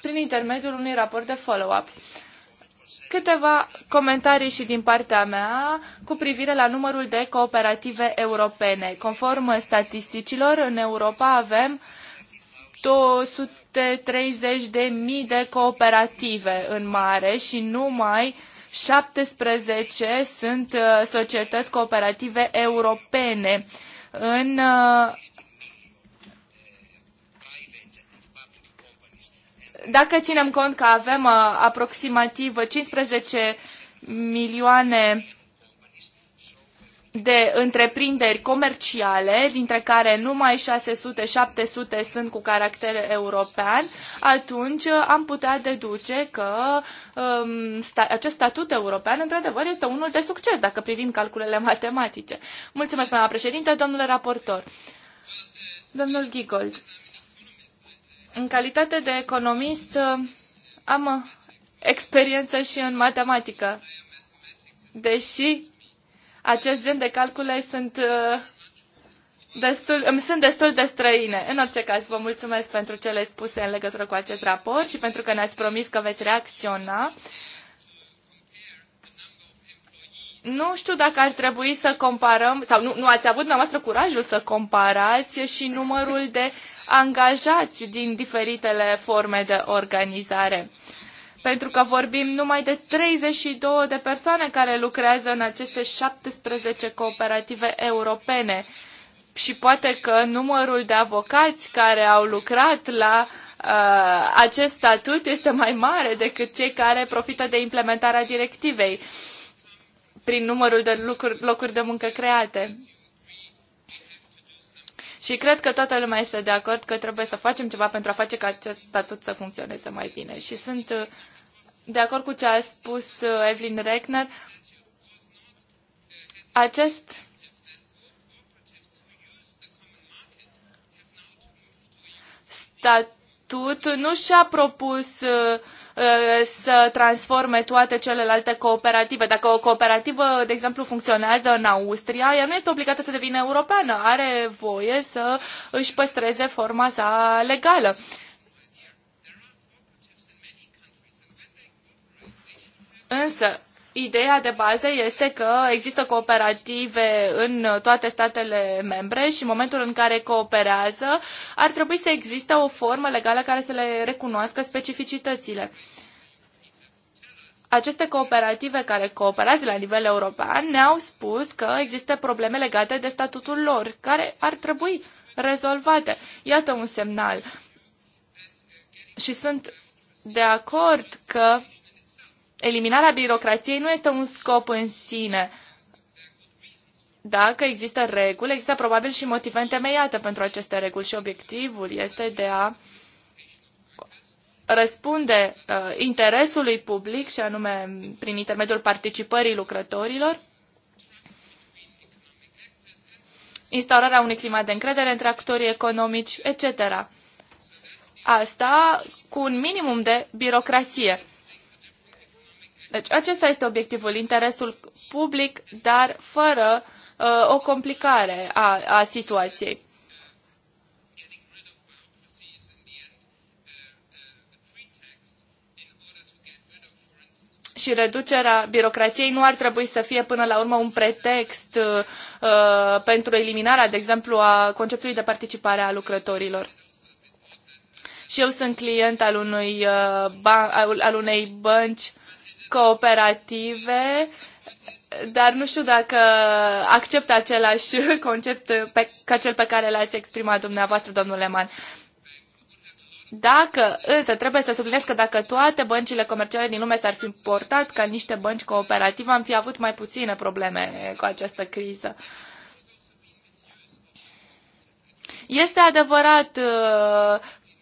prin intermediul unui raport de follow-up. Câteva comentarii și din partea mea cu privire la numărul de cooperative europene. Conform statisticilor, în Europa avem 230.000 de mii de cooperative în mare și numai 17 sunt uh, societăți cooperative europene. În uh, dacă ținem cont că avem uh, aproximativ 15 milioane de întreprinderi comerciale, dintre care numai 600-700 sunt cu caracter european, atunci am putea deduce că um, sta- acest statut european, într-adevăr, este unul de succes, dacă privim calculele matematice. Mulțumesc, doamna președinte, domnule raportor. Domnul Gigold. În calitate de economist uh, am uh, experiență și în matematică, deși acest gen de calcule sunt uh, destul, îmi sunt destul de străine. În orice caz, vă mulțumesc pentru cele spuse în legătură cu acest raport și pentru că ne-ați promis că veți reacționa. Nu știu dacă ar trebui să comparăm, sau nu, nu ați avut dumneavoastră curajul să comparați și numărul de angajați din diferitele forme de organizare. Pentru că vorbim numai de 32 de persoane care lucrează în aceste 17 cooperative europene și poate că numărul de avocați care au lucrat la uh, acest statut este mai mare decât cei care profită de implementarea directivei prin numărul de lucruri, locuri de muncă create. Și cred că toată lumea este de acord că trebuie să facem ceva pentru a face ca acest statut să funcționeze mai bine. Și sunt uh, de acord cu ce a spus uh, Evelyn Reckner. Acest statut nu și-a propus uh, Uh, să transforme toate celelalte cooperative. Dacă o cooperativă, de exemplu, funcționează în Austria, ea nu este obligată să devină europeană, are voie să își păstreze forma sa legală. Însă, ideea de bază este că există cooperative în toate statele membre și în momentul în care cooperează ar trebui să existe o formă legală care să le recunoască specificitățile aceste cooperative care cooperează la nivel european ne-au spus că există probleme legate de statutul lor, care ar trebui rezolvate. Iată un semnal. Și sunt de acord că eliminarea birocrației nu este un scop în sine. Dacă există reguli, există probabil și motive întemeiate pentru aceste reguli și obiectivul este de a răspunde uh, interesului public și anume prin intermediul participării lucrătorilor, instaurarea unui climat de încredere între actorii economici, etc. Asta cu un minimum de birocrație. Deci acesta este obiectivul, interesul public, dar fără uh, o complicare a, a situației. și reducerea birocrației nu ar trebui să fie până la urmă un pretext uh, uh pentru eliminarea, de exemplu, a conceptului de participare a lucrătorilor. Și eu sunt client al, unui, uh, al unei bănci uh, cooperative, dar nu știu dacă acceptă același [LAUGHS] concept pe, ca cel pe care l-ați exprimat dumneavoastră, domnule Man. Dacă, însă, trebuie să subliniez că dacă toate băncile comerciale din lume s-ar fi portat ca niște bănci cooperative, am fi avut mai puține probleme cu această criză. Este adevărat uh,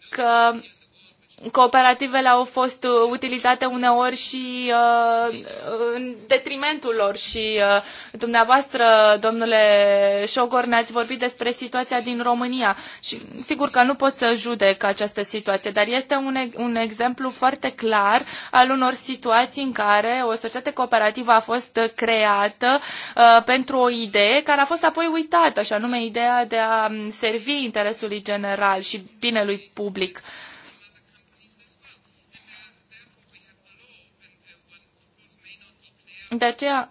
că cooperativele au fost uh, utilizate uneori și uh, în detrimentul lor și uh, dumneavoastră, domnule Șogor, ne-ați vorbit despre situația din România și sigur că nu pot să judec această situație, dar este un, un exemplu foarte clar al unor situații în care o societate cooperativă a fost creată uh, pentru o idee care a fost apoi uitată, și anume ideea de a um, servi interesului general și binelui public. Uh, De aceea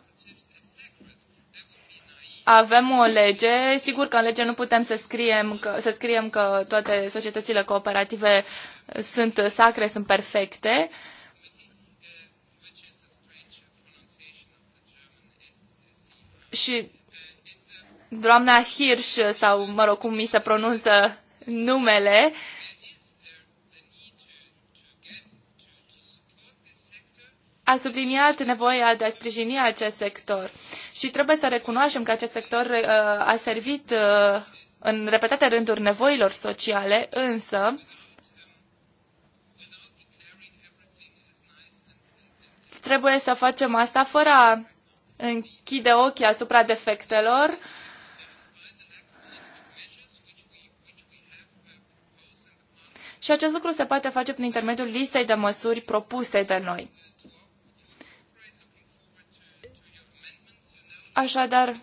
avem o lege, sigur că în lege nu putem să scriem că, să scriem că toate societățile cooperative sunt sacre, sunt perfecte, și doamna Hirsch, sau mă rog cum mi se pronunță numele, a subliniat nevoia de a sprijini acest sector și trebuie să recunoaștem că acest sector uh, a servit uh, în repetate rânduri nevoilor sociale, însă trebuie să facem asta fără a închide ochii asupra defectelor și acest lucru se poate face prin intermediul listei de măsuri propuse de noi. Așadar,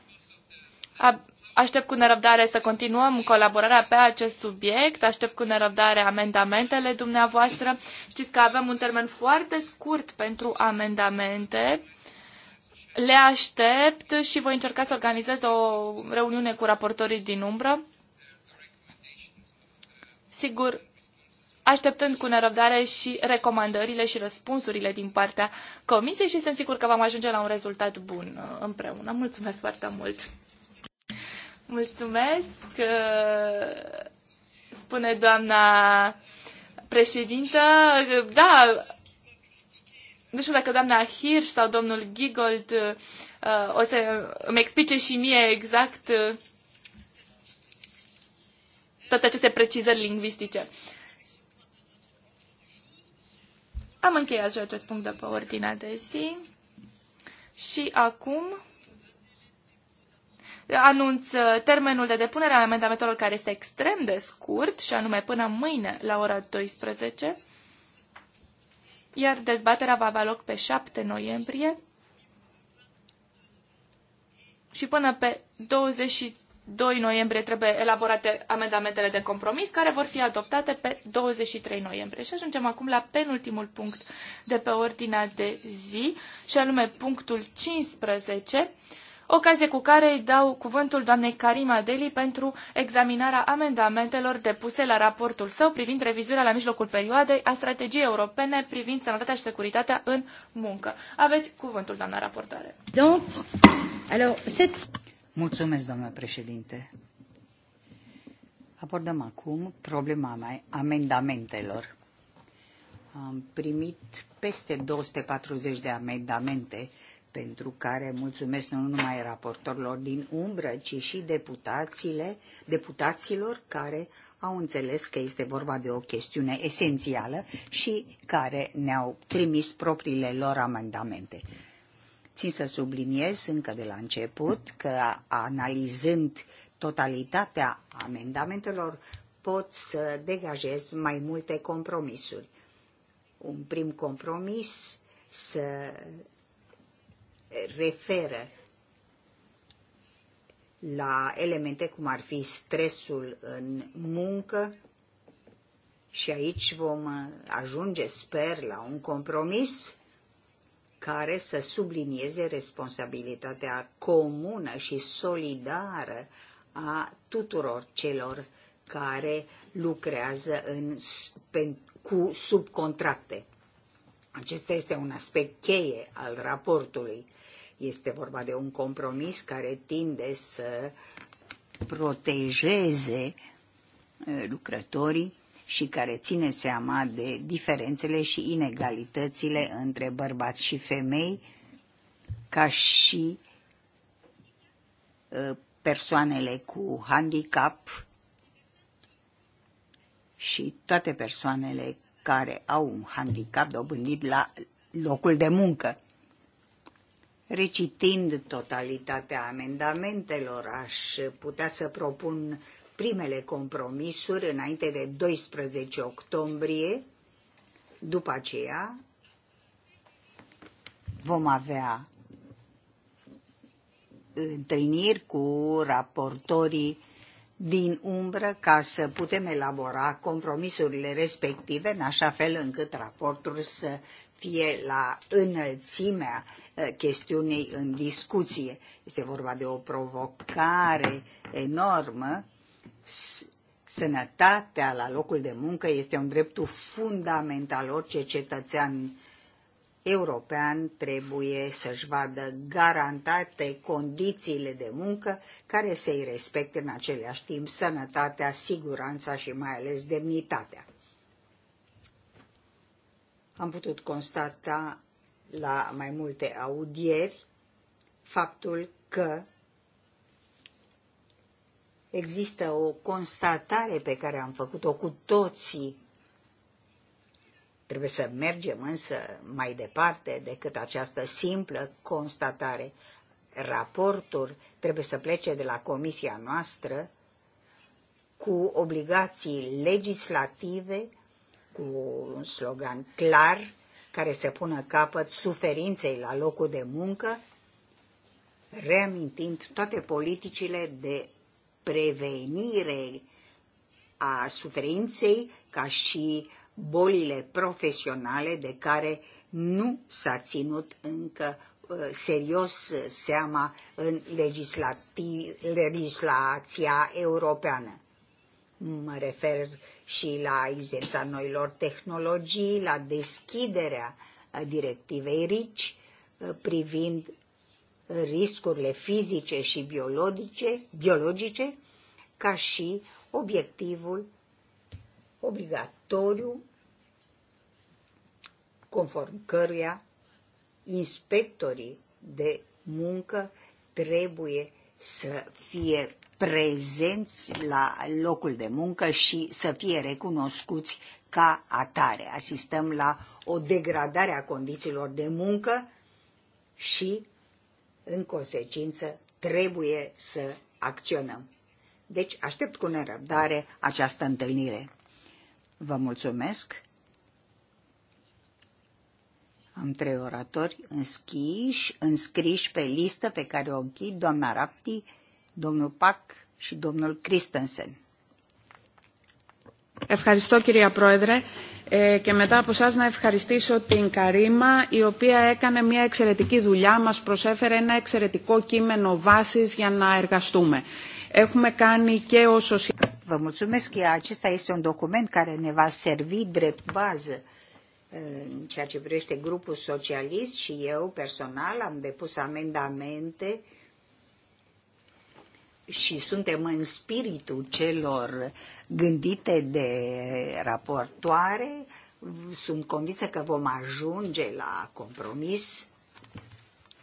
aștept cu nerăbdare să continuăm colaborarea pe acest subiect, aștept cu nerăbdare amendamentele dumneavoastră. Știți că avem un termen foarte scurt pentru amendamente. Le aștept și voi încerca să organizez o reuniune cu raportorii din umbră. Sigur, așteptând cu nerăbdare și recomandările și răspunsurile din partea comisiei și sunt sigur că vom ajunge la un rezultat bun uh, împreună. Mulțumesc foarte mult! Mulțumesc, uh, spune doamna președintă. Da, nu știu dacă doamna Hirsch sau domnul Gigold uh, o să îmi explice și mie exact toate aceste precizări lingvistice. Uh, am încheiat și acest punct de pe ordinea de zi și acum anunț termenul de depunere a amendamentelor care este extrem de scurt și anume până mâine la ora 12, iar dezbaterea va avea loc pe 7 noiembrie și până pe 23 2 noiembrie trebuie elaborate amendamentele de compromis care vor fi adoptate pe 23 noiembrie. Și ajungem acum la penultimul punct de pe ordinea de zi și anume punctul 15, ocazie cu care îi dau cuvântul doamnei Karima Deli pentru examinarea amendamentelor depuse la raportul său privind revizuirea la mijlocul perioadei a strategiei europene privind sănătatea și securitatea în muncă. Aveți cuvântul, doamna raportoare. Donc, alors, cette... Doamnă domnule președinte. Abordăm acum problema amendamentelor. Am primit peste 240 de amendamente pentru care mulțumesc nu numai raportorilor din umbră, ci și deputațiile, deputaților care au înțeles că este vorba de o chestiune esențială și care ne-au trimis propriile lor amendamente. Țin să subliniez încă de la început că analizând totalitatea amendamentelor pot să degajez mai multe compromisuri. Un prim compromis să referă la elemente cum ar fi stresul în muncă și aici vom ajunge, sper, la un compromis care să sublinieze responsabilitatea comună și solidară a tuturor celor care lucrează în, pe, cu subcontracte. Acesta este un aspect cheie al raportului. Este vorba de un compromis care tinde să protejeze uh, lucrătorii și care ține seama de diferențele și inegalitățile între bărbați și femei, ca și uh, persoanele cu handicap și toate persoanele care au un handicap dobândit la locul de muncă. Recitind totalitatea amendamentelor, aș putea să propun primele compromisuri înainte de 12 octombrie. După aceea vom avea întâlniri cu raportorii din umbră ca să putem elabora compromisurile respective în așa fel încât raportul să fie la înălțimea eh, chestiunii în discuție. Este vorba de o provocare enormă sănătatea la locul de muncă este un drept fundamental. Orice cetățean european trebuie să-și vadă garantate condițiile de muncă care să-i respecte în același timp sănătatea, siguranța și mai ales demnitatea. Am putut constata la mai multe audieri faptul că Există o constatare pe care am făcut-o cu toții. Trebuie să mergem însă mai departe decât această simplă constatare. Raportul trebuie să plece de la comisia noastră cu obligații legislative, cu un slogan clar care să pună capăt suferinței la locul de muncă, reamintind toate politicile de prevenire a suferinței ca și bolile profesionale de care nu s-a ținut încă uh, serios seama în legislația europeană. Mă refer și la izența noilor tehnologii, la deschiderea uh, directivei RICI uh, privind riscurile fizice și biologice, biologice ca și obiectivul obligatoriu conform căruia inspectorii de muncă trebuie să fie prezenți la locul de muncă și să fie recunoscuți ca atare. Asistăm la o degradare a condițiilor de muncă și în consecință, trebuie să acționăm. Deci aștept cu nerăbdare această întâlnire. Vă mulțumesc. Am trei oratori înscriși, înscriși pe listă pe care o închid, doamna Rapti, domnul Pac și domnul Christensen. Ευχαριστώ κυρία Πρόεδρε και μετά από εσά να ευχαριστήσω την Καρίμα η οποία έκανε μια εξαιρετική δουλειά, μας προσέφερε ένα εξαιρετικό κείμενο βάσης για να εργαστούμε. Έχουμε κάνει και όσο Vă mulțumesc că acesta este un document care ne va servi drept bază în ceea ce privește grupul socialist și eu personal am depus amendamente uh, și suntem în spiritul celor gândite de raportoare, sunt convinsă că vom ajunge la compromis.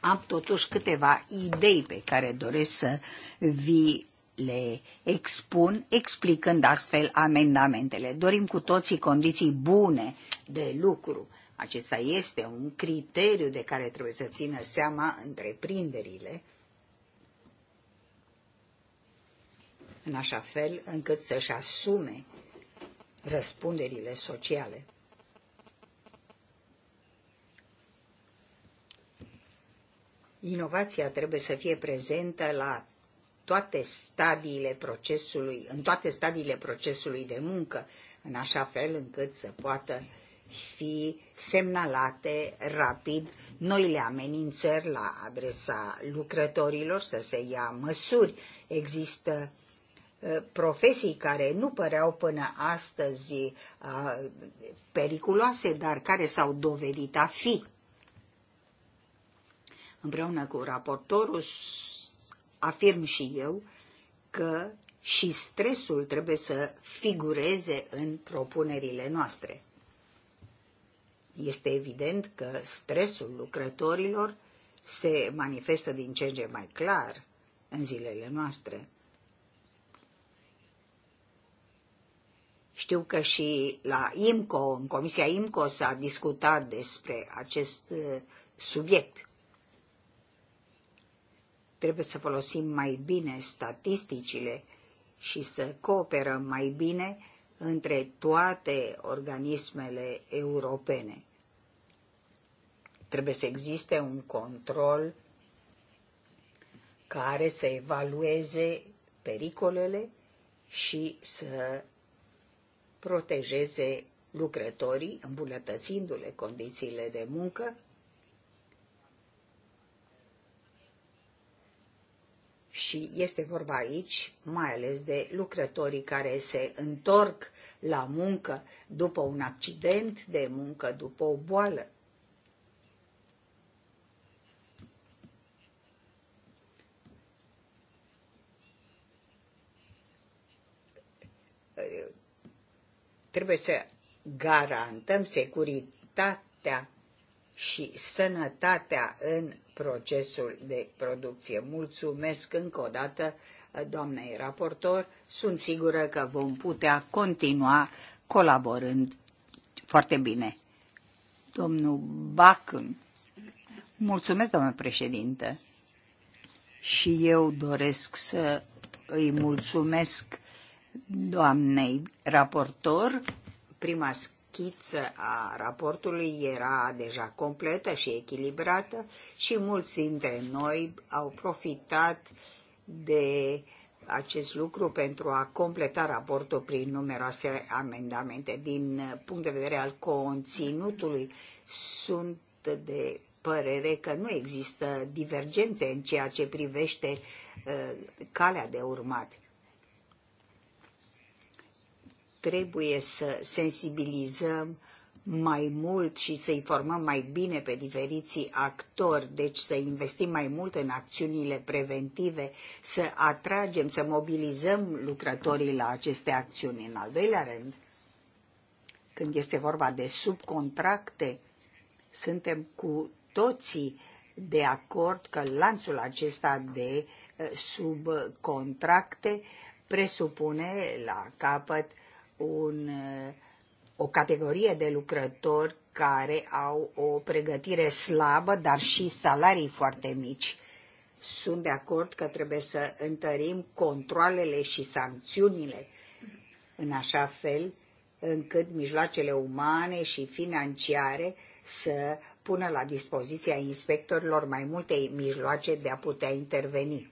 Am totuși câteva idei pe care doresc să vi le expun, explicând astfel amendamentele. Dorim cu toții condiții bune de lucru. Acesta este un criteriu de care trebuie să țină seama întreprinderile în așa fel încât să-și asume răspunderile sociale. Inovația trebuie să fie prezentă la toate stadiile procesului, în toate stadiile procesului de muncă, în așa fel încât să poată fi semnalate rapid noile amenințări la adresa lucrătorilor, să se ia măsuri. Există Uh, profesii care nu păreau până astăzi a, uh, periculoase, dar care s-au dovedit a fi. Împreună cu raportorul afirm și eu că și stresul trebuie să figureze în propunerile noastre. Este evident că stresul lucrătorilor se manifestă din ce în ce mai clar în zilele noastre Știu că și la IMCO, în Comisia IMCO s-a discutat despre acest uh, subiect. Trebuie să folosim mai bine statisticile și să cooperăm mai bine între toate organismele europene. Trebuie să existe un control care să evalueze pericolele și să protejeze lucrătorii, îmbunătățindu-le condițiile de muncă și este vorba aici mai ales de lucrătorii care se întorc la muncă după un accident de muncă, după o boală. Trebuie să garantăm securitatea și sănătatea în procesul de producție. Mulțumesc încă o dată uh, doamnei raportor. Sunt sigură că vom putea continua colaborând foarte bine. Domnul Bacân. Mulțumesc, doamnă președinte. Și eu doresc să îi mulțumesc doamnei raportor. Prima schiță a raportului era deja completă și echilibrată și mulți dintre noi au profitat de acest lucru pentru a completa raportul prin numeroase amendamente. Din punct de vedere al conținutului, sunt de părere că nu există divergențe în ceea ce privește uh, calea de urmat trebuie să sensibilizăm mai mult și să informăm mai bine pe diferiții actori, deci să investim mai mult în acțiunile preventive, să atragem, să mobilizăm lucrătorii la aceste acțiuni. În al doilea rând, când este vorba de subcontracte, suntem cu toții de acord că lanțul acesta de eh, subcontracte presupune la capăt uh, un, o categorie de lucrători care au o pregătire slabă, dar și salarii foarte mici. Sunt de acord că trebuie să întărim controlele și sancțiunile în așa fel încât mijloacele umane și financiare să pună la dispoziția inspectorilor mai multe mijloace de a putea interveni.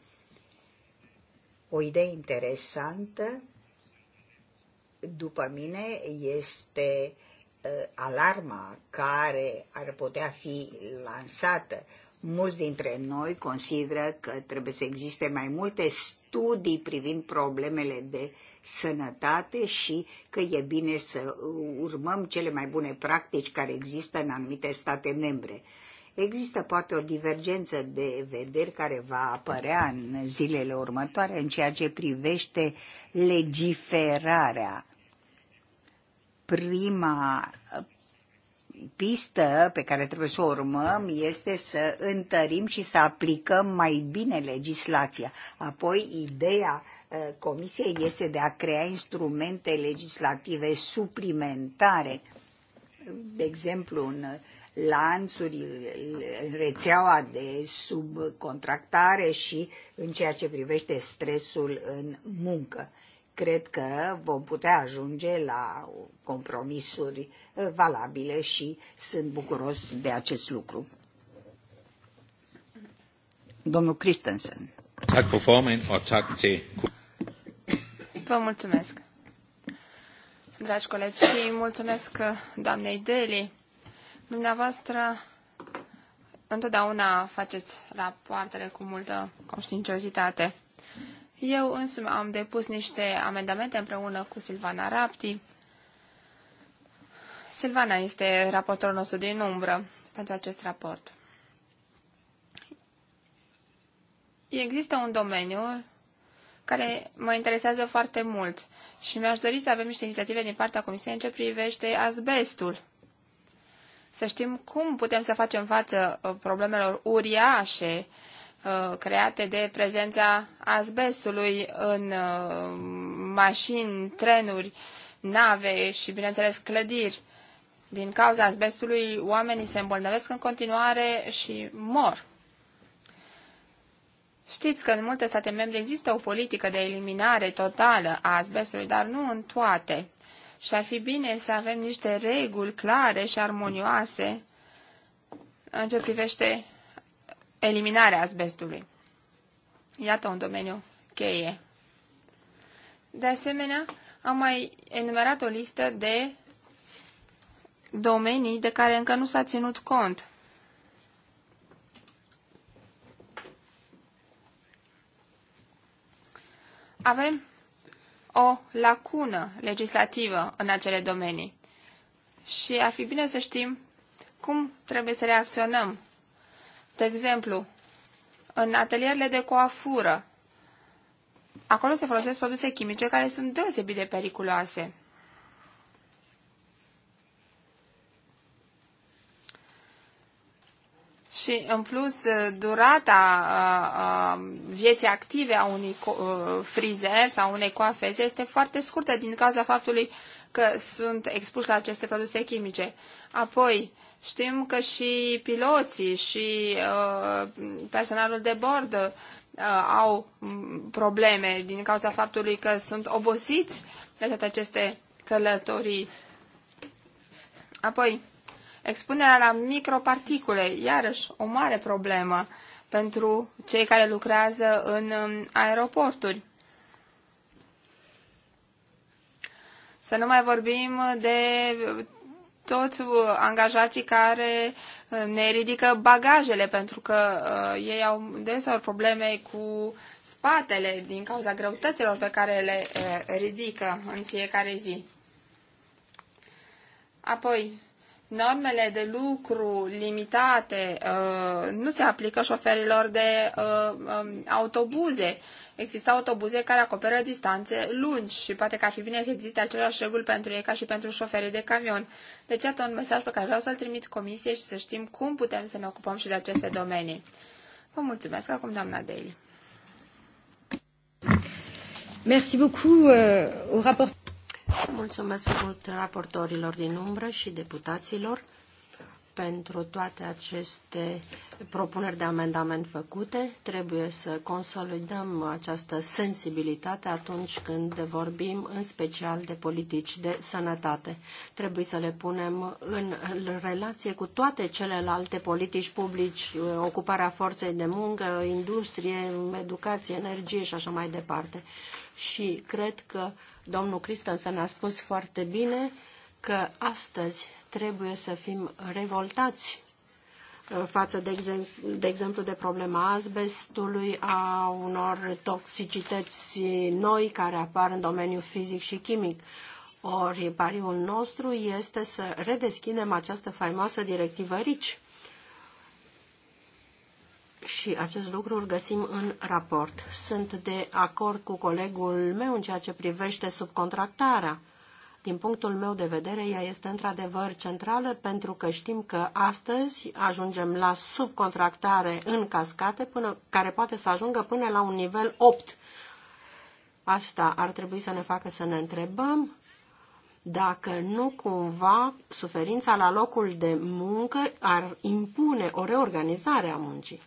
O idee interesantă după mine, este ă, alarma care ar putea fi lansată. Mulți dintre noi consideră că trebuie să existe mai multe studii privind problemele de sănătate și că e bine să urmăm cele mai bune practici care există în anumite state membre. Există poate o divergență de vederi care va apărea în zilele următoare în ceea ce privește legiferarea. Prima uh, pistă pe care trebuie să o urmăm este să întărim și să aplicăm mai bine legislația. Apoi, ideea uh, Comisiei este de a crea instrumente legislative suplimentare. De exemplu, în lanțuri, rețeaua de subcontractare și în ceea ce privește stresul în muncă. Cred că vom putea ajunge la compromisuri valabile și sunt bucuros de acest lucru. Domnul Christensen. Tak for og tak til... Vă mulțumesc. Dragi colegi, și mulțumesc doamnei Deli Dumneavoastră întotdeauna faceți rapoartele cu multă conștiinciozitate. Eu însumi am depus niște amendamente împreună cu Silvana Rapti. Silvana este raportorul nostru din umbră pentru acest raport. Există un domeniu care mă interesează foarte mult și mi-aș dori să avem niște inițiative din partea Comisiei în ce privește asbestul să știm cum putem să facem față uh, problemelor uriașe uh, create de prezența asbestului în uh, mașini, trenuri, nave și, bineînțeles, clădiri. Din cauza asbestului, oamenii se îmbolnăvesc în continuare și mor. Știți că în multe state membre există o politică de eliminare totală a asbestului, dar nu în toate și ar fi bine să avem niște reguli clare și armonioase în ce privește eliminarea asbestului. Iată un domeniu cheie. De asemenea, am mai enumerat o listă de domenii de care încă nu s-a ținut cont. Avem o lacună legislativă în acele domenii. Și ar fi bine să știm cum trebuie să reacționăm. De exemplu, în atelierele de coafură, acolo se folosesc produse chimice care sunt deosebit de periculoase. Și, în plus, uh, durata uh, uh, vieții active a unui frizer sau unei coafeze este foarte scurtă din cauza faptului că sunt expuși la aceste produse chimice. Apoi, știm că și piloții și personalul de bord au mm, probleme din cauza faptului că sunt obosiți de toate aceste călătorii. Apoi, Expunerea la microparticule, iarăși o mare problemă pentru cei care lucrează în um, aeroporturi. Să nu mai vorbim de toți uh, angajații care uh, ne ridică bagajele pentru că uh, ei au deseori probleme cu spatele din cauza greutăților pe care le uh, ridică în fiecare zi. Apoi, normele de lucru limitate uh, nu se aplică șoferilor de uh, um, autobuze. Există autobuze care acoperă distanțe lungi și poate că ar fi bine să existe același reguli pentru ei ca și pentru șoferii de camion. Deci, atât un mesaj pe care vreau să-l trimit comisiei și să știm cum putem să ne ocupăm și de aceste domenii. Vă mulțumesc acum, doamna Daly. Merci beaucoup uh, au raport... Mulțumesc mult raportorilor din umbră și deputaților pentru toate aceste propuneri de amendament făcute. Trebuie să consolidăm această sensibilitate atunci când vorbim în special de politici de sănătate. Trebuie să le punem în relație cu toate celelalte politici publici, ocuparea forței de muncă, industrie, educație, energie și așa mai departe și cred că domnul Christensen a spus foarte bine că astăzi trebuie să fim revoltați uh, față, de, exemplu, de exemplu, de problema azbestului, a unor toxicități noi care apar în domeniul fizic și chimic. Ori pariul nostru este să redeschidem această faimoasă directivă RICI și acest lucru îl găsim în raport. Sunt de acord cu colegul meu în ceea ce privește subcontractarea. Din punctul meu de vedere, ea este într-adevăr centrală pentru că știm că astăzi ajungem la subcontractare în cascate, până, care poate să ajungă până la un nivel 8. Asta ar trebui să ne facă să ne întrebăm dacă nu cumva suferința la locul de muncă ar impune o reorganizare a muncii.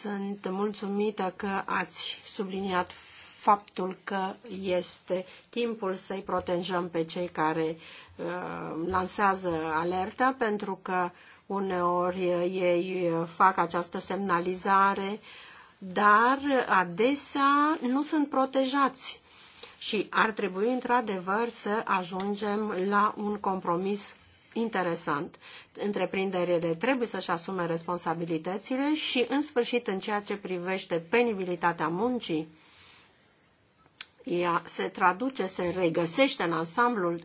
Sunt mulțumită că ați subliniat faptul că este timpul să-i protejăm pe cei care uh, lansează alerta, pentru că uneori ei fac această semnalizare, dar adesea nu sunt protejați. Și ar trebui, într-adevăr, să ajungem la un compromis interesant. Întreprinderile trebuie să-și asume responsabilitățile și, în sfârșit, în ceea ce privește penibilitatea muncii, ea se traduce, se regăsește în ansamblul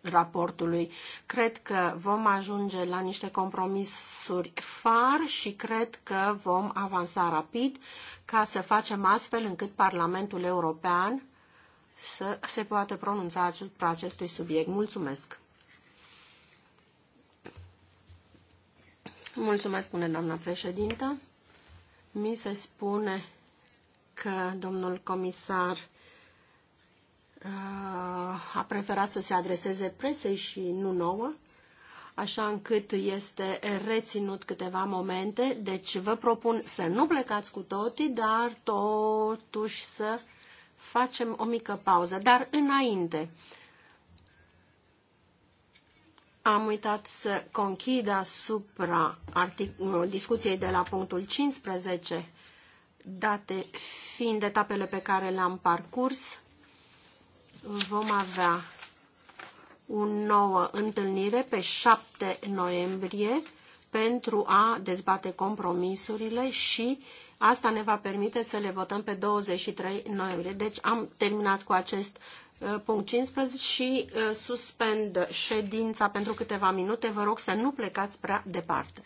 raportului. Cred că vom ajunge la niște compromisuri far și cred că vom avansa rapid ca să facem astfel încât Parlamentul European să se poată pronunța asupra acestui subiect. Mulțumesc! Mulțumesc, spune doamna președintă. Mi se spune că domnul comisar uh, a preferat să se adreseze presei și nu nouă, așa încât este reținut câteva momente. Deci vă propun să nu plecați cu toții, dar totuși să facem o mică pauză. Dar înainte, am uitat să conchid asupra discuției de la punctul 15, date fiind etapele pe care le-am parcurs, vom avea o nouă întâlnire pe 7 noiembrie pentru a dezbate compromisurile și asta ne va permite să le votăm pe 23 noiembrie. Deci am terminat cu acest Uh, punct 15 și uh, suspend ședința pentru câteva minute. Vă rog să nu plecați prea departe.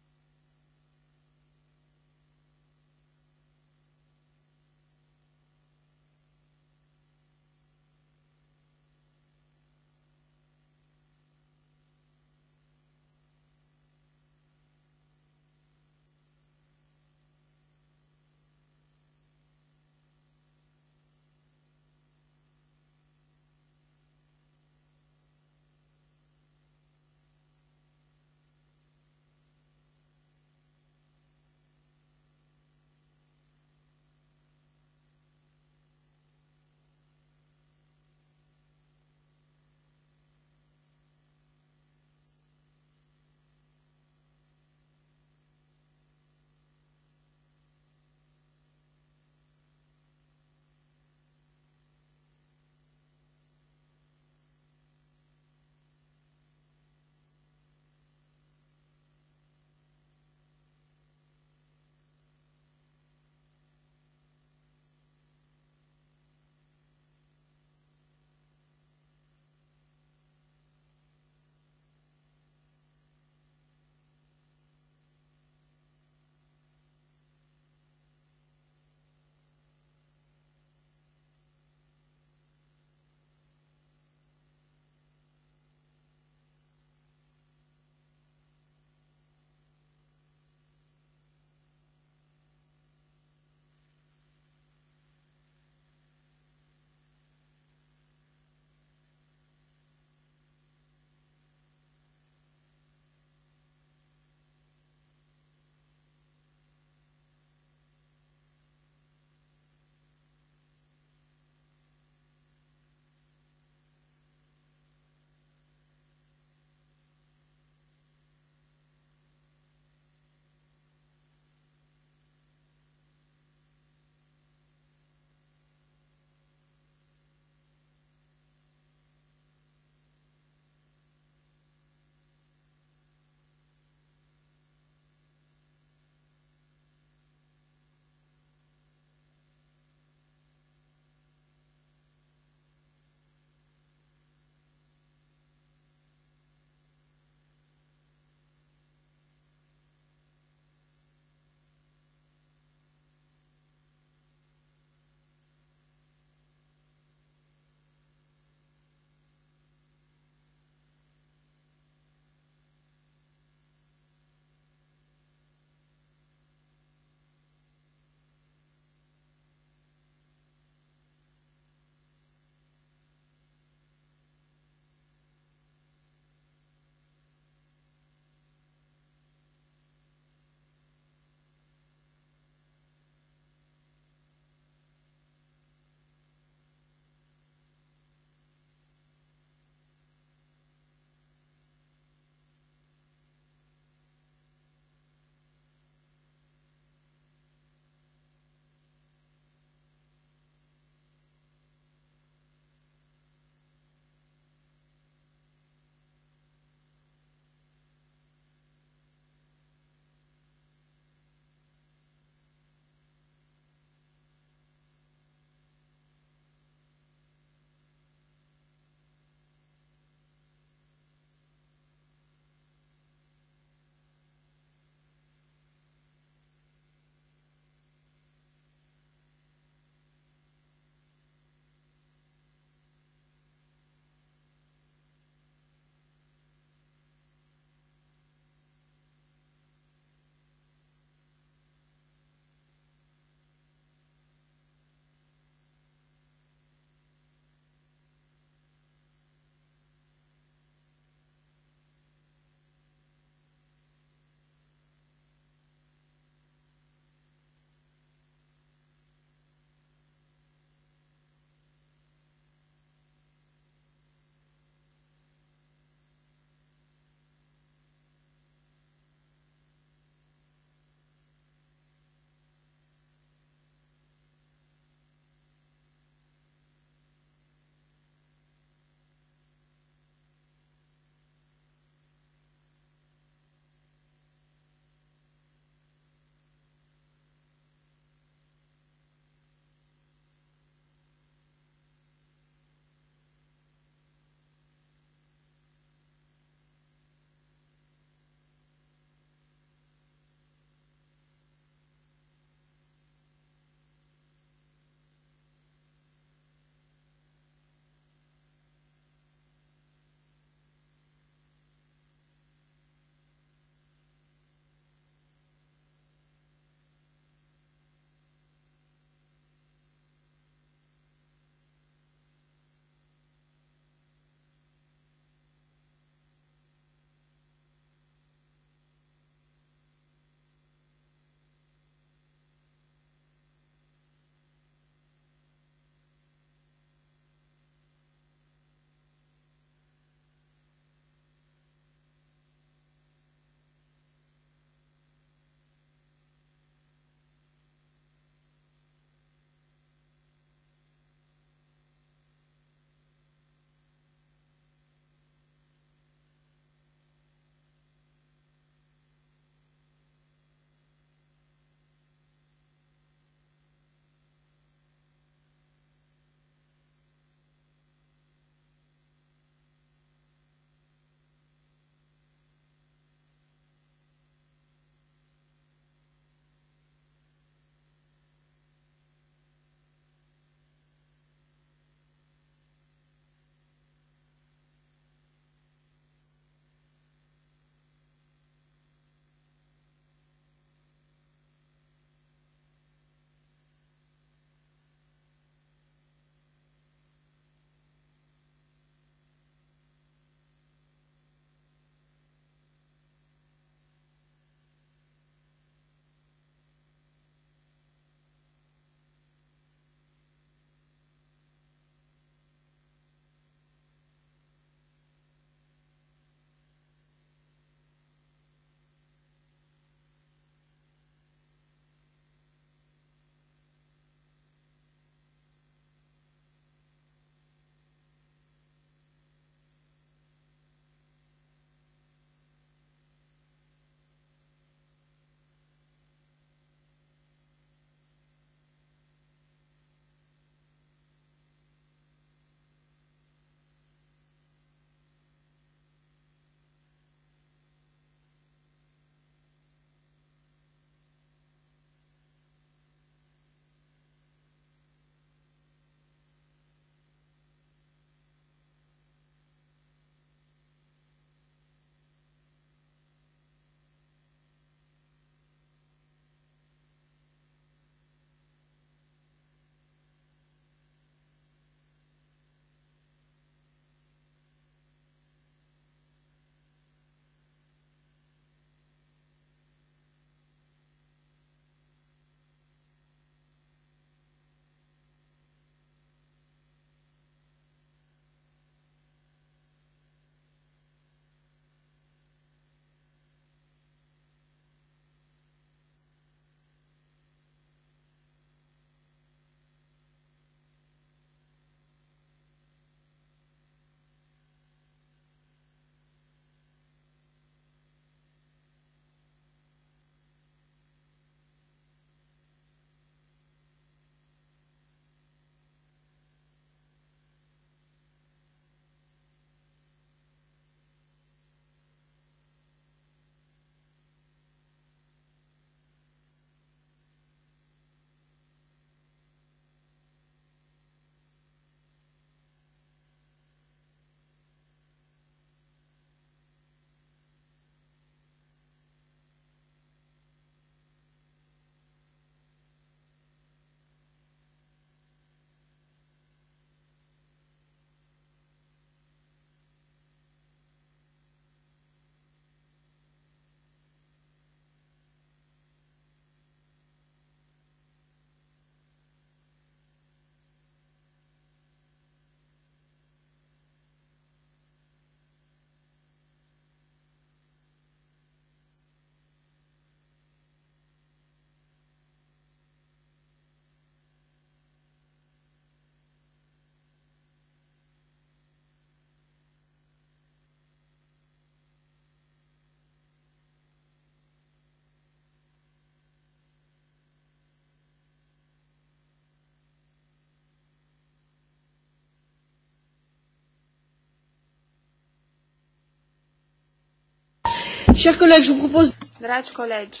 Chers collègues, je vous propose... Dragi colegi,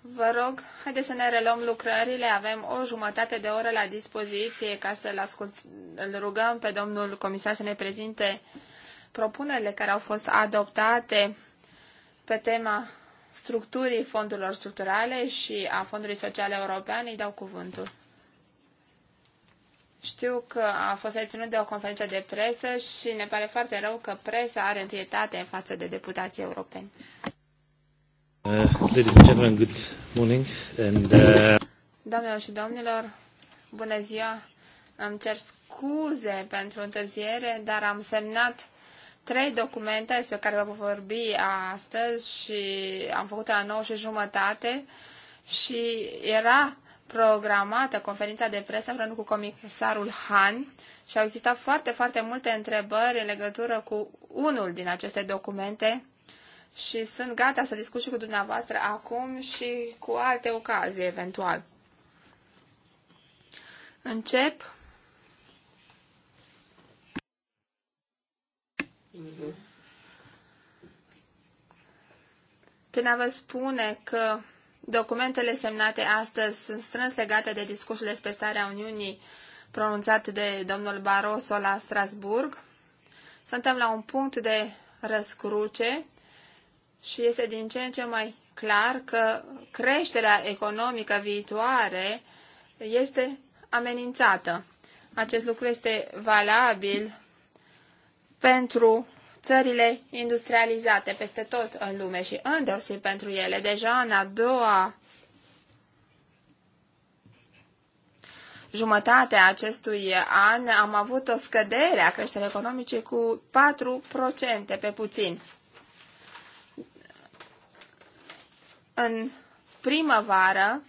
vă rog, haideți să ne reluăm lucrările. Avem o jumătate de oră la dispoziție ca să-l ascult... îl rugăm pe domnul comisar să ne prezinte propunerile care au fost adoptate pe tema structurii fondurilor structurale și a Fondului Social European. Îi dau cuvântul. Știu că a fost reținut de o conferință de presă și ne pare foarte rău că presa are întâietate în față de deputații europeni. Uh, ladies and gentlemen, good morning. And, uh... Doamnelor și domnilor, bună ziua! Îmi cer scuze pentru întârziere, dar am semnat trei documente despre care vă vorbi astăzi și am făcut la 9 și jumătate și era programată conferința de presă împreună cu comisarul Han și au existat foarte, foarte multe întrebări în legătură cu unul din aceste documente și sunt gata să discut și cu dumneavoastră acum și cu alte ocazii eventual. Încep. Până vă spune că Documentele semnate astăzi sunt strâns legate de discursul despre starea Uniunii pronunțat de domnul Barroso la Strasburg. Suntem la un punct de răscruce și este din ce în ce mai clar că creșterea economică viitoare este amenințată. Acest lucru este valabil pentru țările industrializate peste tot în lume și îndeoseb pentru ele. Deja în a doua jumătate a acestui an am avut o scădere a creșterii economice cu 4% pe puțin. În primăvară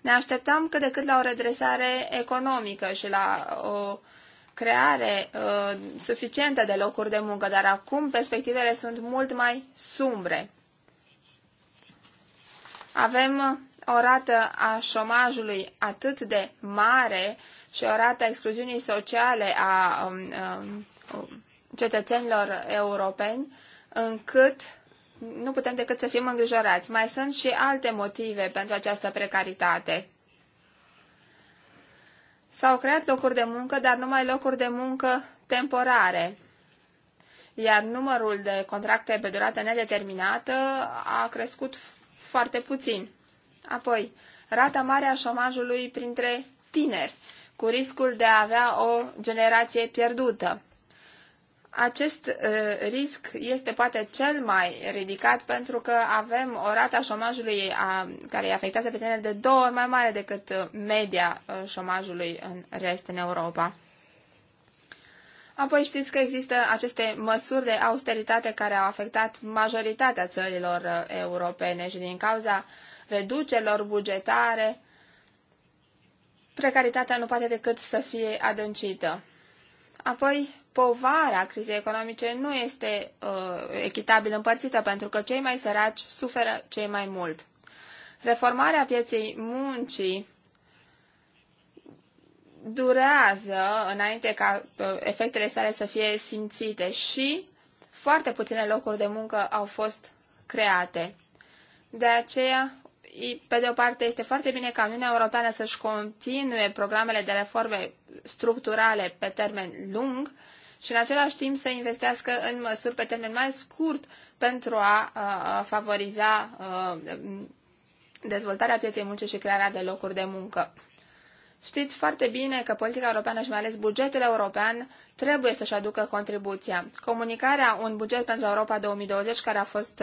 ne așteptam cât de cât la o redresare economică și la o creare uh, suficientă de locuri de muncă, dar acum perspectivele sunt mult mai sumbre. Avem uh, o rată a șomajului atât de mare și o rată a excluziunii sociale a um, um, cetățenilor europeni, încât nu putem decât să fim îngrijorați. Mai sunt și alte motive pentru această precaritate. S-au creat locuri de muncă, dar numai locuri de muncă temporare. Iar numărul de contracte pe durată nedeterminată a crescut foarte puțin. Apoi, rata mare a șomajului printre tineri, cu riscul de a avea o generație pierdută acest uh, risc este poate cel mai ridicat pentru că avem o a șomajului a, care îi afectează pe tineri de două ori mai mare decât uh, media uh, șomajului în rest în Europa. Apoi știți că există aceste măsuri de austeritate care au afectat majoritatea țărilor uh, europene și din cauza reducerilor bugetare, precaritatea nu poate decât să fie adâncită. Apoi, povara crizei economice nu este uh, echitabil împărțită, pentru că cei mai săraci suferă cei mai mult. Reformarea pieței muncii durează înainte ca uh, efectele sale să fie simțite și foarte puține locuri de muncă au fost create. De aceea, pe de o parte, este foarte bine ca Uniunea Europeană să-și continue programele de reforme structurale pe termen lung, și în același timp să investească în măsuri pe termen mai scurt pentru a, a favoriza a, dezvoltarea pieței muncii și crearea de locuri de muncă. Știți foarte bine că politica europeană și mai ales bugetul european trebuie să-și aducă contribuția. Comunicarea Un buget pentru Europa 2020, care a fost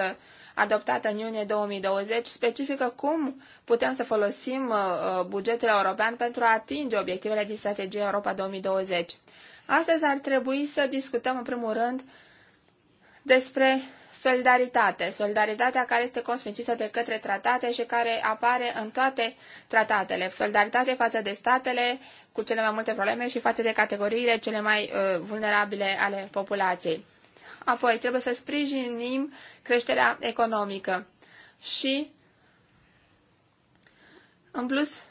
adoptată în iunie 2020, specifică cum putem să folosim uh, uh, bugetul european pentru a atinge obiectivele din strategia Europa 2020. Astăzi ar trebui să discutăm, în primul rând, despre solidaritate. Solidaritatea care este consfințită de către tratate și care apare în toate tratatele. Solidaritate față de statele cu cele mai multe probleme și față de categoriile cele mai uh, vulnerabile ale populației. Apoi, trebuie să sprijinim creșterea economică și, în plus,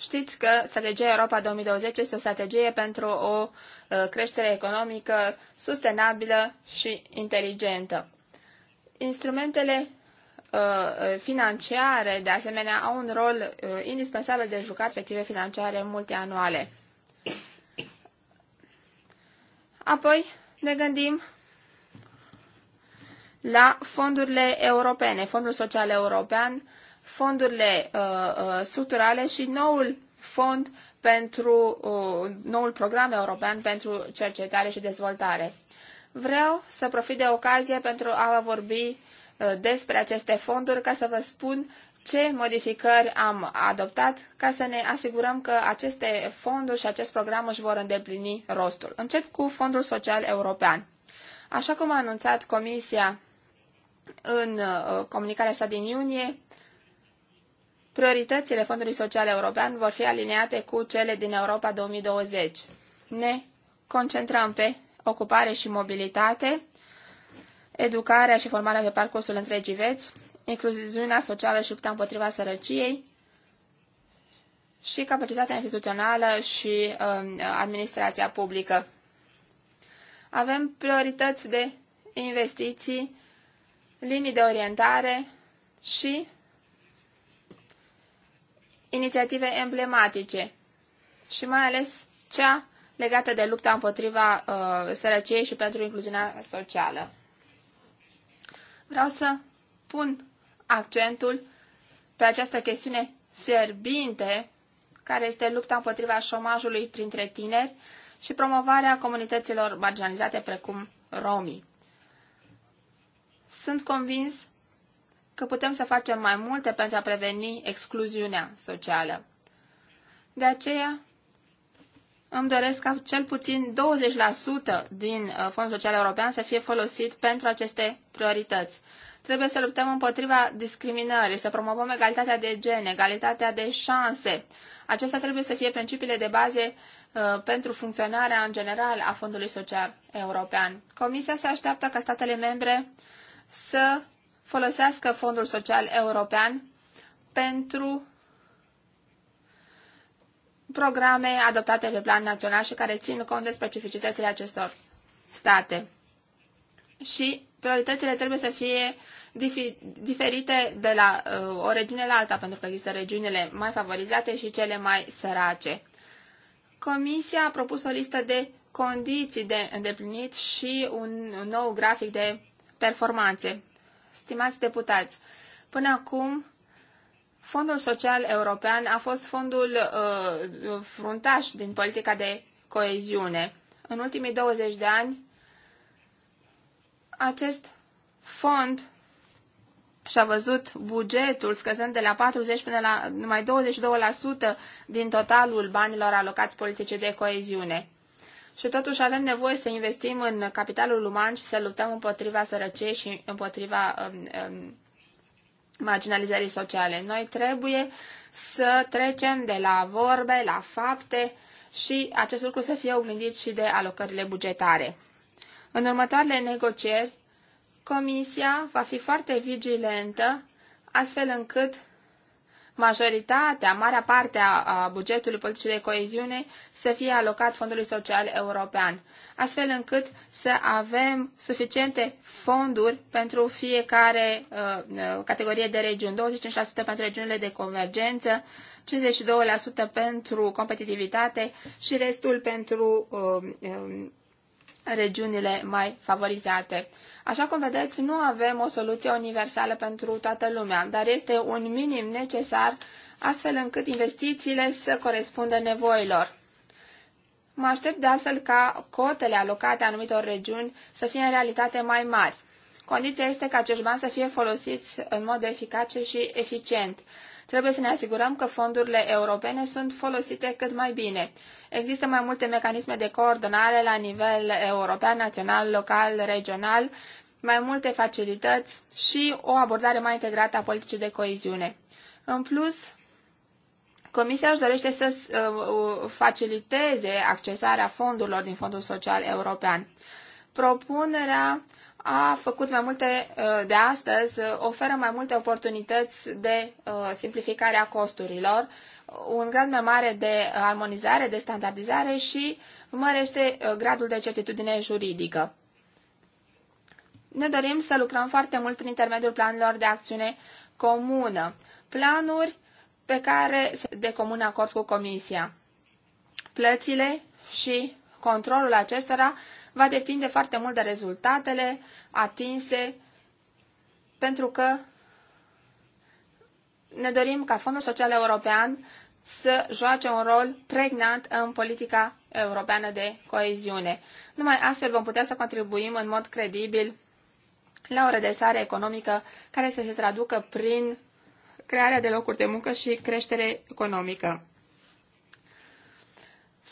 Știți că strategia Europa 2020 este o strategie pentru o uh, creștere economică sustenabilă și inteligentă. Instrumentele uh, financiare, de asemenea, au un rol uh, indispensabil de jucat perspective financiare multianuale. Apoi ne gândim la fondurile europene, Fondul Social European, fondurile uh, uh, structurale și noul fond pentru uh, noul program european pentru cercetare și dezvoltare. Vreau să profit de ocazie pentru a vorbi despre aceste fonduri ca să vă spun ce modificări am adoptat ca să ne asigurăm că aceste fonduri și acest program își vor îndeplini rostul. Încep cu Fondul Social European. Așa cum a anunțat Comisia în comunicarea sa din iunie, Prioritățile Fondului Social European vor fi aliniate cu cele din Europa 2020. Ne concentrăm pe ocupare și mobilitate, educarea și formarea pe parcursul întregii vieți, incluziunea socială și lupta împotriva sărăciei și capacitatea instituțională și uh, administrația publică. Avem priorități de investiții, linii de orientare și inițiative emblematice și mai ales cea legată de lupta împotriva uh, sărăciei și pentru incluziunea socială. Vreau să pun accentul pe această chestiune fierbinte care este lupta împotriva șomajului printre tineri și promovarea comunităților marginalizate precum romii. Sunt convins că putem să facem mai multe pentru a preveni excluziunea socială. De aceea, îmi doresc ca cel puțin 20% din uh, Fondul Social European să fie folosit pentru aceste priorități. Trebuie să luptăm împotriva discriminării, să promovăm egalitatea de gen, egalitatea de șanse. Acestea trebuie să fie principiile de baze uh, pentru funcționarea în general a Fondului Social European. Comisia se așteaptă ca statele membre să folosească Fondul Social European pentru programe adoptate pe plan național și care țin cont de specificitățile acestor state. Și prioritățile trebuie să fie diferite de la uh, o regiune la alta, pentru că există regiunile mai favorizate și cele mai sărace. Comisia a propus o listă de condiții de îndeplinit și un nou grafic de performanțe. Stimați deputați, până acum Fondul Social European a fost fondul uh, fruntaș din politica de coeziune. În ultimii 20 de ani, acest fond și-a văzut bugetul scăzând de la 40 până la numai 22% din totalul banilor alocați politicii de coeziune și totuși avem nevoie să investim în capitalul uman și să luptăm împotriva sărăciei și împotriva um, um, marginalizării sociale. Noi trebuie să trecem de la vorbe la fapte și acest lucru să fie oglindit și de alocările bugetare. În următoarele negocieri, Comisia va fi foarte vigilentă, astfel încât majoritatea, marea parte a, a bugetului politic de coeziune să fie alocat Fondului Social European, astfel încât să avem suficiente fonduri pentru fiecare uh, uh categorie de regiuni, 25% pentru regiunile de convergență, 52% pentru competitivitate și restul pentru uh, um, regiunile mai favorizate. Așa cum vedeți, nu avem o soluție universală pentru toată lumea, dar este un minim necesar astfel încât investițiile să corespundă nevoilor. Mă aștept de altfel ca cotele alocate anumitor regiuni să fie în realitate mai mari. Condiția este ca acești bani să fie folosiți în mod eficace și eficient, Trebuie să ne asigurăm că fondurile europene sunt folosite cât mai bine. Există mai multe mecanisme de coordonare la nivel european, național, local, regional, mai multe facilități și o abordare mai integrată a politicii de coeziune. În plus, Comisia își dorește să uh, uh, faciliteze accesarea fondurilor din Fondul Social European. Propunerea a făcut mai multe uh, de astăzi, uh, oferă mai multe oportunități de uh, simplificare a costurilor, un grad mai mare de armonizare, de standardizare și mărește gradul de certitudine juridică. Ne dorim să lucrăm foarte mult prin intermediul planurilor de acțiune comună, planuri pe care se de comun acord cu Comisia. Plățile și controlul acestora va depinde foarte mult de rezultatele atinse, pentru că ne dorim ca Fondul Social European să joace un rol pregnant în politica europeană de coeziune. Numai astfel vom putea să contribuim în mod credibil la o redresare economică care să se traducă prin crearea de locuri de muncă și creștere economică.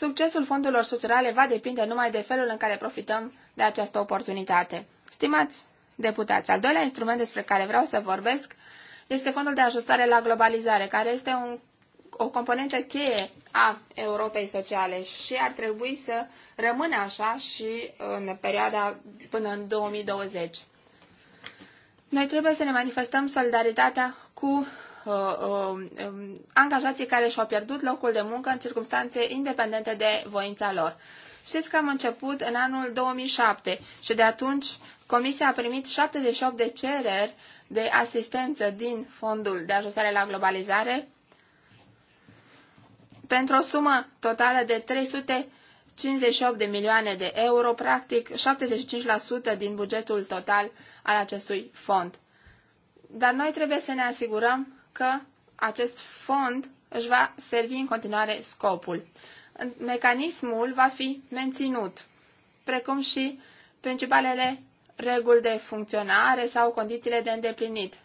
Succesul fondurilor structurale va depinde numai de felul în care profităm de această oportunitate. Stimați deputați, al doilea instrument despre care vreau să vorbesc este fondul de ajustare la globalizare, care este un, o componentă cheie a Europei Sociale și ar trebui să rămână așa și în perioada până în 2020. Noi trebuie să ne manifestăm solidaritatea cu Uh, um, um, angajații care și-au pierdut locul de muncă în circunstanțe independente de voința lor. Știți că am început în anul 2007 și de atunci Comisia a primit 78 de cereri de asistență din Fondul de Ajustare la Globalizare pentru o sumă totală de 358 de milioane de euro, practic 75% din bugetul total al acestui fond. Dar noi trebuie să ne asigurăm că acest fond își va servi în continuare scopul. Mecanismul va fi menținut, precum și principalele reguli de funcționare sau condițiile de îndeplinit.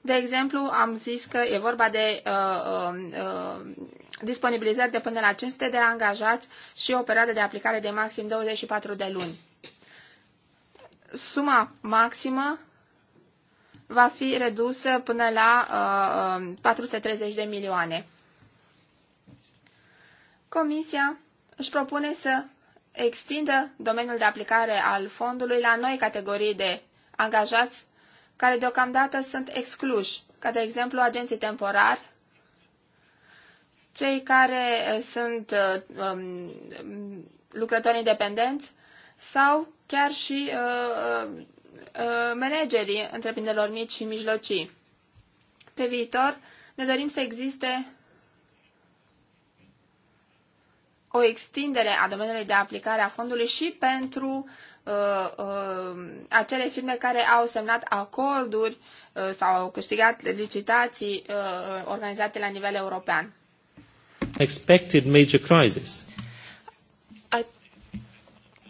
De exemplu, am zis că e vorba de uh, uh, uh disponibilizări de până la 500 de angajați și o perioadă de aplicare de maxim 24 de luni suma maximă va fi redusă până la uh, 430 de milioane. Comisia își propune să extindă domeniul de aplicare al fondului la noi categorii de angajați care deocamdată sunt excluși, ca de exemplu agenții temporari, cei care uh, sunt uh, um, lucrători independenți sau chiar și uh, uh, uh, managerii întreprinderilor mici și mijlocii. Pe viitor ne dorim să existe o extindere a domeniului de aplicare a fondului și pentru uh, uh, acele firme care au semnat acorduri uh, sau au câștigat licitații uh, organizate la nivel european. Expected major crisis.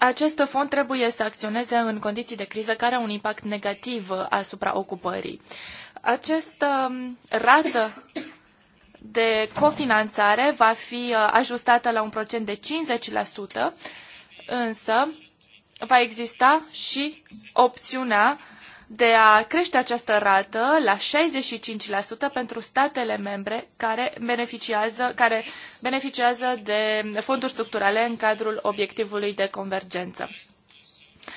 Acest fond trebuie să acționeze în condiții de criză care au un impact negativ uh, asupra ocupării. Această um, rată de cofinanțare va fi uh, ajustată la un procent de 50%, însă va exista și opțiunea de a crește această rată la 65% pentru statele membre care beneficiază, care beneficiază de fonduri structurale în cadrul obiectivului de convergență.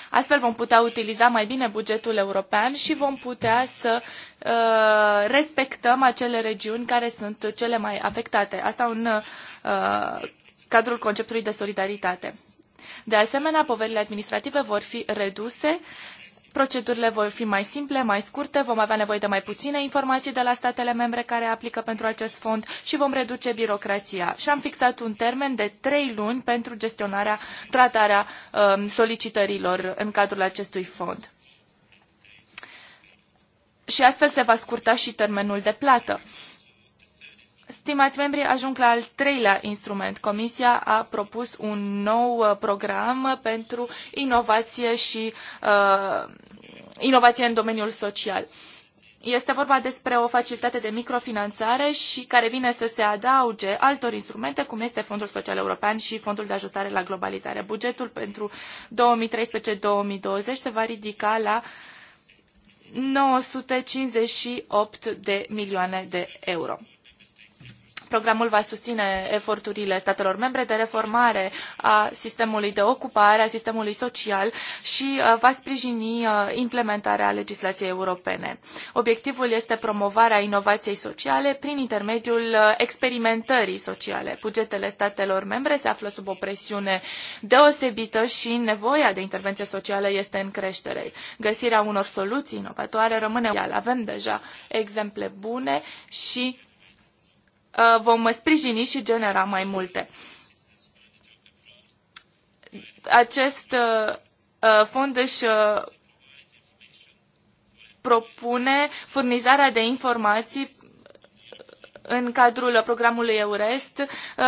Astfel vom putea utiliza mai bine bugetul european și vom putea să uh, respectăm acele regiuni care sunt cele mai afectate. Asta în uh, cadrul conceptului de solidaritate. De asemenea, poverile administrative vor fi reduse Procedurile vor fi mai simple, mai scurte, vom avea nevoie de mai puține informații de la statele membre care aplică pentru acest fond și vom reduce birocrația. Și am fixat un termen de trei luni pentru gestionarea, tratarea um, solicitărilor în cadrul acestui fond. Și astfel se va scurta și termenul de plată. Stimați membri, ajung la al treilea instrument. Comisia a propus un nou uh, program pentru inovație și uh, inovație în domeniul social. Este vorba despre o facilitate de microfinanțare și care vine să se adauge altor instrumente, cum este Fondul Social European și Fondul de Ajustare la Globalizare. Bugetul pentru 2013-2020 se va ridica la 958 de milioane de euro. Programul va susține eforturile statelor membre de reformare a sistemului de ocupare, a sistemului social și uh, va sprijini uh, implementarea legislației europene. Obiectivul este promovarea inovației sociale prin intermediul uh, experimentării sociale. Bugetele statelor membre se află sub o presiune deosebită și nevoia de intervenție socială este în creștere. Găsirea unor soluții inovatoare rămâne. Avem deja exemple bune și Uh, vom sprijini și genera mai multe. Acest uh, uh, fond își propune furnizarea de informații în cadrul programului EURES,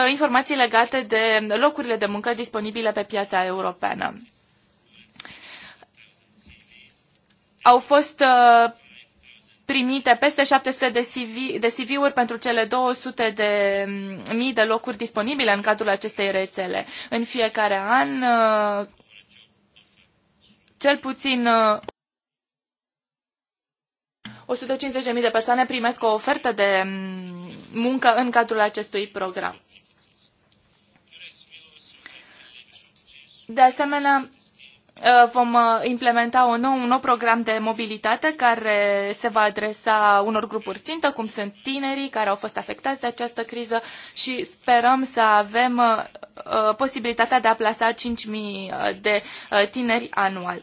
informații legate de locurile de muncă disponibile pe piața europeană. Au fost primite peste 700 de, CV, de CV-uri pentru cele 200 de mm, mii de locuri disponibile în cadrul acestei rețele. În fiecare an, uh, cel puțin 150.000 uh, de persoane primesc o ofertă de mm, muncă în cadrul acestui program. De asemenea, Uh, vom uh, implementa o nou, un nou program de mobilitate care se va adresa unor grupuri țintă, cum sunt tinerii care au fost afectați de această criză și sperăm să avem uh, posibilitatea de a plasa 5.000 de tineri anual.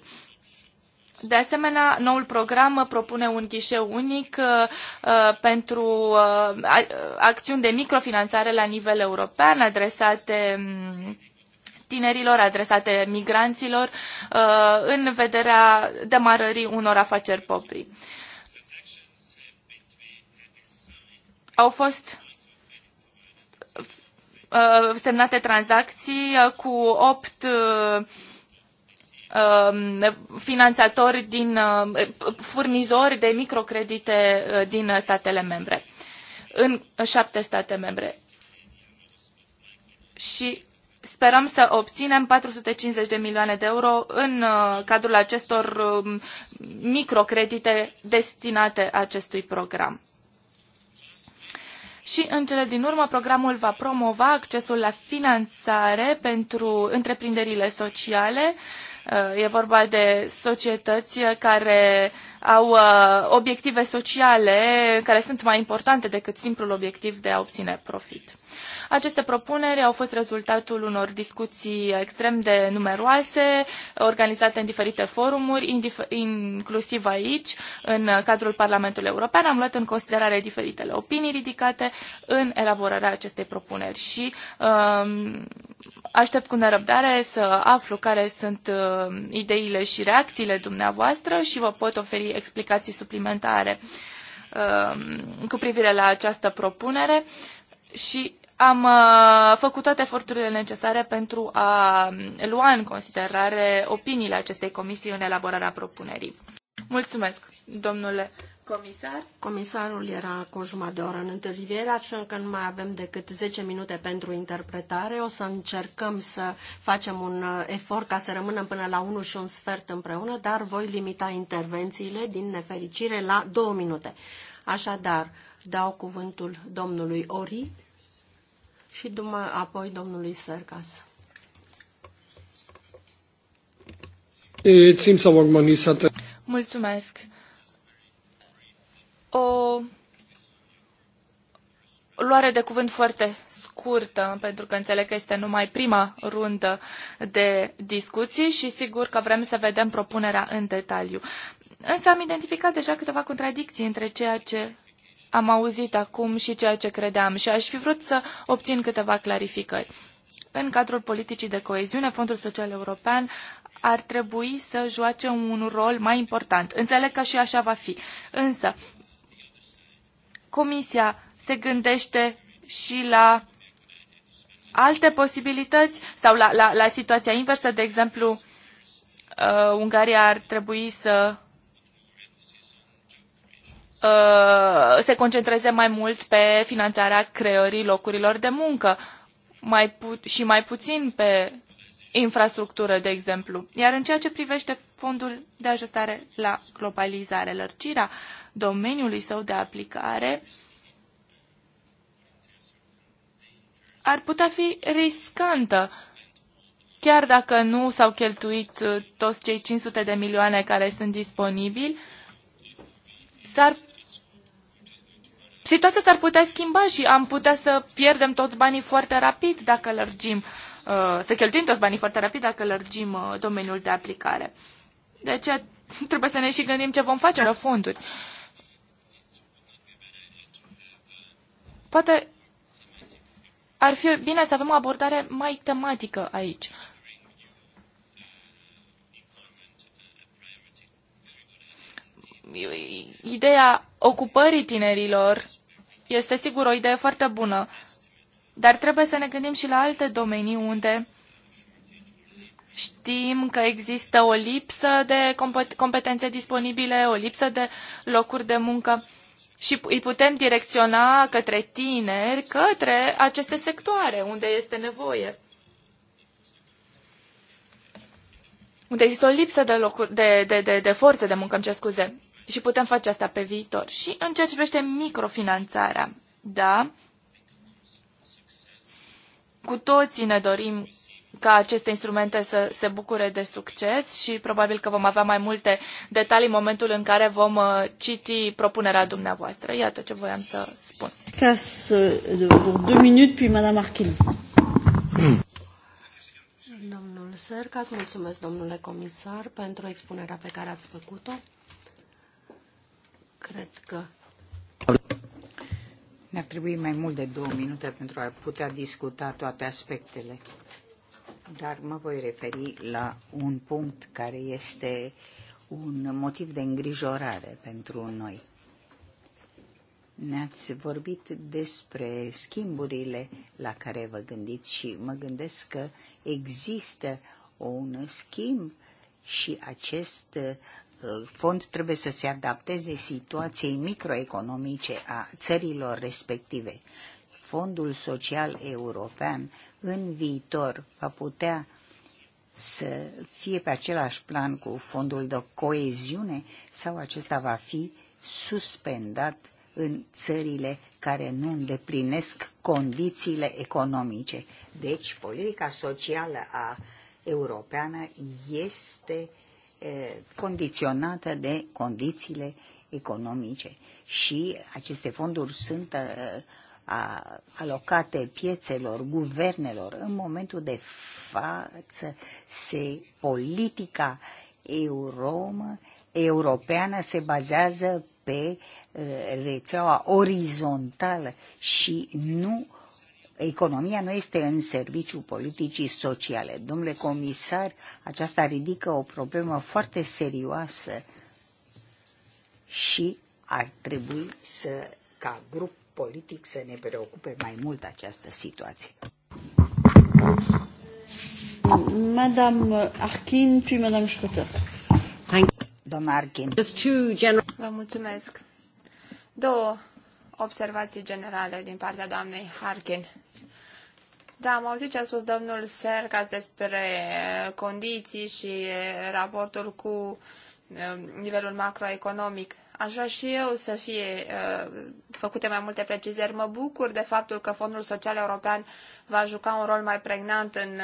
De asemenea, noul program propune un ghișeu unic pentru acțiuni de microfinanțare la nivel european adresate mm, tinerilor, adresate migranților, uh, în vederea demarării unor afaceri proprii. Au fost uh, semnate tranzacții uh, cu opt um, finanțatori din furnizori de microcredite din statele membre, în șapte state membre. Și sperăm să obținem 450 de milioane de euro în uh, cadrul acestor um, microcredite destinate acestui program. Și în cele din urmă, programul va promova accesul la finanțare pentru întreprinderile sociale uh, E vorba de societăți care au uh, obiective sociale care sunt mai importante decât simplul obiectiv de a obține profit. Aceste propuneri au fost rezultatul unor discuții extrem de numeroase, organizate în diferite forumuri, inclusiv aici, în cadrul Parlamentului European. Am luat în considerare diferitele opinii ridicate în elaborarea acestei propuneri și um, Aștept cu nerăbdare să aflu care sunt uh, ideile și reacțiile dumneavoastră și vă pot oferi explicații suplimentare um, cu privire la această propunere și am uh, făcut toate eforturile necesare pentru a um, lua în considerare opiniile acestei comisii în elaborarea propunerii. Mulțumesc, domnule Comisar? Comisarul era cu o jumătate de oră în întâlnire, așa că nu mai avem decât 10 minute pentru interpretare. O să încercăm să facem un uh, efort ca să rămânem până la 1 și un sfert împreună, dar voi limita intervențiile, din nefericire, la 2 minute. Așadar, dau cuvântul domnului Ori și apoi domnului Sercas. Mulțumesc o luare de cuvânt foarte scurtă, pentru că înțeleg că este numai prima rundă de discuții și sigur că vrem să vedem propunerea în detaliu. Însă am identificat deja câteva contradicții între ceea ce am auzit acum și ceea ce credeam și aș fi vrut să obțin câteva clarificări. În cadrul politicii de coeziune, Fondul Social European ar trebui să joace un rol mai important. Înțeleg că și așa va fi. Însă, Comisia se gândește și la alte posibilități sau la, la, la situația inversă, de exemplu, uh, Ungaria ar trebui să uh, se concentreze mai mult pe finanțarea creării locurilor de muncă mai pu- și mai puțin pe infrastructură, de exemplu. Iar în ceea ce privește fondul de ajustare la globalizare, lărcirea domeniului său de aplicare ar putea fi riscantă, chiar dacă nu s-au cheltuit uh, toți cei 500 de milioane care sunt disponibili, s-ar Situația s-ar putea schimba și am putea să pierdem toți banii foarte rapid dacă lărgim uh, Uh, se cheltuim toți banii foarte rapid dacă lărgim uh, domeniul de aplicare. De deci, aceea [LAUGHS] trebuie să ne și gândim ce vom face la fonduri. Poate ar fi bine să avem o abordare mai tematică aici. Ideea ocupării tinerilor este sigur o idee foarte bună, dar trebuie să ne gândim și la alte domenii unde știm că există o lipsă de competențe disponibile, o lipsă de locuri de muncă și îi putem direcționa către tineri, către aceste sectoare unde este nevoie. Unde există o lipsă de, locuri, de, de, de, de forță de muncă, îmi cer scuze. Și putem face asta pe viitor. Și în ceea ce privește microfinanțarea, da, cu toții ne dorim ca aceste instrumente să se bucure de succes și probabil că vom avea mai multe detalii în momentul în care vom uh, citi propunerea dumneavoastră. Iată ce voiam să spun. Cas euh, două minute, puis Madame Domnul Sercas, mulțumesc domnule comisar pentru expunerea pe care ați făcut-o. Cred că ne-ar trebui mai mult de două minute pentru a putea discuta toate aspectele. Dar mă voi referi la un punct care este un motiv de îngrijorare pentru noi. Ne-ați vorbit despre schimburile la care vă gândiți și mă gândesc că există un schimb și acest fond trebuie să se adapteze situației microeconomice a țărilor respective. Fondul Social European în viitor va putea să fie pe același plan cu fondul de coeziune sau acesta va fi suspendat în țările care nu îndeplinesc condițiile economice. Deci, politica socială a europeană este Eh, condiționată de condițiile economice și aceste fonduri sunt eh, alocate piețelor, guvernelor. În momentul de față se politica euromă, europeană se bazează pe eh, rețeaua orizontală și nu economia nu este în serviciu politicii sociale. Domnule comisar, aceasta ridică o problemă foarte serioasă și ar trebui să, ca grup politic să ne preocupe mai mult această situație. Madame Arkin, puis Madame Schröter. Thank you. Doamna Arkin. Vă mulțumesc. Două observații generale din partea doamnei Harkin. Da, am auzit ce a spus domnul Sercas despre eh, condiții și eh, raportul cu eh, nivelul macroeconomic. Aș vrea și eu să fie făcute mai multe precizări. Mă bucur de faptul că Fondul Social European va juca un rol mai pregnant în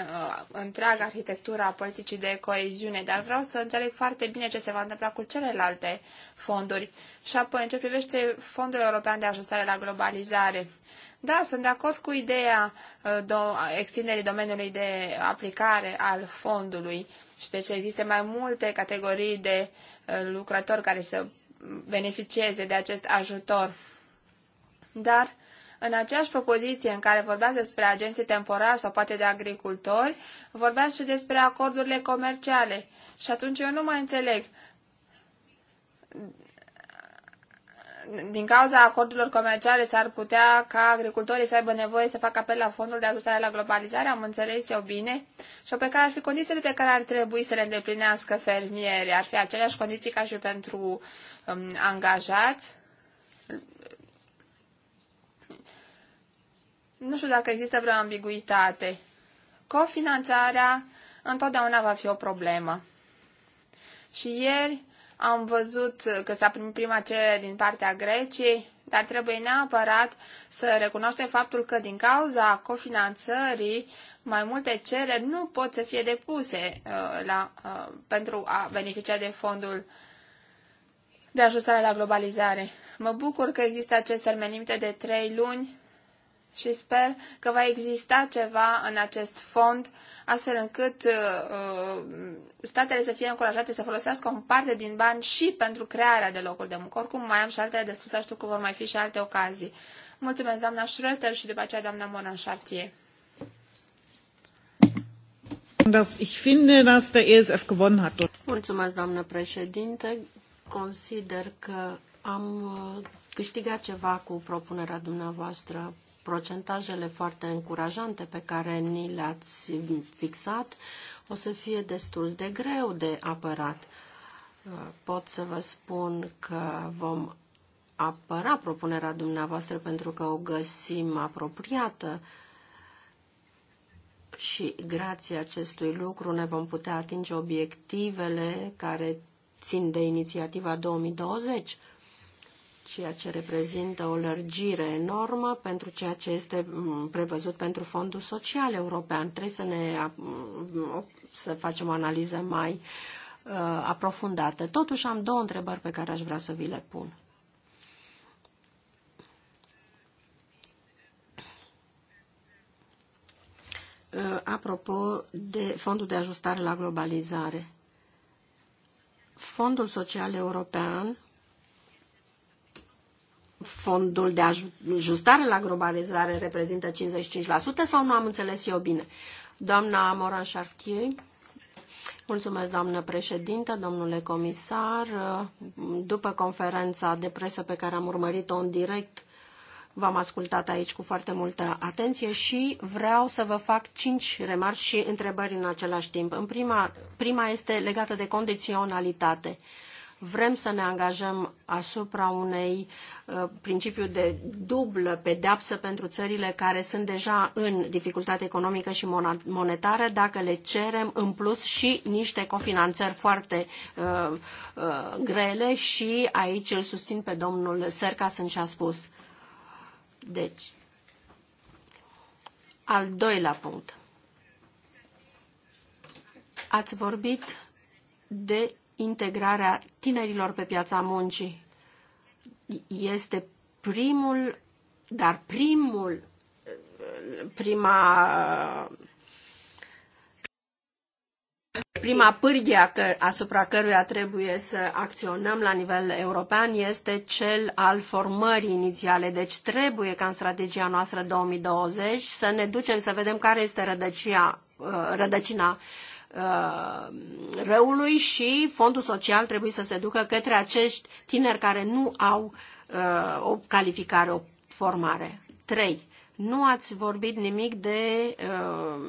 întreaga arhitectura a politicii de coeziune, dar vreau să înțeleg foarte bine ce se va întâmpla cu celelalte fonduri. Și apoi, în ce privește Fondul European de Ajustare la Globalizare, da, sunt de acord cu ideea uh, do- extinderii domeniului de aplicare al fondului și deci există mai multe categorii de uh, lucrători care să beneficieze de acest ajutor. Dar în aceeași propoziție în care vorbeați despre agenții temporari sau poate de agricultori, vorbeați și despre acordurile comerciale. Și atunci eu nu mai înțeleg din cauza acordurilor comerciale s-ar putea ca agricultorii să aibă nevoie să facă apel la fondul de ajustare la globalizare, am înțeles eu bine, și pe care ar fi condițiile pe care ar trebui să le îndeplinească fermierii. Ar fi aceleași condiții ca și pentru um, angajați. Nu știu dacă există vreo ambiguitate. Cofinanțarea întotdeauna va fi o problemă. Și ieri am văzut că s-a primit prima cerere din partea Greciei, dar trebuie neapărat să recunoaștem faptul că din cauza cofinanțării mai multe cereri nu pot să fie depuse uh, la, uh, pentru a beneficia de fondul de ajustare la globalizare. Mă bucur că există acest termen limite de trei luni și sper că va exista ceva în acest fond, astfel încât uh, uh statele să fie încurajate să folosească o parte din bani și pentru crearea de locuri de muncă. Oricum, mai am și altele de spus, știu că vor mai fi și alte ocazii. Mulțumesc, doamna Schröter și după aceea doamna Moran Chartier. Ich finde, dass der gewonnen hat. Mulțumesc, doamnă președinte. Consider că am uh, câștigat ceva cu propunerea dumneavoastră procentajele foarte încurajante pe care ni le-ați fixat o să fie destul de greu de apărat. Uh, pot să vă spun că vom apăra propunerea dumneavoastră pentru că o găsim apropiată și grație acestui lucru ne vom putea atinge obiectivele care țin de inițiativa 2020 ceea ce reprezintă o lărgire enormă pentru ceea ce este mm, prevăzut pentru Fondul Social European. Trebuie să, ne, mm, să facem o analiză mai uh, aprofundată. Totuși am două întrebări pe care aș vrea să vi le pun. Uh, apropo de Fondul de Ajustare la Globalizare. Fondul Social European fondul de ajustare la globalizare reprezintă 55% sau nu am înțeles eu bine? Doamna Moran Chartier. Mulțumesc, doamnă președintă, domnule comisar. După conferința de presă pe care am urmărit-o în direct, v-am ascultat aici cu foarte multă atenție și vreau să vă fac cinci remarci și întrebări în același timp. În prima, prima este legată de condiționalitate. Uh, vrem să ne angajăm asupra unei uh, principiu de dublă pedeapsă pentru țările care sunt deja în dificultate economică și monetară, dacă le cerem în plus și niște cofinanțări foarte uh, uh, grele și aici îl susțin pe domnul Sercas în ce a spus. Deci, al doilea punct. Ați vorbit de integrarea tinerilor pe piața muncii. Este primul, dar primul, prima prima pârghie asupra căruia trebuie să acționăm la nivel european este cel al formării inițiale. Deci trebuie ca în strategia noastră 2020 să ne ducem să vedem care este rădăcia, uh, rădăcina Uh, răului și fondul social trebuie să se ducă către acești tineri care nu au uh, o calificare, o formare. 3. Nu ați vorbit nimic de uh,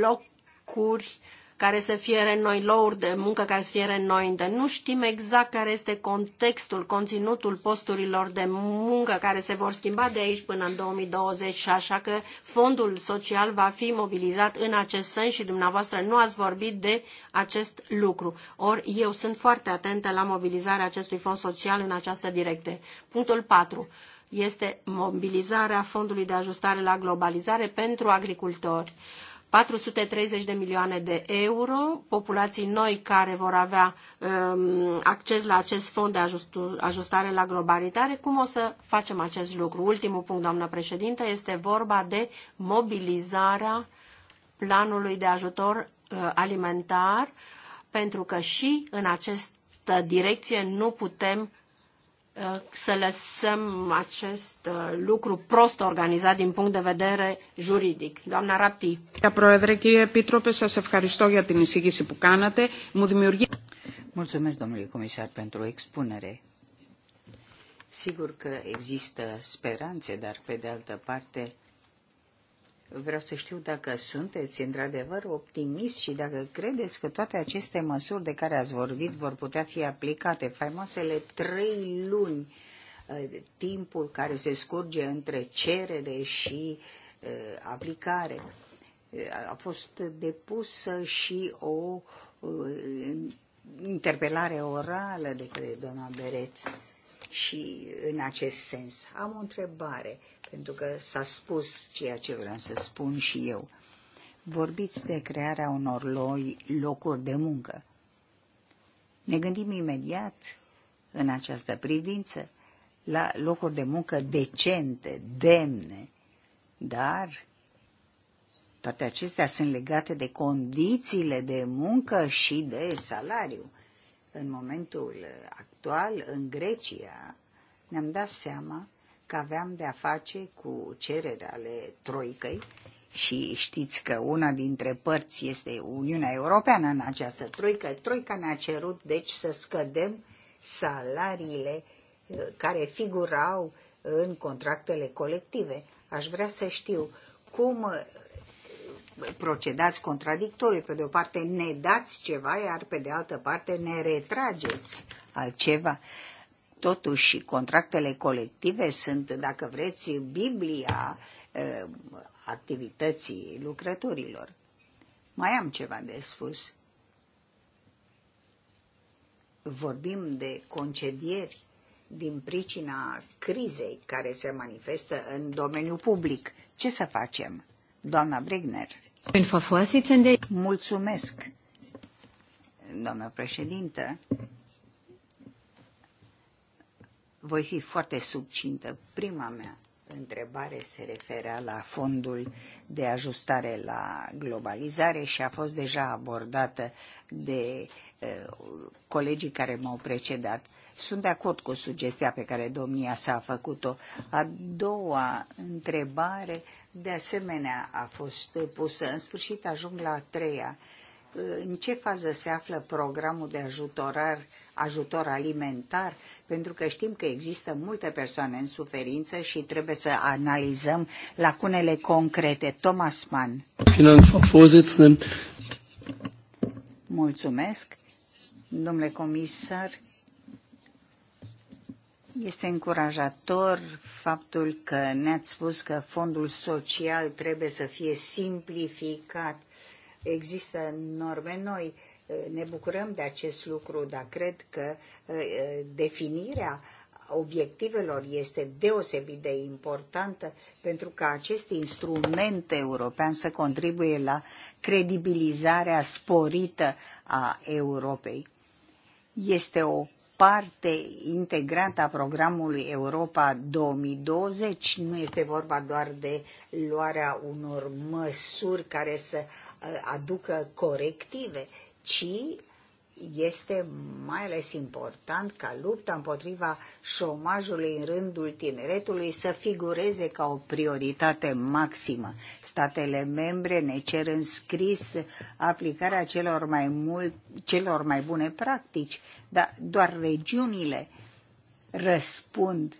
locuri care să fie renoi, lor de muncă care să fie renoite. Nu știm exact care este contextul, conținutul posturilor de muncă care se vor schimba de aici până în 2020 și așa că fondul social va fi mobilizat în acest sens și dumneavoastră nu ați vorbit de acest lucru. Ori eu sunt foarte atentă la mobilizarea acestui fond social în această direcție. Punctul 4 este mobilizarea Fondului de Ajustare la Globalizare pentru agricultori. Uh, 430 de milioane de euro, populații noi care vor avea um, acces la acest fond de ajustare la globalitate. Cum o să facem acest lucru? Ultimul punct, doamnă președinte, este vorba de mobilizarea planului de ajutor uh, alimentar, pentru că și în această direcție nu putem să lăsăm acest uh, lucru prost organizat din punct de vedere juridic. Doamna Rapti. Proedre, κύριε Επίτροπε, σας ευχαριστώ για την εισήγηση που κάνατε. Μου Mulțumesc, domnule comisar, pentru expunere. Sigur că există speranțe, dar pe de altă parte Vreau să știu dacă sunteți într-adevăr optimist și dacă credeți că toate aceste măsuri de care ați vorbit vor putea fi aplicate. Faimoasele trei luni, uh, timpul care se scurge între cerere și uh, aplicare. Uh, a fost depusă și o interpelare orală de către doamna Bereț și în acest sens. Am o întrebare, pentru că s-a spus ceea ce vreau să spun și eu. Vorbiți de crearea unor loi, locuri de muncă. Ne gândim imediat în această privință la locuri de muncă decente, demne, dar toate acestea sunt legate de condițiile de muncă și de salariu. În momentul actual, în Grecia, ne-am dat seama că aveam de a face cu cerere ale troicăi și știți că una dintre părți este Uniunea Europeană în această troică. Troica ne-a cerut, deci, să scădem salariile uh, care figurau în contractele colective. Aș vrea să știu cum uh, procedați contradictoriu. Pe de o parte ne dați ceva, iar pe de altă parte ne retrageți altceva. Totuși, contractele colective sunt, dacă vreți, Biblia activității lucrătorilor. Mai am ceva de spus. Vorbim de concedieri din pricina crizei care se manifestă în domeniul public. Ce să facem? Doamna Brigner. Mulțumesc, doamnă președintă. Voi fi foarte subcintă. Prima mea întrebare se referea la fondul de ajustare la globalizare și a fost deja abordată de eh, colegii care m-au precedat. Sunt de acord cu sugestia pe care domnia s-a făcut-o. A doua întrebare de asemenea a fost pusă. În sfârșit ajung la a treia. În ce fază se află programul de ajutorar, ajutor alimentar? Pentru că știm că există multe persoane în suferință și trebuie să analizăm lacunele concrete. Thomas Mann. Mulțumesc, domnule comisar este încurajator faptul că ne-ați spus că fondul social trebuie să fie simplificat. Există norme noi. Ne bucurăm de acest lucru, dar cred că definirea obiectivelor este deosebit de importantă pentru ca acest instrument european să contribuie la credibilizarea sporită a Europei. Este o parte integrată a programului Europa 2020. Nu este vorba doar de luarea unor măsuri care să uh, aducă corective, ci este mai ales important ca lupta împotriva șomajului în rândul tineretului să figureze ca o prioritate maximă. Statele membre ne cer în scris aplicarea celor mai, mult, celor mai bune practici, dar doar regiunile răspund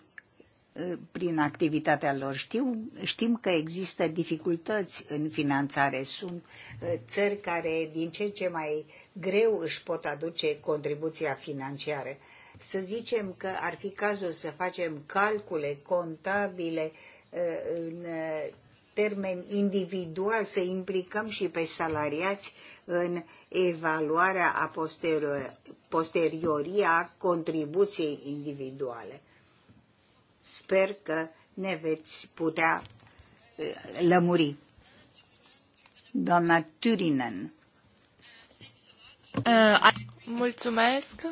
prin activitatea lor. Știu, știm că există dificultăți în finanțare. Sunt uh, țări care din ce în ce mai greu își pot aduce contribuția financiară. Să zicem că ar fi cazul să facem calcule contabile uh, în uh, termen individual, să implicăm și pe salariați în evaluarea a posteriorii a contribuției individuale Sper că ne veți putea lămuri. Doamna Turinen. Mulțumesc.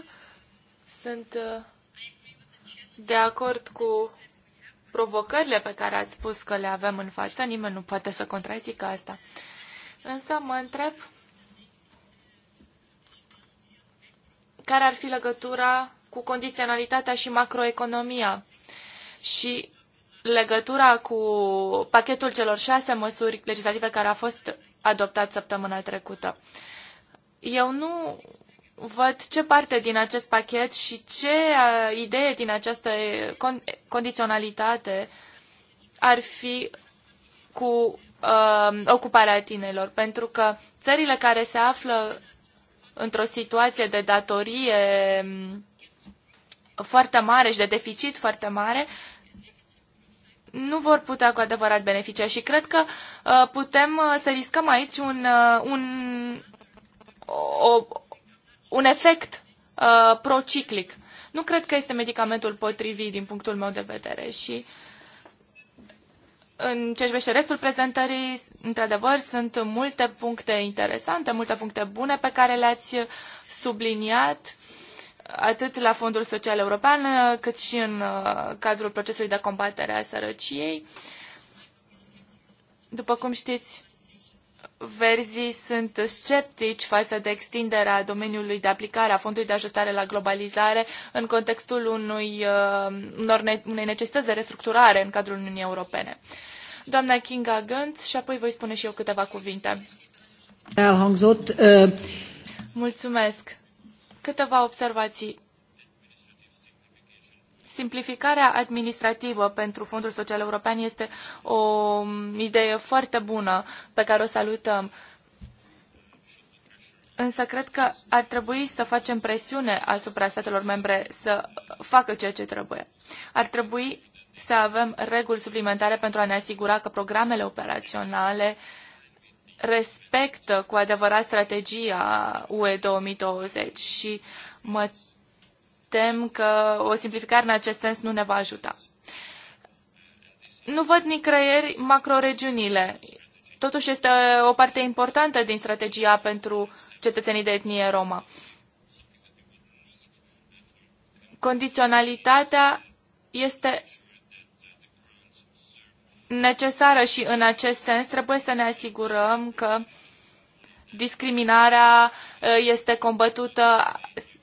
Sunt de acord cu provocările pe care ați spus că le avem în față. Nimeni nu poate să contrazică asta. Însă mă întreb care ar fi legătura cu condiționalitatea și macroeconomia și legătura cu pachetul celor șase măsuri legislative care a fost adoptat săptămâna trecută. Eu nu văd ce parte din acest pachet și ce idee din această condiționalitate ar fi cu uh, ocuparea tinerilor, pentru că țările care se află într-o situație de datorie foarte mare și de deficit foarte mare, nu vor putea cu adevărat beneficia și cred că uh, putem uh, să riscăm aici un, uh, un, o, un efect uh, prociclic. Nu cred că este medicamentul potrivit din punctul meu de vedere și în ce privește restul prezentării, într-adevăr, sunt multe puncte interesante, multe puncte bune pe care le-ați subliniat atât la Fondul Social European, cât și în uh, cadrul procesului de combatere a sărăciei. După cum știți, verzii sunt sceptici față de extinderea domeniului de aplicare a Fondului de Ajustare la Globalizare în contextul unui, uh, unor, unei necesități de restructurare în cadrul Uniunii Europene. Doamna Kinga Gânt și apoi voi spune și eu câteva cuvinte. Uh, Mulțumesc. Câteva observații. Simplificarea administrativă pentru Fondul Social European este o idee foarte bună pe care o salutăm. Însă cred că ar trebui să facem presiune asupra statelor membre să facă ceea ce trebuie. Ar trebui să avem reguli suplimentare pentru a ne asigura că programele operaționale uh, respectă cu adevărat strategia UE 2020 și mă tem că o simplificare în acest sens nu ne va ajuta. Nu văd nicăieri macroregiunile. Totuși este o parte importantă din strategia pentru cetățenii de etnie Roma. Condiționalitatea este necesară și în acest sens trebuie să ne asigurăm că discriminarea uh, este combătută,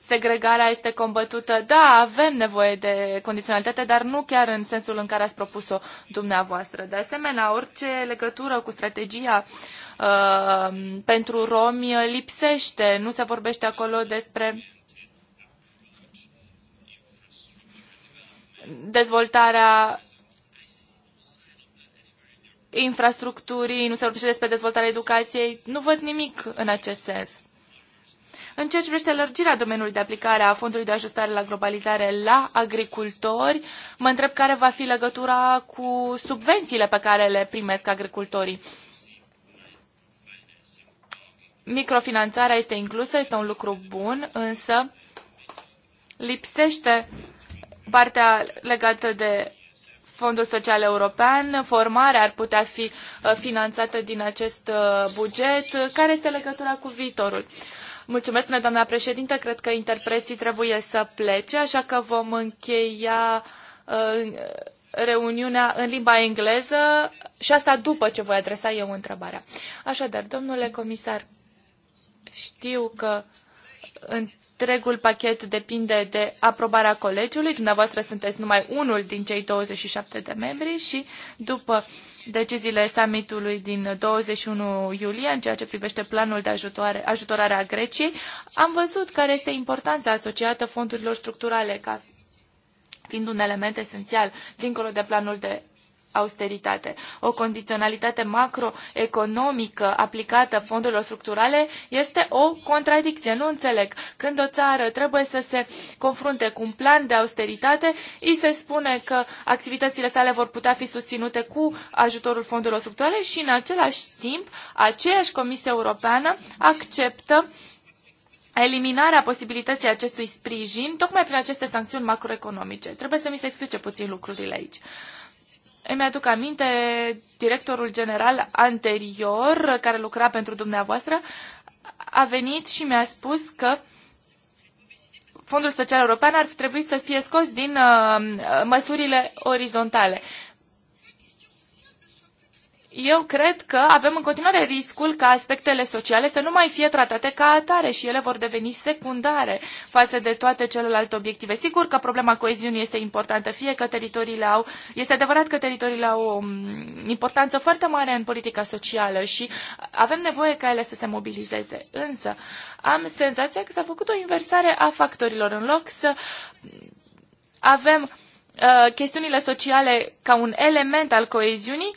segregarea este combătută. Da, avem nevoie de condiționalitate, dar nu chiar în sensul în care ați propus-o dumneavoastră. De asemenea, orice legătură cu strategia uh, pentru romi lipsește. Nu se vorbește acolo despre dezvoltarea infrastructurii, nu se vorbește despre dezvoltarea educației. Nu văd nimic în acest sens. În ceea ce privește lărgirea domeniului de aplicare a Fondului de Ajustare la Globalizare la agricultori, mă întreb care va fi legătura cu subvențiile pe care le primesc agricultorii. Microfinanțarea este inclusă, este un lucru bun, însă lipsește partea legată de Fondul Social European, formarea ar putea fi uh, finanțată din acest uh, buget. Care este legătura cu viitorul? Mulțumesc, doamna președinte. Cred că interpreții trebuie să plece, așa că vom încheia uh, reuniunea în limba engleză și asta după ce voi adresa eu întrebarea. Așadar, domnule comisar, știu că în întregul pachet depinde de aprobarea colegiului. Dumneavoastră sunteți numai unul din cei 27 de membri și după deciziile summitului din 21 iulie în ceea ce privește planul de ajutoare, ajutorare a Greciei, am văzut care este importanța asociată fondurilor structurale ca fiind un element esențial dincolo de planul de austeritate. O condiționalitate macroeconomică aplicată fondurilor structurale este o contradicție. Nu înțeleg. Când o țară trebuie să se confrunte cu un plan de austeritate, îi se spune că activitățile sale vor putea fi susținute cu ajutorul fondurilor structurale și în același timp aceeași Comisie Europeană acceptă eliminarea posibilității acestui sprijin tocmai prin aceste sancțiuni macroeconomice. Trebuie să mi se explice puțin lucrurile aici. Îmi aduc aminte, directorul general anterior, care lucra pentru dumneavoastră, a venit și mi-a spus că Fondul Social European ar fi trebuit să fie scos din uh, măsurile orizontale eu cred că avem în continuare riscul ca aspectele sociale să nu mai fie tratate ca atare și ele vor deveni secundare față de toate celelalte obiective. Sigur că problema coeziunii este importantă, fie că teritoriile au, este adevărat că teritoriile au o um, importanță foarte mare în politica socială și avem nevoie ca ele să se mobilizeze. Însă am senzația că s-a făcut o inversare a factorilor. În loc să avem uh, chestiunile sociale ca un element al coeziunii,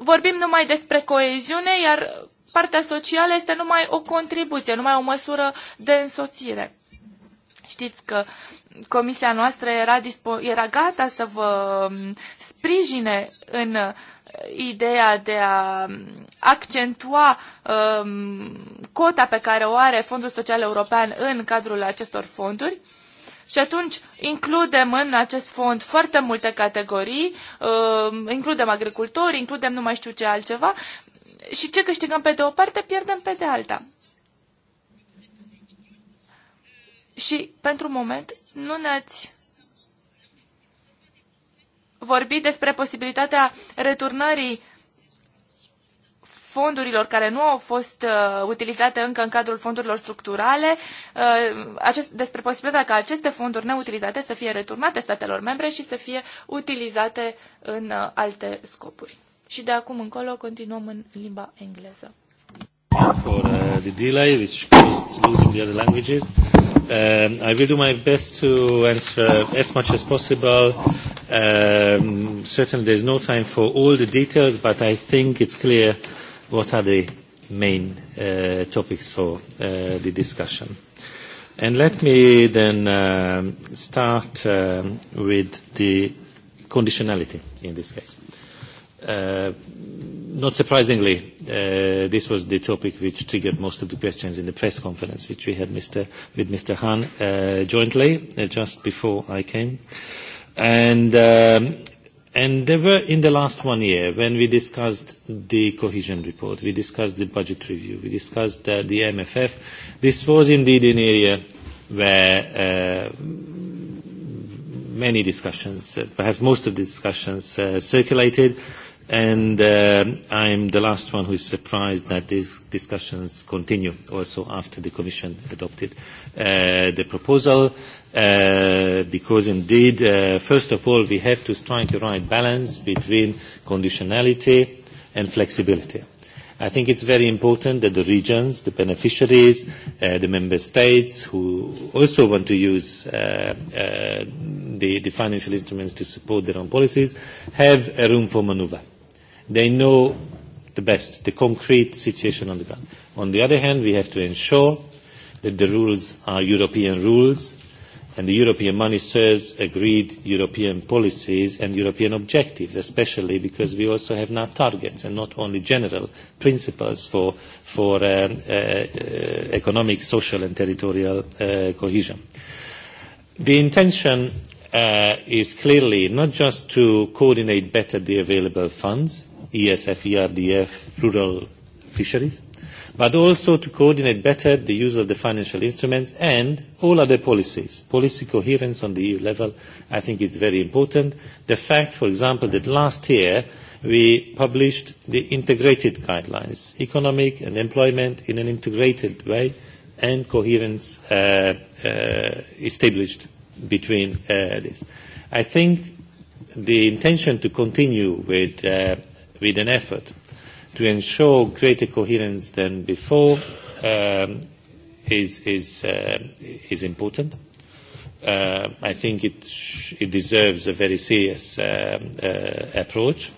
vorbim numai despre coeziune, iar partea socială este numai o contribuție, numai o măsură de însoțire. Știți că comisia noastră era, dispo- era gata să vă um, sprijine în uh, ideea de a um, accentua um, cota pe care o are Fondul Social European în cadrul acestor fonduri. Și atunci includem în acest fond foarte multe categorii, uh, includem agricultori, includem nu mai știu ce altceva și ce câștigăm pe de o parte, pierdem pe de alta. Și pentru moment nu ne-ați vorbit despre posibilitatea returnării fondurilor care nu au fost uh, utilizate încă în cadrul fondurilor structurale, uh, acest, despre posibilitatea ca aceste fonduri neutilizate să fie returnate statelor membre și să fie utilizate în uh, alte scopuri. Și de acum încolo continuăm în limba engleză. For uh, the delay, which caused losing the other languages, um, I will do my best to answer as much as possible. Um, certainly, there's no time for all the details, but I think it's clear what are the main uh, topics for uh, the discussion. And let me then uh, start um, with the conditionality in this case. Uh, not surprisingly, uh, this was the topic which triggered most of the questions in the press conference which we had Mr. with Mr. Hahn uh, jointly uh, just before I came. And um, And there were in the last one year when we discussed the cohesion report, we discussed the budget review, we discussed uh, the MFF, this was indeed an area where uh, many discussions, uh, perhaps most of the discussions uh, circulated and uh, I'm the last one who is surprised that these discussions continue also after the Commission adopted uh, the proposal. Uh, because indeed, uh, first of all, we have to strike the right balance between conditionality and flexibility. I think it's very important that the regions, the beneficiaries, uh, the member states who also want to use uh, uh, the, the financial instruments to support their own policies have a room for manoeuvre. They know the best, the concrete situation on the ground. On the other hand, we have to ensure that the rules are European rules and the European money serves agreed European policies and European objectives, especially because we also have now targets and not only general principles for, for uh, uh, economic, social and territorial uh, cohesion. The intention is clearly not just to coordinate better the available funds, ESF, ERDF, rural fisheries, but also to coordinate better the use of the financial instruments and all other policies. Policy coherence on the EU level, I think is very important. The fact, for example, that last year we published the integrated guidelines, economic and employment in an integrated way, and coherence uh, uh, established between uh, this. I think the intention to continue with, uh, with an effort to ensure greater coherence than before um, is, is, uh, is important. Uh, I think it, sh it deserves a very serious um, uh, approach.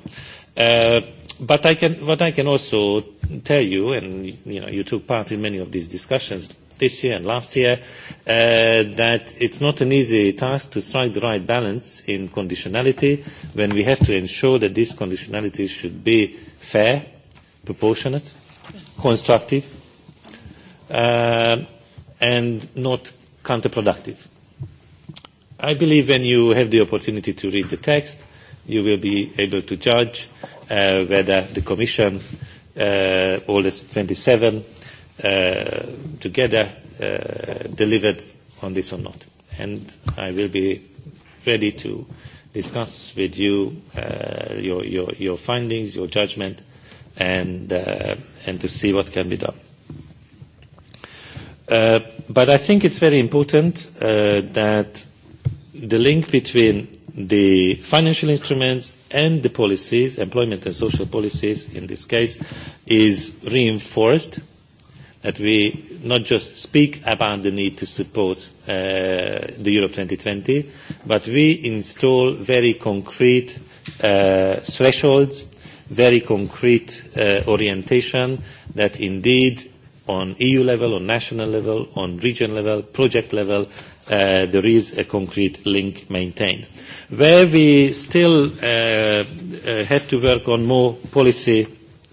Uh, but I can, what I can also tell you, and you, know, you took part in many of these discussions this year and last year, uh, that it's not an easy task to strike the right balance in conditionality when we have to ensure that this conditionality should be fair, proportionate, constructive, uh, and not counterproductive. I believe when you have the opportunity to read the text, you will be able to judge uh, whether the Commission, uh, all its 27 uh, together, uh, delivered on this or not. And I will be ready to discuss with you uh, your, your, your findings, your judgment, and, uh, and to see what can be done. Uh, but I think it's very important uh, that the link between the financial instruments and the policies, employment and social policies in this case, is reinforced, that we not just speak about the need to support uh, the Europe 2020, but we install very concrete uh, thresholds very concrete uh, orientation that indeed on EU level, on national level, on region level, project level, uh, there is a concrete link maintained. Where we still uh, have to work on more policy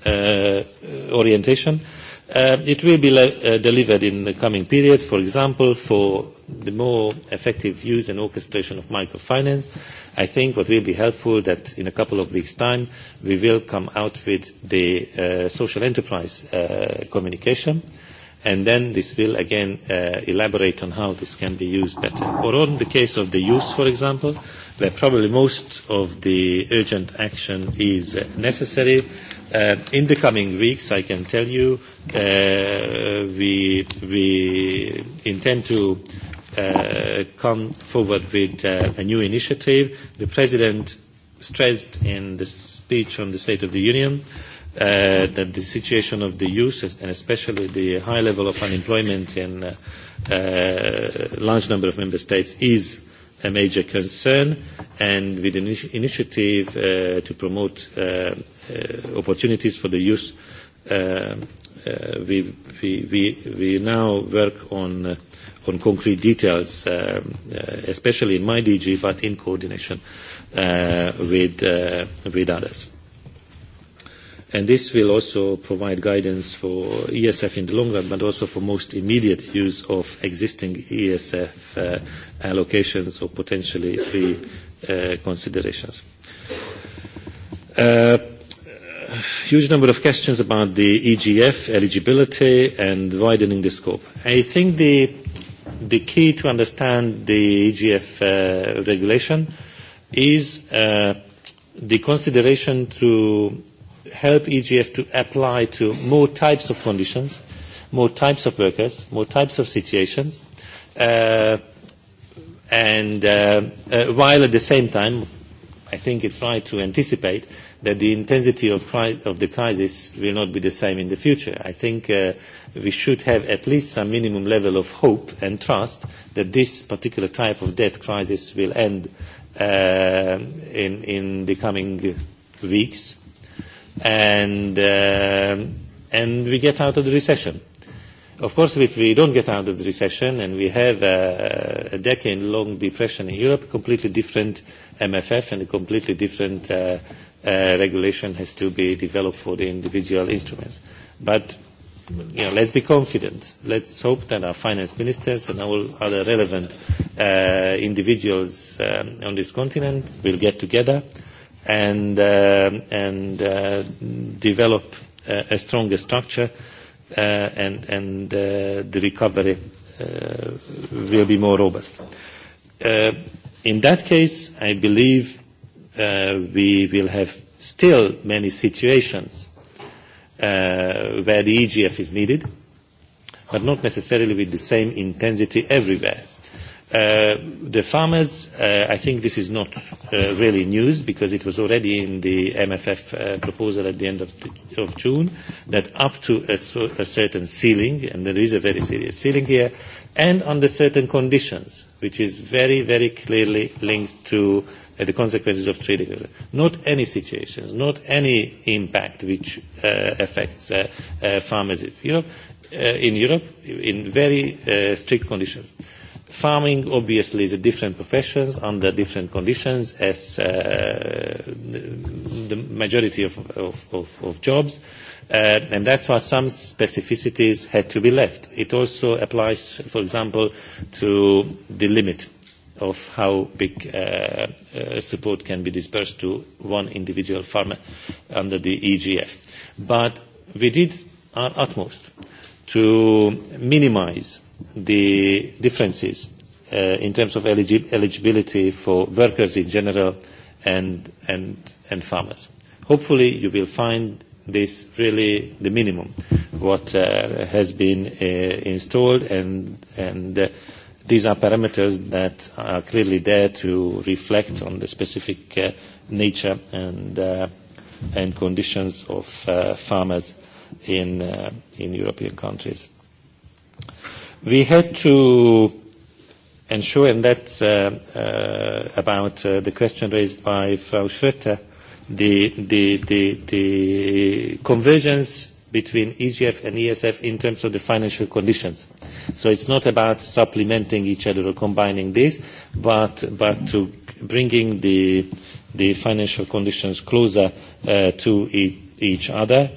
orientation, is Uh, it will be uh, delivered in the coming period, for example, for the more effective use and orchestration of microfinance. I think what will be helpful that in a couple of weeks' time we will come out with the uh, social enterprise uh, communication and then this will again uh, elaborate on how this can be used better. Or on the case of the youth, for example, where probably most of the urgent action is necessary, uh, Uh, in the coming weeks, I can tell you, uh, we, we intend to uh, come forward with uh, a new initiative. The President stressed in the speech on the State of the Union uh, that the situation of the youth, and especially the high level of unemployment in a uh, uh, large number of member states, is a major concern and with an initiative uh, to promote uh, uh, opportunities for the youth, uh, uh, we, we, we, we now work on, uh, on concrete details, um, uh, especially in my DG, but in coordination uh, with, uh, with others. And this will also provide guidance for ESF in the long run, but also for most immediate use of existing ESF uh, allocations or potentially free uh, considerations. Uh, huge number of questions about the EGF eligibility and widening the scope. I think the, the key to understand the EGF uh, regulation is uh, the consideration to help EGF to apply to more types of conditions, more types of workers, more types of situations, uh, and uh, uh, while at the same time, I think it's right to anticipate that the intensity of, cri- of the crisis will not be the same in the future. I think uh, we should have at least some minimum level of hope and trust that this particular type of debt crisis will end uh, in, in the coming weeks and uh, and we get out of the recession. Of course, if we don't get out of the recession and we have a, a decade-long depression in Europe, a completely different MFF and a completely different uh, uh, regulation has to be developed for the individual instruments. But you know, let's be confident. Let's hope that our finance ministers and all other relevant uh, individuals um, on this continent will get together and, uh, and uh, develop uh, a stronger structure uh, and, and uh, the recovery uh, will be more robust. Uh, in that case, I believe uh, we will have still many situations uh, where the EGF is needed, but not necessarily with the same intensity everywhere. Uh, the farmers, uh, I think this is not uh, really news because it was already in the MFF uh, proposal at the end of, the, of June that up to a, a certain ceiling, and there is a very serious ceiling here, and under certain conditions, which is very, very clearly linked to uh, the consequences of trade agreement. Not any situations, not any impact which uh, affects uh, uh, farmers in Europe, uh, in Europe in very uh, strict conditions farming, obviously, is a different profession under different conditions as uh, the majority of, of, of, of jobs. Uh, and that's why some specificities had to be left. It also applies, for example, to the limit of how big uh, uh, support can be dispersed to one individual farmer under the EGF. But we did our utmost to minimize the differences uh, in terms of eligi eligibility for workers in general and, and, and farmers. Hopefully you will find this really the minimum what uh, has been uh, installed and, and uh, these are parameters that are clearly there to reflect on the specific uh, nature and, uh, and conditions of uh, farmers in, uh, in European countries. We had to ensure, and that's uh, uh, about uh, the question raised by Frau Schroeter, the, the, the, the convergence between EGF and ESF in terms of the financial conditions. So it's not about supplementing each other or combining this, but, but to bringing the, the financial conditions closer uh, to e each other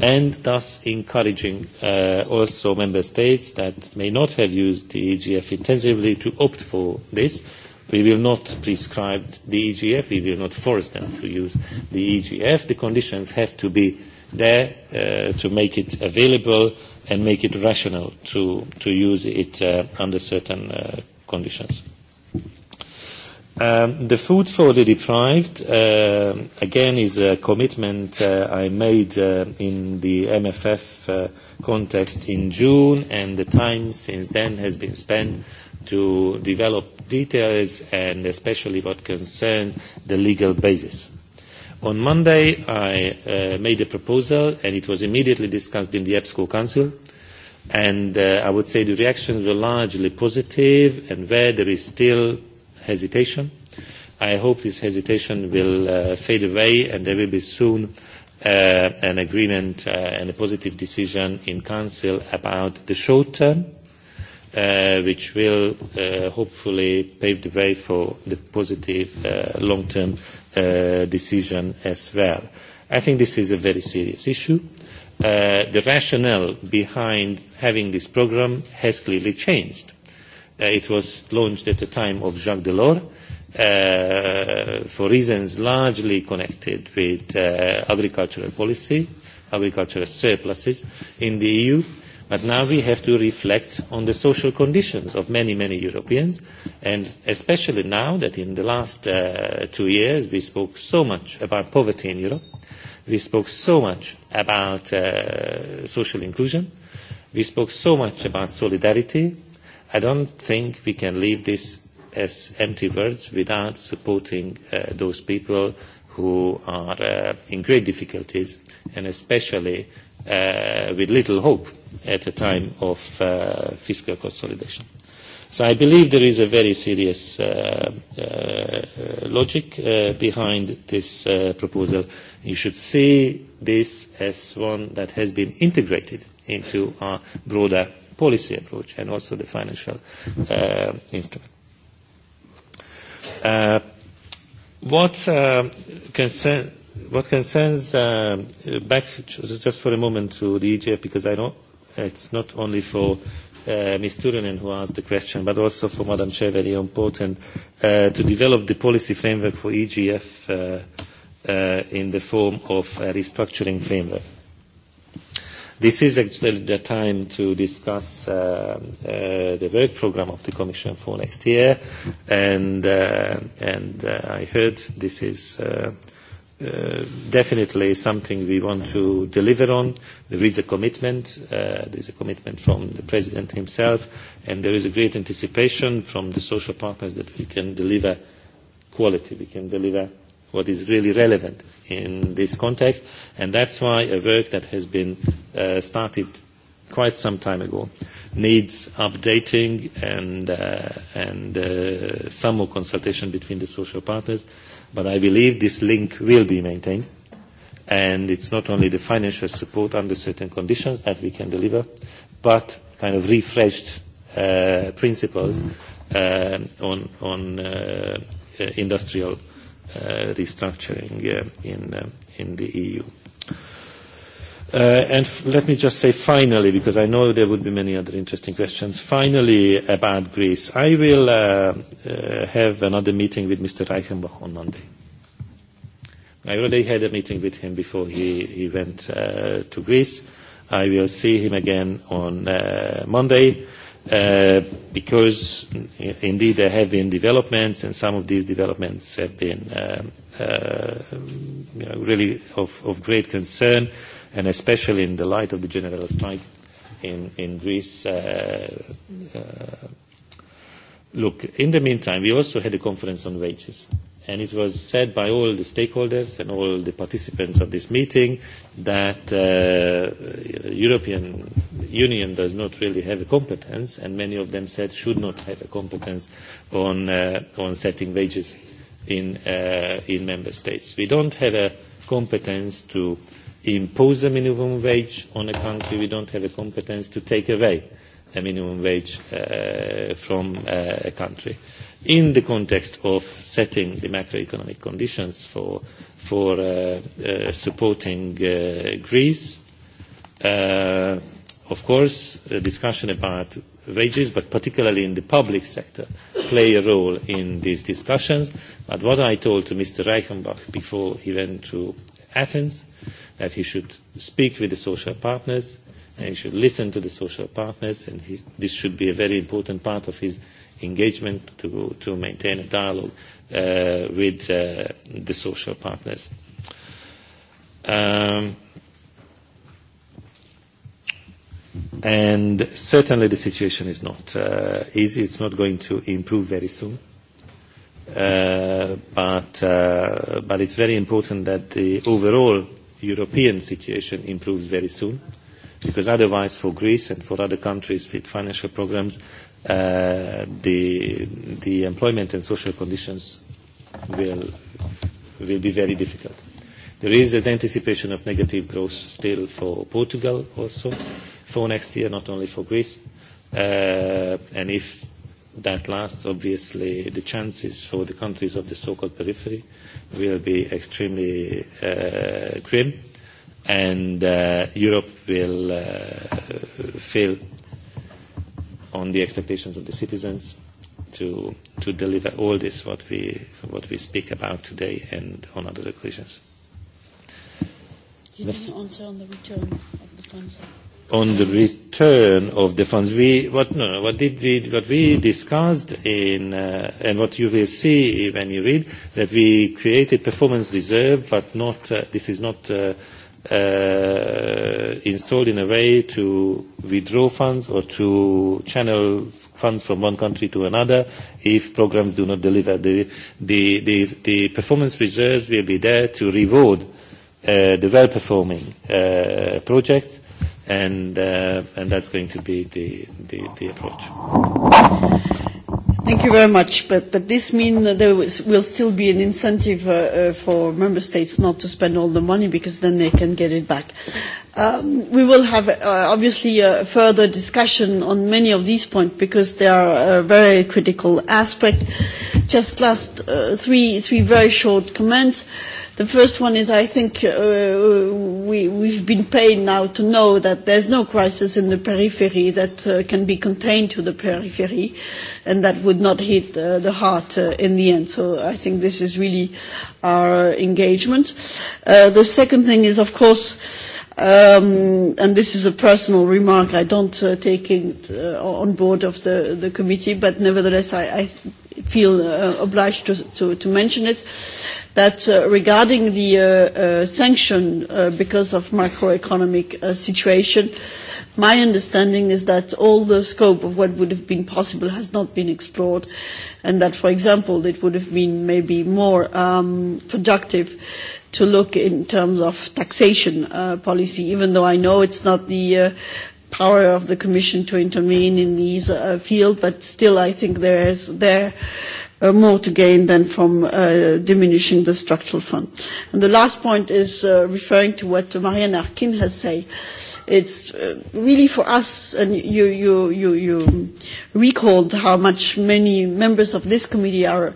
and thus encouraging uh, also member states that may not have used the EGF intensively to opt for this. We will not prescribe the EGF. We will not force them to use the EGF. The conditions have to be there uh, to make it available and make it rational to, to use it uh, under certain uh, conditions. Um, the food for the deprived, uh, again, is a commitment uh, I made uh, in the MFF uh, context in June, and the time since then has been spent to develop details and especially what concerns the legal basis. On Monday, I uh, made a proposal, and it was immediately discussed in the EBSCO Council and uh, I would say the reactions were largely positive, and where there is still hesitation. I hope this hesitation will uh, fade away and there will be soon uh, an agreement uh, and a positive decision in Council about the short term, uh, which will uh, hopefully pave the way for the positive uh, long-term uh, decision as well. I think this is a very serious issue. Uh, the rationale behind having this program has clearly changed Uh, it was launched at the time of Jacques Delors uh, for reasons largely connected with uh, agricultural policy, agricultural surpluses in the EU. But now we have to reflect on the social conditions of many, many Europeans, and especially now that in the last uh, two years we spoke so much about poverty in Europe, we spoke so much about uh, social inclusion, we spoke so much about solidarity, I don't think we can leave this as empty words without supporting uh, those people who are uh, in great difficulties and especially uh, with little hope at a time of uh, fiscal consolidation. So I believe there is a very serious uh, uh, logic uh, behind this uh, proposal. You should see this as one that has been integrated into our broader policy approach and also the financial uh, instrument. Uh, what, uh, concern, what concerns uh, back just for a moment to the EGF because I know it's not only for uh, Ms. Turunen who asked the question but also for Madam Chair very important uh, to develop the policy framework for EGF uh, uh, in the form of a restructuring framework. This is actually the time to discuss uh, uh, the work program of the Commission for next year, and, uh, and uh, I heard this is uh, uh, definitely something we want to deliver on. There is a commitment, uh, there is a commitment from the President himself, and there is a great anticipation from the social partners that we can deliver quality, we can deliver what is really relevant in this context, and that's why a work that has been uh, started quite some time ago needs updating and, uh, and uh, some more consultation between the social partners. But I believe this link will be maintained, and it's not only the financial support under certain conditions that we can deliver, but kind of refreshed uh, principles uh, on, on uh, uh industrial uh, Uh, restructuring uh, in, uh, in the EU. Uh, and let me just say finally, because I know there would be many other interesting questions, finally about Greece. I will uh, uh, have another meeting with Mr. Reichenbach on Monday. I already had a meeting with him before he, he went uh, to Greece. I will see him again on uh, Monday Uh, because indeed there have been developments and some of these developments have been uh, uh, you know, really of, of great concern and especially in the light of the general strike in, in Greece. Uh, uh, look, in the meantime, we also had a conference on wages and it was said by all the stakeholders and all the participants of this meeting that the uh, European Union does not really have a competence, and many of them said should not have a competence on, uh, on setting wages in, uh, in member states. We don't have a competence to impose a minimum wage on a country. We don't have a competence to take away a minimum wage uh, from uh, a country in the context of setting the macroeconomic conditions for, for uh, uh, supporting uh, Greece. Uh, of course, the discussion about wages, but particularly in the public sector, play a role in these discussions. But what I told to Mr. Reichenbach before he went to Athens, that he should speak with the social partners and he should listen to the social partners, and he, this should be a very important part of his engagement, to, to maintain a dialogue uh, with uh, the social partners. Um, and certainly the situation is not uh, easy. It's not going to improve very soon. Uh, but, uh, but it's very important that the overall European situation improves very soon because otherwise for Greece and for other countries with financial programs Uh, the, the employment and social conditions will, will be very difficult. There is an anticipation of negative growth still for Portugal also for next year, not only for Greece. Uh, and if that lasts, obviously, the chances for the countries of the so-called periphery will be extremely uh, grim, and uh, Europe will uh, fail on the expectations of the citizens to to deliver all this what we what we speak about today and on other occasions. You didn't answer on the return of the funds. On the return of the funds, we what no, what did we what we discussed in uh, and what you will see when you read that we created performance reserve, but not uh, this is not. Uh, uh, installed in a way to withdraw funds or to channel funds from one country to another if programs do not deliver. The, the, the, the performance reserve will be there to reward uh, the well-performing uh, projects and, uh, and that's going to be the, the, the approach. Thank you very much. But, but this means that there was, will still be an incentive uh, uh, for member states not to spend all the money because then they can get it back. Um, we will have uh, obviously a uh, further discussion on many of these points because they are a very critical aspect. Just last uh, three, three very short comments. Uh, The first one is I think uh, uh, we, we've been paid now to know that there's no crisis in the periphery that uh, can be contained to the periphery and that would not hit uh, the heart uh, in the end. So I think this is really our engagement. Uh, the second thing is, of course, um, and this is a personal remark, I don't uh, take it uh, on board of the, the committee, but nevertheless I, I feel uh, obliged to, to, to mention it that uh, regarding the uh, uh, sanction because of macroeconomic situation, my understanding is that all the scope of what would have been possible has not been explored, and that, for example, it would have been maybe more um, productive to look in terms of taxation policy, even though I know it's not the power of the Commission to intervene in these field, but still I think there is there Uh, more to gain than from uh, diminishing the structural fund. And the last point is uh, referring to what Marianne Arkin has said. It's uh, really for us, and you, you, you, you recalled how much many members of this committee are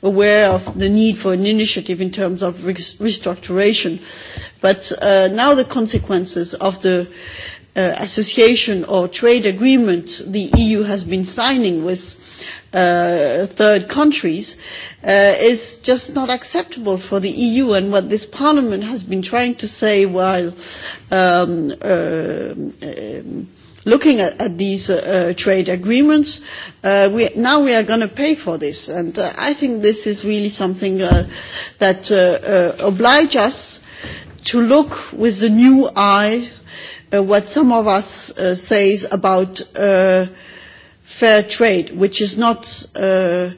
aware of the need for an initiative in terms of restructuration. But uh, now the consequences of the uh, association or trade agreement the EU has been signing with uh, third countries uh, is just not acceptable for the EU. And what this Parliament has been trying to say while um, uh, um, looking at, at these uh, uh, trade agreements, uh, we, now we are going to pay for this. And uh, I think this is really something uh, that uh, uh, obliges us to look with a new eye uh, what some of us uh, says about uh, fair trade, which is not uh,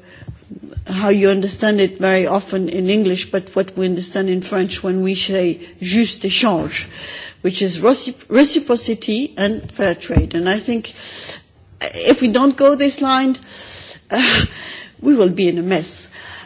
how you understand it very often in English, but what we understand in French when we say juste échange, which is reciprocity and fair trade. And I think uh, if we don't go this line, uh, we will be in a mess. Uh,